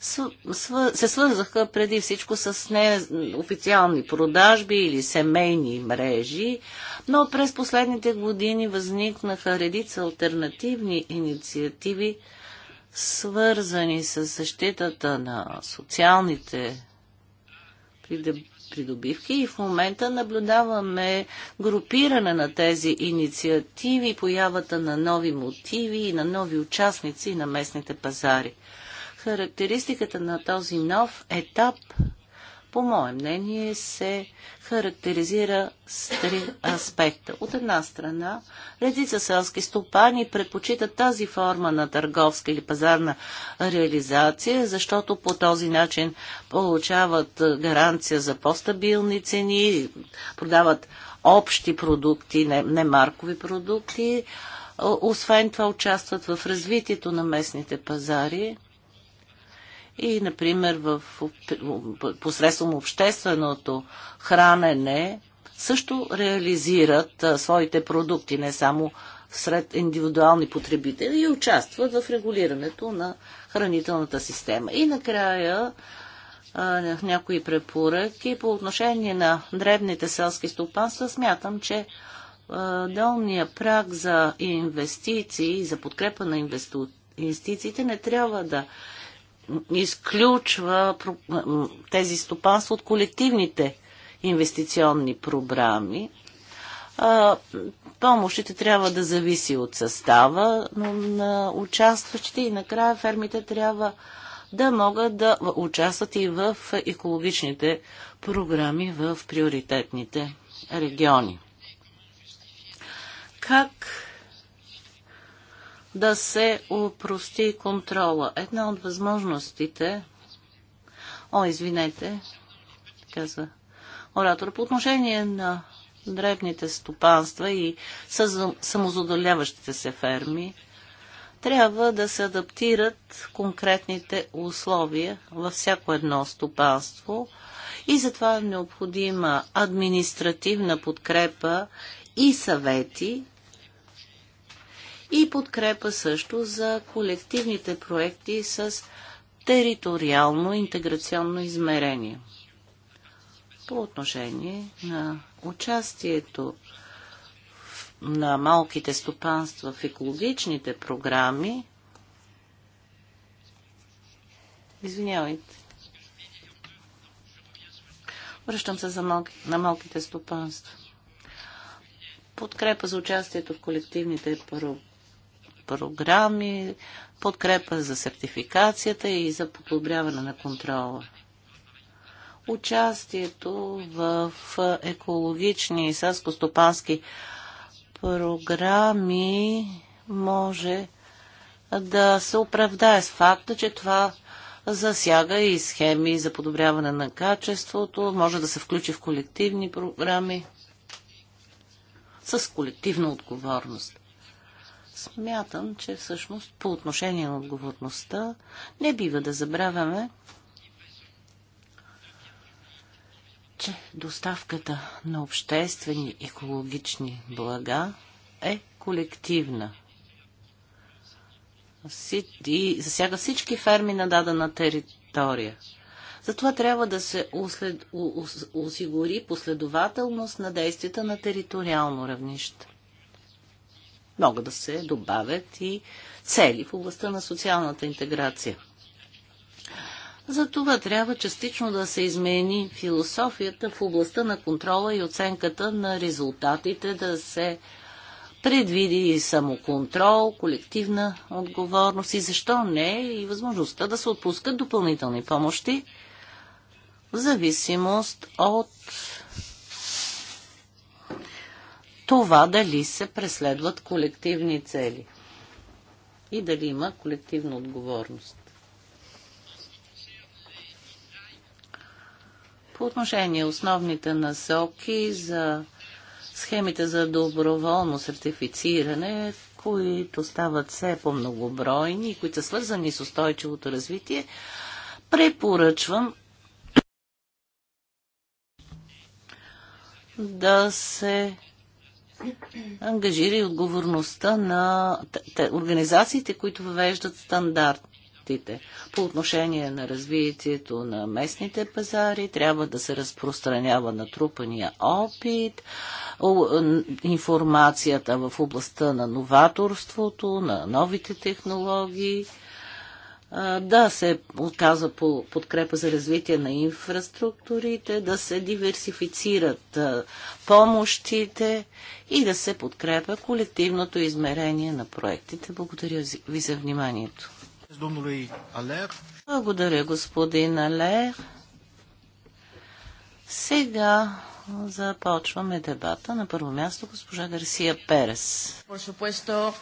се свързаха преди всичко с неофициални продажби или семейни мрежи, но през последните години възникнаха редица альтернативни инициативи, свързани с защитата на социалните придобивки и в момента наблюдаваме групиране на тези инициативи, появата на нови мотиви и на нови участници на местните пазари. Характеристиката на този нов етап, по мое мнение, се характеризира с три аспекта. От една страна, редица селски стопани предпочитат тази форма на търговска или пазарна реализация, защото по този начин получават гаранция за по-стабилни цени, продават общи продукти, не, не маркови продукти. Освен това участват в развитието на местните пазари и, например, в, посредством общественото хранене също реализират а, своите продукти, не само сред индивидуални потребители и участват в регулирането на хранителната система. И накрая а, някои препоръки по отношение на дребните селски стопанства смятам, че долния праг за инвестиции, за подкрепа на инвестициите не трябва да изключва тези стопанства от колективните инвестиционни програми. Помощите трябва да зависи от състава на участващите и накрая фермите трябва да могат да участват и в екологичните програми в приоритетните региони. Как да се упрости контрола. Една от възможностите. О, извинете, казва оратор. По отношение на древните стопанства и самозадоляващите се ферми, трябва да се адаптират конкретните условия във всяко едно стопанство и затова е необходима административна подкрепа и съвети, и подкрепа също за колективните проекти с териториално интеграционно измерение. По отношение на участието на малките стопанства в екологичните програми, извинявайте, връщам се за малки, на малките стопанства подкрепа за участието в колективните програми програми, подкрепа за сертификацията и за подобряване на контрола. Участието в екологични и селско-стопански програми може да се оправдае с факта, че това засяга и схеми за подобряване на качеството, може да се включи в колективни програми с колективна отговорност. Смятам, че всъщност по отношение на отговорността не бива да забравяме, че доставката на обществени екологични блага е колективна и засяга всички ферми на дадена територия. Затова трябва да се осигури последователност на действията на териториално равнище могат да се добавят и цели в областта на социалната интеграция. За това трябва частично да се измени философията в областта на контрола и оценката на резултатите, да се предвиди и самоконтрол, колективна отговорност и защо не и възможността да се отпускат допълнителни помощи в зависимост от това дали се преследват колективни цели и дали има колективна отговорност. По отношение основните насоки за схемите за доброволно сертифициране, които стават все по-многобройни и които са свързани с устойчивото развитие, препоръчвам да се ангажира и отговорността на организациите, които въвеждат стандартите. По отношение на развитието на местните пазари, трябва да се разпространява натрупания опит, информацията в областта на новаторството, на новите технологии – да се отказва по подкрепа за развитие на инфраструктурите, да се диверсифицират помощите и да се подкрепа колективното измерение на проектите. Благодаря ви за вниманието. Благодаря, господин Алер. Сега започваме дебата. На първо място госпожа Гарсия Перес. Por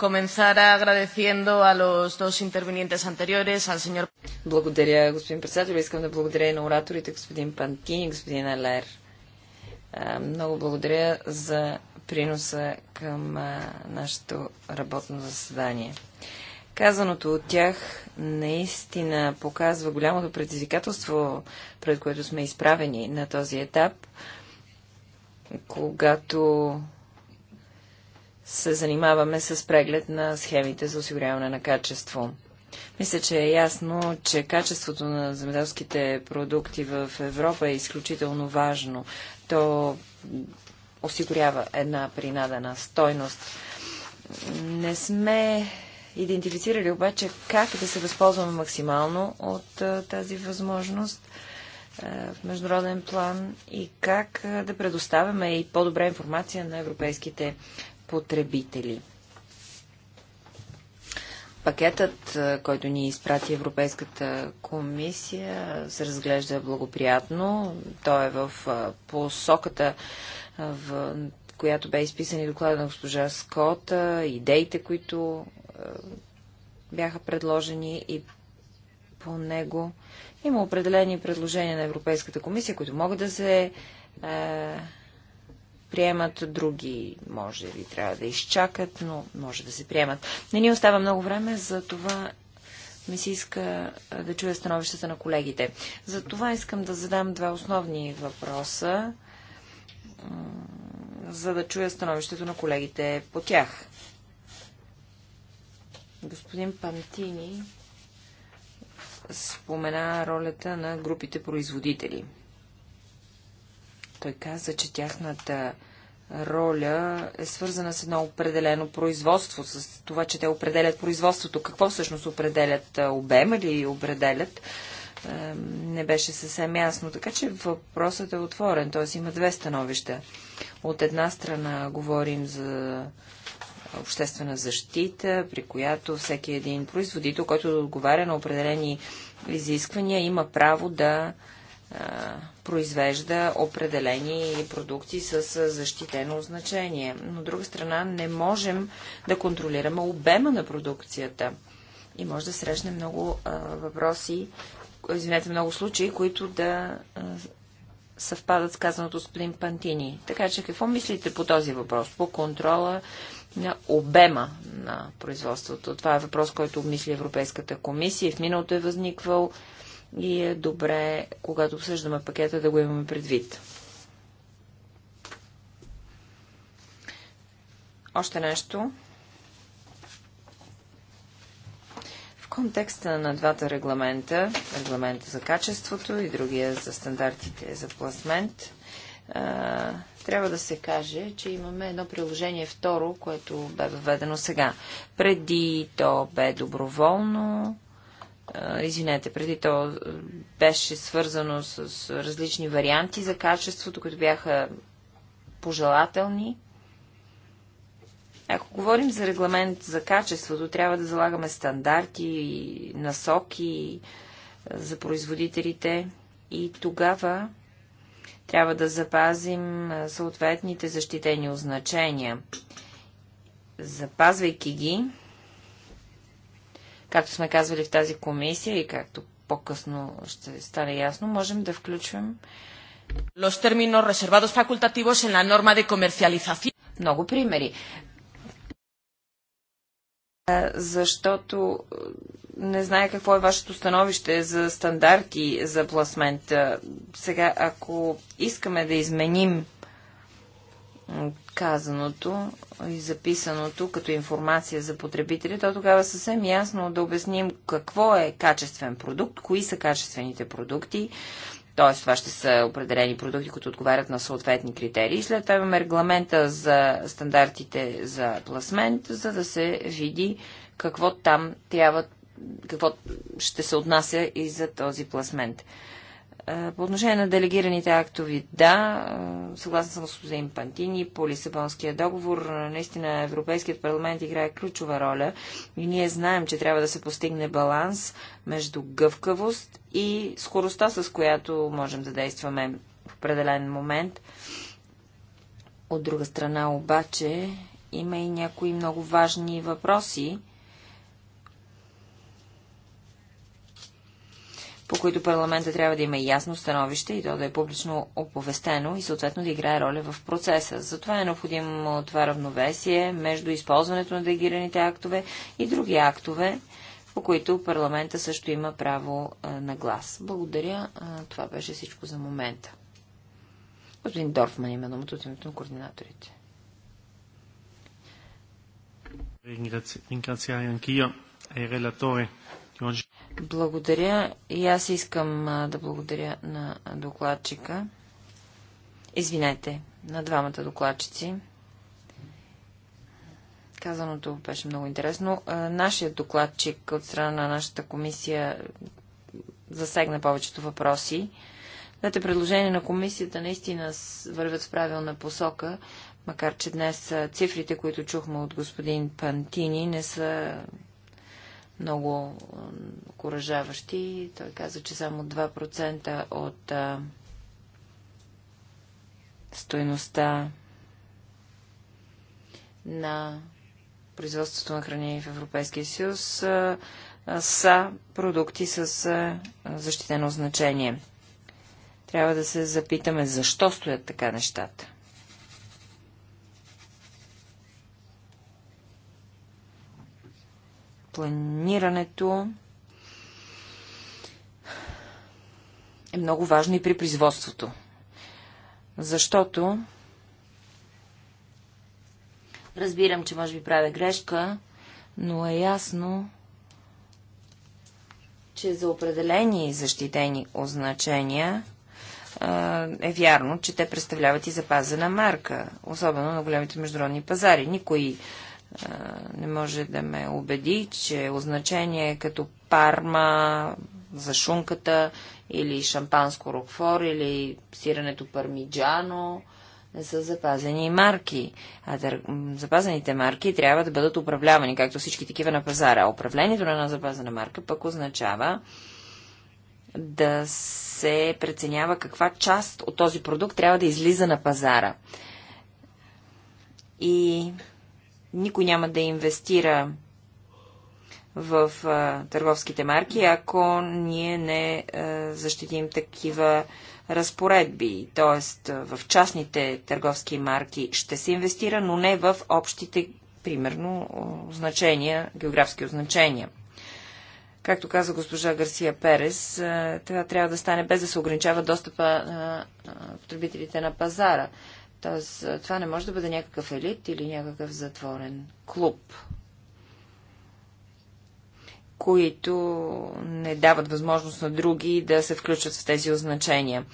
comenzara agradeciendo a los dos intervinientes anteriores, al señor... Благодаря, господин председател. Искам да благодаря и на ораторите, господин Панкин и господин Алер. Много благодаря за приноса към нашето работно заседание. Казаното от тях наистина показва голямото предизвикателство, пред което сме изправени на този етап, когато се занимаваме с преглед на схемите за осигуряване на качество. Мисля, че е ясно, че качеството на земеделските продукти в Европа е изключително важно. То осигурява една принадена стойност. Не сме идентифицирали обаче как да се възползваме максимално от тази възможност в международен план и как да предоставяме и по-добра информация на европейските потребители. Пакетът, който ни изпрати Европейската комисия, се разглежда благоприятно. Той е в посоката, в която бе изписан и доклада на госпожа Скота, идеите, които бяха предложени и по него. Има определени предложения на Европейската комисия, които могат да се е, приемат, други може би трябва да изчакат, но може да се приемат. Не ни остава много време, за това ми се иска да чуя становищата на колегите. За това искам да задам два основни въпроса, за да чуя становището на колегите по тях. Господин Пантини спомена ролята на групите производители – той каза, че тяхната роля е свързана с едно определено производство, с това, че те определят производството. Какво всъщност определят? Обема ли определят? Не беше съвсем ясно. Така че въпросът е отворен, т.е. има две становища. От една страна говорим за обществена защита, при която всеки един производител, който отговаря на определени изисквания, има право да произвежда определени продукти с защитено значение. Но от друга страна не можем да контролираме обема на продукцията. И може да срещнем много а, въпроси, извинете, много случаи, които да а, съвпадат с казаното с Плин Пантини. Така че какво мислите по този въпрос? По контрола на обема на производството. Това е въпрос, който обмисли Европейската комисия. В миналото е възниквал и е добре, когато обсъждаме пакета, да го имаме предвид. Още нещо. В контекста на двата регламента, регламента за качеството и другия за стандартите за пластмент. трябва да се каже, че имаме едно приложение второ, което бе въведено сега. Преди то бе доброволно, извинете, преди то беше свързано с различни варианти за качеството, които бяха пожелателни. Ако говорим за регламент за качеството, трябва да залагаме стандарти, насоки за производителите и тогава трябва да запазим съответните защитени означения. Запазвайки ги, Както сме казвали в тази комисия и както по-късно ще стане ясно, можем да включим Los términos reservados facultativos en la norma de comercialización. Много примери. Защото не знае какво е вашето становище за стандарти за пласмент. Сега, ако искаме да изменим казаното и записаното като информация за потребители, то тогава съвсем ясно да обясним какво е качествен продукт, кои са качествените продукти, т.е. това ще са определени продукти, които отговарят на съответни критерии. След това имаме регламента за стандартите за пласмент, за да се види какво там трябва, какво ще се отнася и за този пласмент. Е, по отношение на делегираните актови, да, е, съгласна съм с господин Пантини, по Лисабонския договор, е, наистина Европейският парламент играе ключова роля и ние знаем, че трябва да се постигне баланс между гъвкавост и скоростта, с която можем да действаме в определен момент. От друга страна обаче има и някои много важни въпроси, по които парламента трябва да има ясно становище и то да е публично оповестено и съответно да играе роля в процеса. Затова е необходимо това равновесие между използването на делегираните актове и други актове, по които парламента също има право на глас. Благодаря. това беше всичко за момента. Господин Дорфман именно му от името на координаторите. Ringrazia anch'io ai relatori di oggi. Благодаря. И аз искам да благодаря на докладчика. Извинете, на двамата докладчици. Казаното беше много интересно. Нашият докладчик от страна на нашата комисия засегна повечето въпроси. Двете предложения на комисията наистина вървят в правилна посока, макар че днес цифрите, които чухме от господин Пантини, не са много окоръжаващи. Той каза, че само 2% от а, стойността на производството на храни в Европейския съюз са продукти с а, защитено значение. Трябва да се запитаме защо стоят така нещата. планирането е много важно и при производството. Защото разбирам, че може би правя грешка, но е ясно, че за определени защитени означения е вярно, че те представляват и запазена марка, особено на големите международни пазари. Никой не може да ме убеди, че означение като парма, за шунката или шампанско рокфор или сирането пармиджано не са запазени марки. А тър... запазените марки трябва да бъдат управлявани, както всички такива на пазара. управлението на една запазена марка пък означава да се преценява каква част от този продукт трябва да излиза на пазара. И никой няма да инвестира в а, търговските марки, ако ние не а, защитим такива разпоредби. Тоест, в частните търговски марки ще се инвестира, но не в общите, примерно, значения, географски означения. Както каза госпожа Гарсия Перес, това трябва да стане без да се ограничава достъпа на потребителите на пазара. Тоест, това не може да бъде някакъв елит или някакъв затворен клуб, които не дават възможност на други да се включат в тези означения.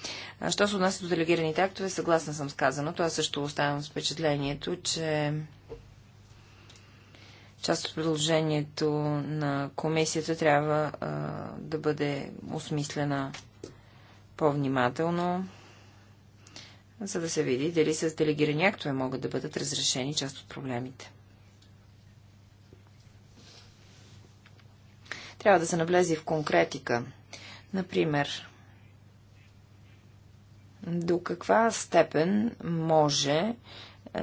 Що се отнася до делегираните актове, съгласна съм с казаното. Аз също оставям с впечатлението, че част от предложението на комисията трябва а, да бъде осмислена по-внимателно за да се види дали с делегирани актове могат да бъдат разрешени част от проблемите. Трябва да се навлезе в конкретика. Например, до каква степен може е,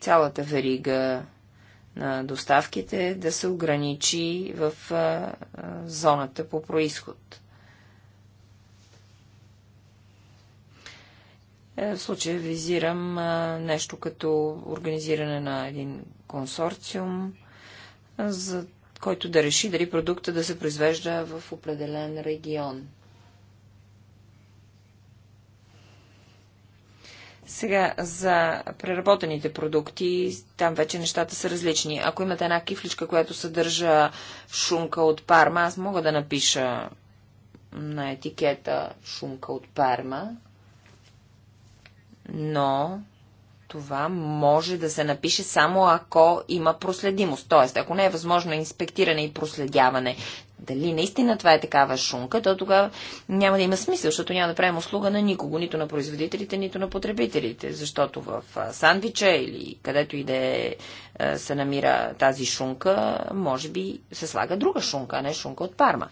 цялата верига на доставките да се ограничи в е, е зоната по происход. Е, в случая визирам нещо като организиране на един консорциум, за който да реши дали продукта да се произвежда в определен регион. Сега, за преработените продукти, там вече нещата са различни. Ако имате една кифличка, която съдържа шунка от парма, аз мога да напиша на етикета шунка от парма, но това може да се напише само ако има проследимост. Т.е. ако не е възможно инспектиране и проследяване, дали наистина това е такава шунка, то тогава няма да има смисъл, защото няма да правим услуга на никого, нито на производителите, нито на потребителите. Защото в сандвича или където и да е, се намира тази шунка, може би се слага друга шунка, а не шунка от парма.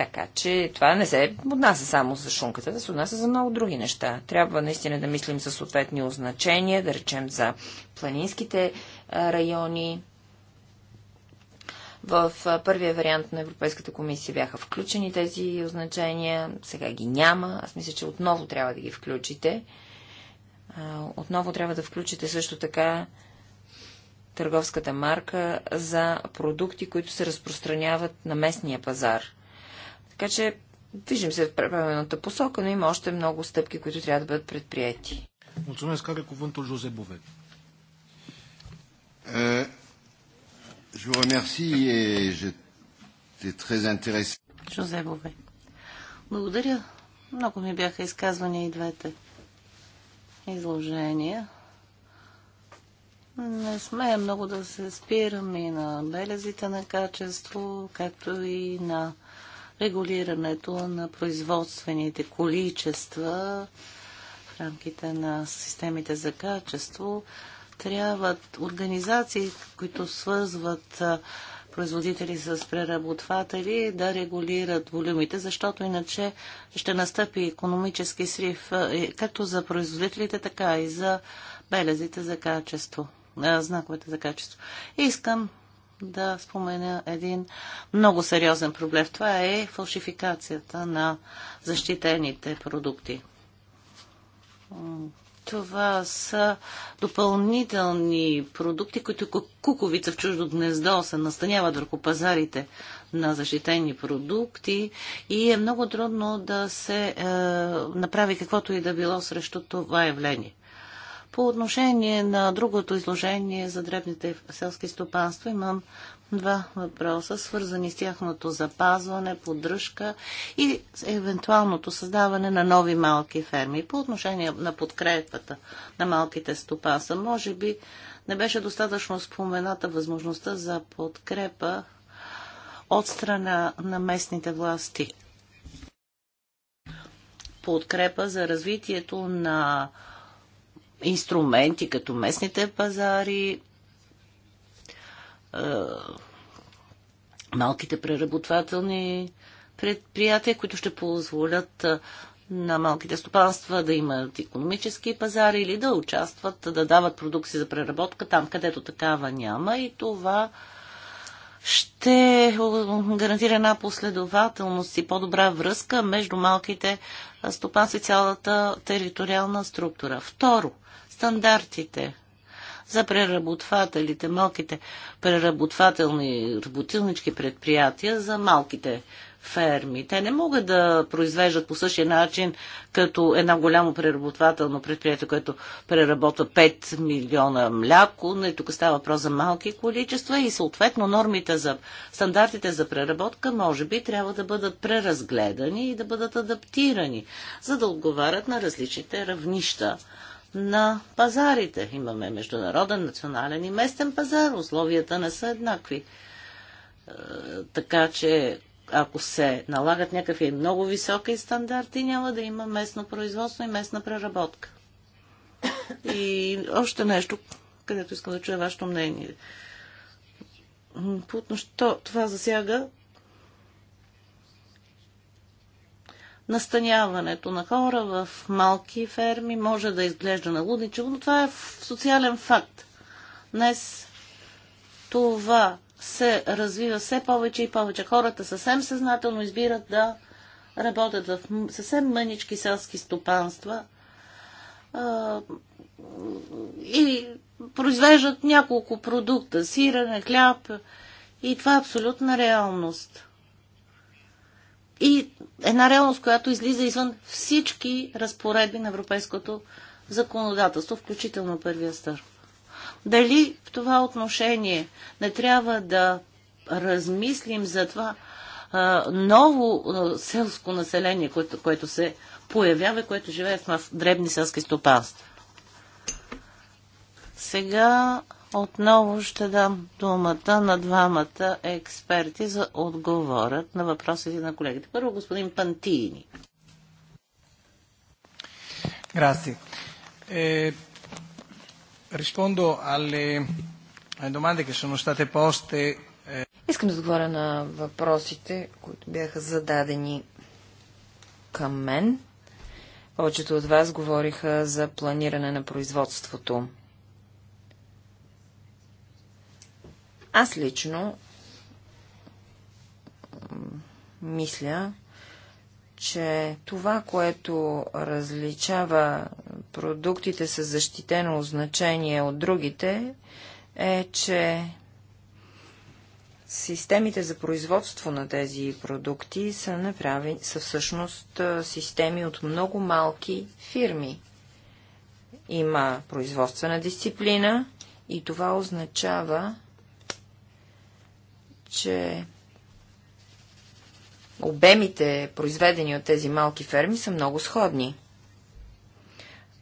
Така че това не се отнася само за шунката, да се отнася за много други неща. Трябва наистина да мислим за съответни означения, да речем за планинските райони. В първия вариант на Европейската комисия бяха включени тези означения, сега ги няма. Аз мисля, че отново трябва да ги включите. Отново трябва да включите също така търговската марка за продукти, които се разпространяват на местния пазар. Така че движим се в правилната посока, но има още много стъпки, които трябва да бъдат предприяти. Mulțumesc. Care cuvântul Jose Bove? Je vous remercie Благодаря. Много ми бяха изказвани и двете изложения. Не смея много да се спирам и на белезите на качество, както и на регулирането на производствените количества в рамките на системите за качество. Трябват организации, които свързват производители с преработватели да регулират волюмите, защото иначе ще настъпи економически срив както за производителите, така и за белезите за качество знаковете за качество. Искам да спомена един много сериозен проблем. Това е фалшификацията на защитените продукти. Това са допълнителни продукти, които куковица в чуждо гнездо се настаняват върху пазарите на защитени продукти и е много трудно да се е, направи каквото и да било срещу това явление. По отношение на другото изложение за дребните селски стопанства имам два въпроса, свързани с тяхното запазване, поддръжка и евентуалното създаване на нови малки ферми. По отношение на подкрепата на малките стопанства, може би не беше достатъчно спомената възможността за подкрепа от страна на местните власти. Подкрепа за развитието на инструменти, като местните пазари, малките преработвателни предприятия, които ще позволят на малките стопанства да имат економически пазари или да участват, да дават продукти за преработка там, където такава няма. И това ще гарантира една последователност и по-добра връзка между малките стопанства и цялата териториална структура. Второ, стандартите за преработвателите, малките преработвателни работилнички предприятия, за малките ферми. Те не могат да произвеждат по същия начин, като едно голямо преработвателно предприятие, което преработва 5 милиона мляко. Не, тук става въпрос за малки количества и съответно нормите за стандартите за преработка може би трябва да бъдат преразгледани и да бъдат адаптирани, за да отговарят на различните равнища на пазарите. Имаме международен, национален и местен пазар. Условията не са еднакви. Е, така че ако се налагат някакви много високи стандарти, няма да има местно производство и местна преработка. И още нещо, където искам да чуя вашето мнение. Путно, що това засяга настаняването на хора в малки ферми може да изглежда налудничево, но това е социален факт. Днес това се развива все повече и повече. Хората съвсем съзнателно избират да работят в съвсем мънички селски стопанства и произвеждат няколко продукта сирене, хляб и това е абсолютна реалност. И една реалност, която излиза извън всички разпоредби на европейското законодателство, включително първия стър. Дали в това отношение не трябва да размислим за това а, ново а, селско население, което, което се появява и което живее в дребни селски стопанства? Сега отново ще дам думата на двамата експерти за отговорът на въпросите на колегите. Първо господин Пантини. Grazie. Rispondo alle, alle domande che sono state poste. Eh, Искам да отговоря на въпросите, които бяха зададени към мен. Повечето от вас говориха за планиране на производството. Аз лично мисля, че това, което различава продуктите с защитено означение от другите, е, че системите за производство на тези продукти са, направи, са всъщност системи от много малки фирми. Има производствена дисциплина и това означава, че обемите, произведени от тези малки ферми, са много сходни.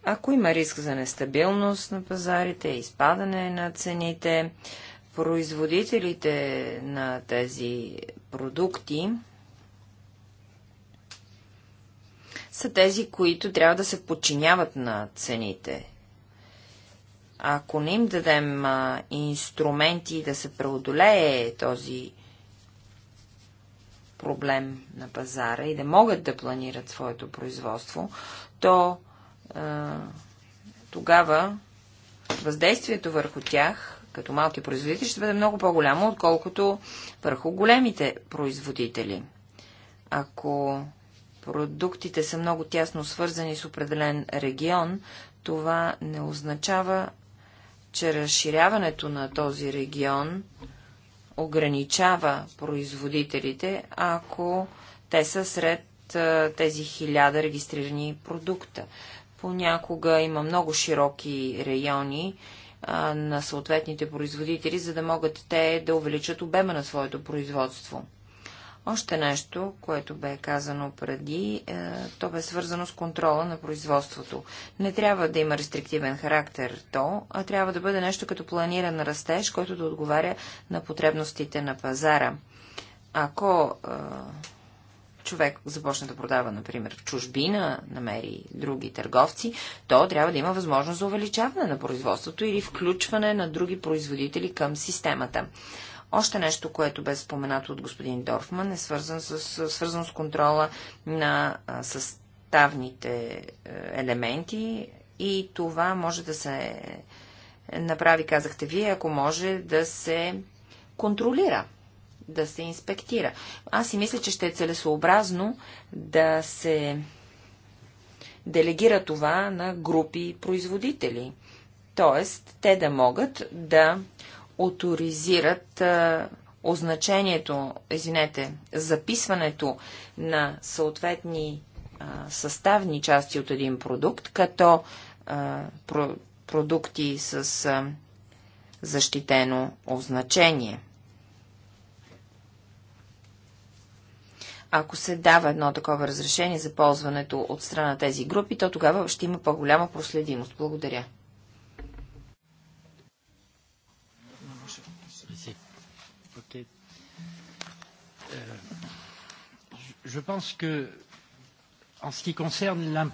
Ако има риск за нестабилност на пазарите, изпадане на цените, производителите на тези продукти са тези, които трябва да се подчиняват на цените. Ако не им дадем инструменти да се преодолее този проблем на пазара и да могат да планират своето производство, то е, тогава въздействието върху тях, като малки производители, ще бъде много по-голямо, отколкото върху големите производители. Ако продуктите са много тясно свързани с определен регион, това не означава, че разширяването на този регион ограничава производителите, ако те са сред тези хиляда регистрирани продукта. Понякога има много широки райони на съответните производители, за да могат те да увеличат обема на своето производство. Още нещо, което бе казано преди, е, то бе свързано с контрола на производството. Не трябва да има рестриктивен характер то, а трябва да бъде нещо като планиран растеж, който да отговаря на потребностите на пазара. Ако е, човек започне да продава, например, в чужбина, намери други търговци, то трябва да има възможност за увеличаване на производството или включване на други производители към системата. Още нещо, което бе споменато от господин Дорфман, е свързано с, свързан с контрола на съставните е, елементи и това може да се е, направи, казахте вие, ако може да се контролира, да се инспектира. Аз си мисля, че ще е целесообразно да се делегира това на групи производители. Тоест, те да могат да авторизират означението, извинете, записването на съответни а, съставни части от един продукт, като а, про, продукти с а, защитено означение. Ако се дава едно такова разрешение за ползването от страна на тези групи, то тогава ще има по-голяма проследимост. Благодаря. Je pense que, en ce qui concerne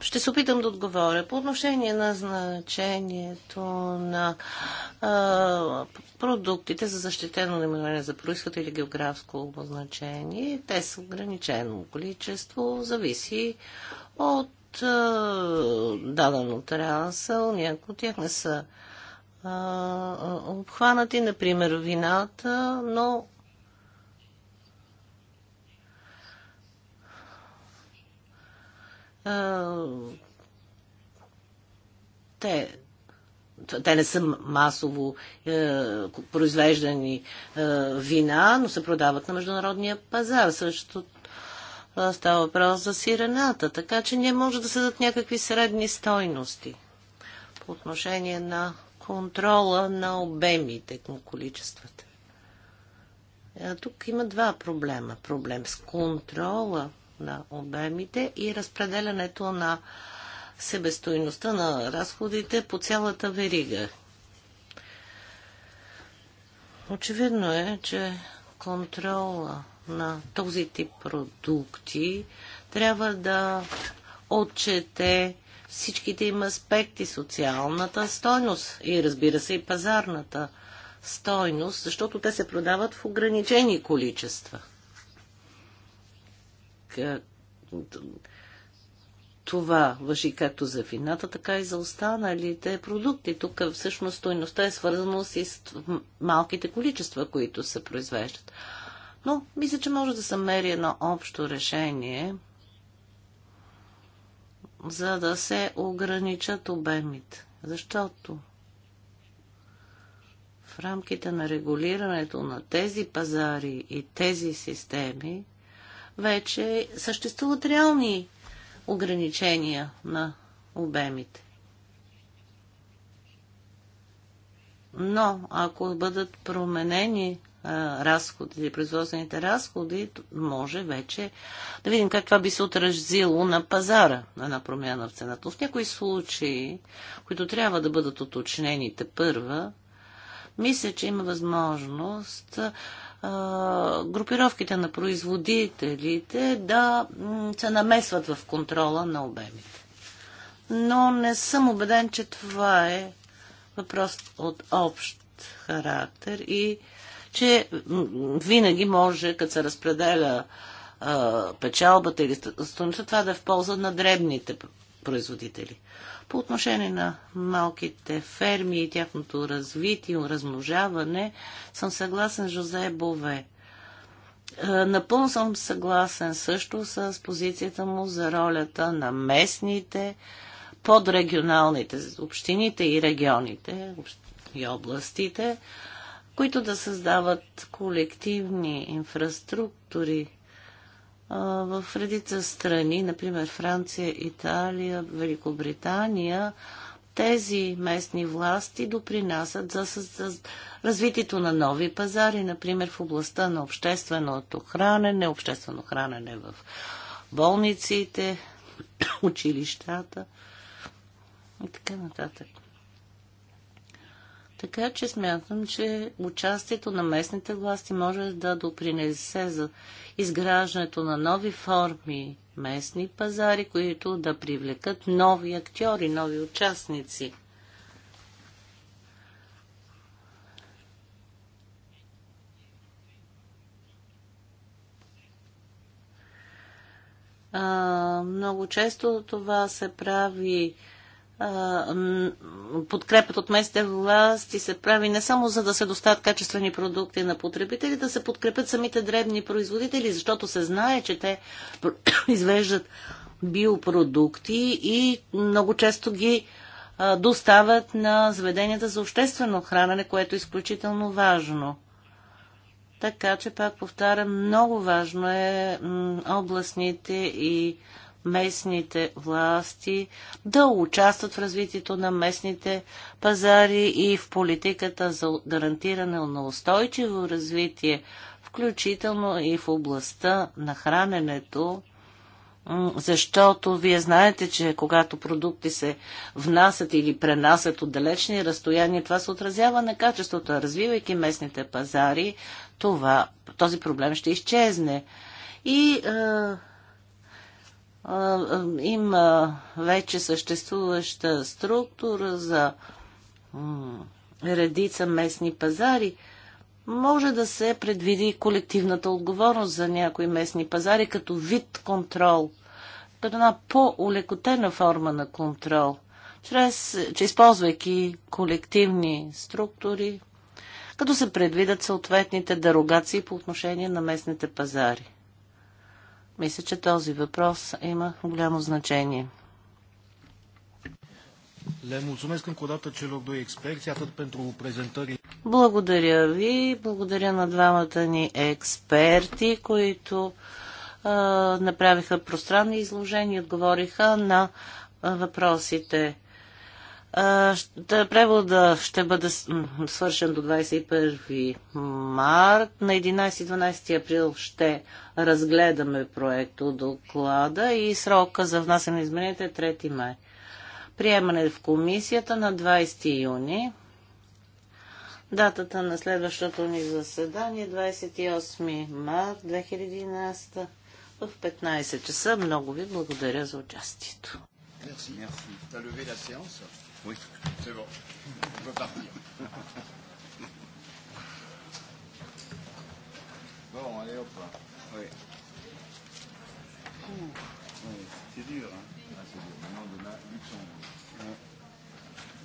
ще се опитам да отговоря. По отношение на значението на а, продуктите за защитено наименование за происход или географско обозначение, те са ограничено количество, зависи от а, даден отрасъл. Някои от тях не са а, обхванати, например, вината, но те, те не са масово е, произвеждани е, вина, но се продават на международния пазар. Също става въпрос за сирената, така че не може да се дадат някакви средни стойности по отношение на контрола на обемите, на количествата. Е, тук има два проблема. Проблем с контрола на обемите и разпределянето на себестойността на разходите по цялата верига. Очевидно е, че контрола на този тип продукти трябва да отчете всичките им аспекти, социалната стойност и разбира се и пазарната стойност, защото те се продават в ограничени количества. Е, това въжи както за вината, така и за останалите продукти. Тук всъщност стойността е свързана с малките количества, които се произвеждат. Но мисля, че може да се мери едно общо решение, за да се ограничат обемите. Защото в рамките на регулирането на тези пазари и тези системи, вече съществуват реални ограничения на обемите. Но ако бъдат променени разходи, разходите, производствените разходи, може вече да видим как това би се отразило на пазара на една промяна в цената. В някои случаи, които трябва да бъдат уточнените първа, мисля, че има възможност групировките на производителите да се намесват в контрола на обемите. Но не съм убеден, че това е въпрос от общ характер и че винаги може, като се разпределя печалбата или стоеността, това да е в полза на дребните производители. По отношение на малките ферми и тяхното развитие, размножаване, съм съгласен с Жозе Бове. Е, напълно съм съгласен също с позицията му за ролята на местните, подрегионалните, общините и регионите и областите, които да създават колективни инфраструктури, в редица страни, например Франция, Италия, Великобритания, тези местни власти допринасят за, за развитието на нови пазари, например в областта на общественото хранене, обществено хранене в болниците, училищата и така нататък. Така че смятам, че участието на местните власти може да допринесе за изграждането на нови форми местни пазари, които да привлекат нови актьори, нови участници. А, много често това се прави подкрепят от местните власти се прави не само за да се доставят качествени продукти на потребители, да се подкрепят самите дребни производители, защото се знае, че те извеждат биопродукти и много често ги доставят на заведенията за обществено хранене, което е изключително важно. Така че, пак повтарям, много важно е областните и местните власти да участват в развитието на местните пазари и в политиката за гарантиране на устойчиво развитие, включително и в областта на храненето, защото вие знаете, че когато продукти се внасят или пренасят от далечни разстояния, това се отразява на качеството. Развивайки местните пазари, това, този проблем ще изчезне. И е, има вече съществуваща структура за редица местни пазари, може да се предвиди колективната отговорност за някои местни пазари като вид контрол, като една по-улекотена форма на контрол, чрез, че използвайки колективни структури, като се предвидят съответните дерогации по отношение на местните пазари. Мисля, че този въпрос има голямо значение. Le mulțumesc încă o dată celor doi experți, atât pentru prezentări. Благодаря ви, благодаря на двамата ни експерти, които направиха пространни изложения, и отговориха на въпросите Превода ще бъде свършен до 21 март. На 11-12 април ще разгледаме проекто доклада и срока за внасяне на е 3 май. Приемане в комисията на 20 юни. Датата на следващото ни заседание 28 е март 2011 в 15 часа. Много ви благодаря за участието. Merci, merci. T'as levé la séance Oui, c'est bon. On peut partir. Bon, allez hop. Oui. Oui, c'est dur. Hein. Ah, c'est dur. Maintenant, demain, Luxembourg. Ouais.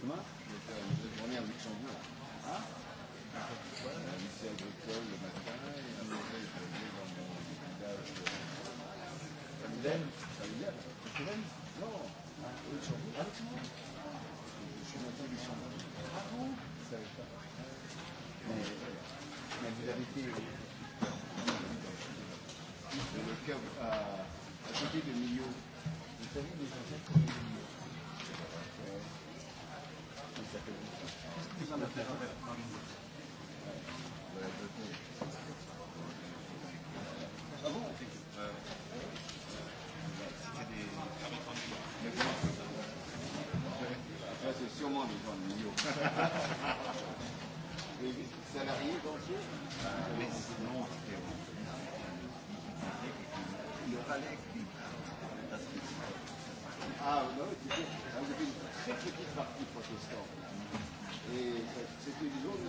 Demain Je vais faire une journée à Luxembourg. Hein un lycée agricole le matin et je vais aller dans mon village. Ça vous aime Ça vous aime Non. Luxembourg. Luxembourg Mais vous avez été dans le cœur à, à côté Ah non, il avait une très petite partie protestante. Et c'était une zone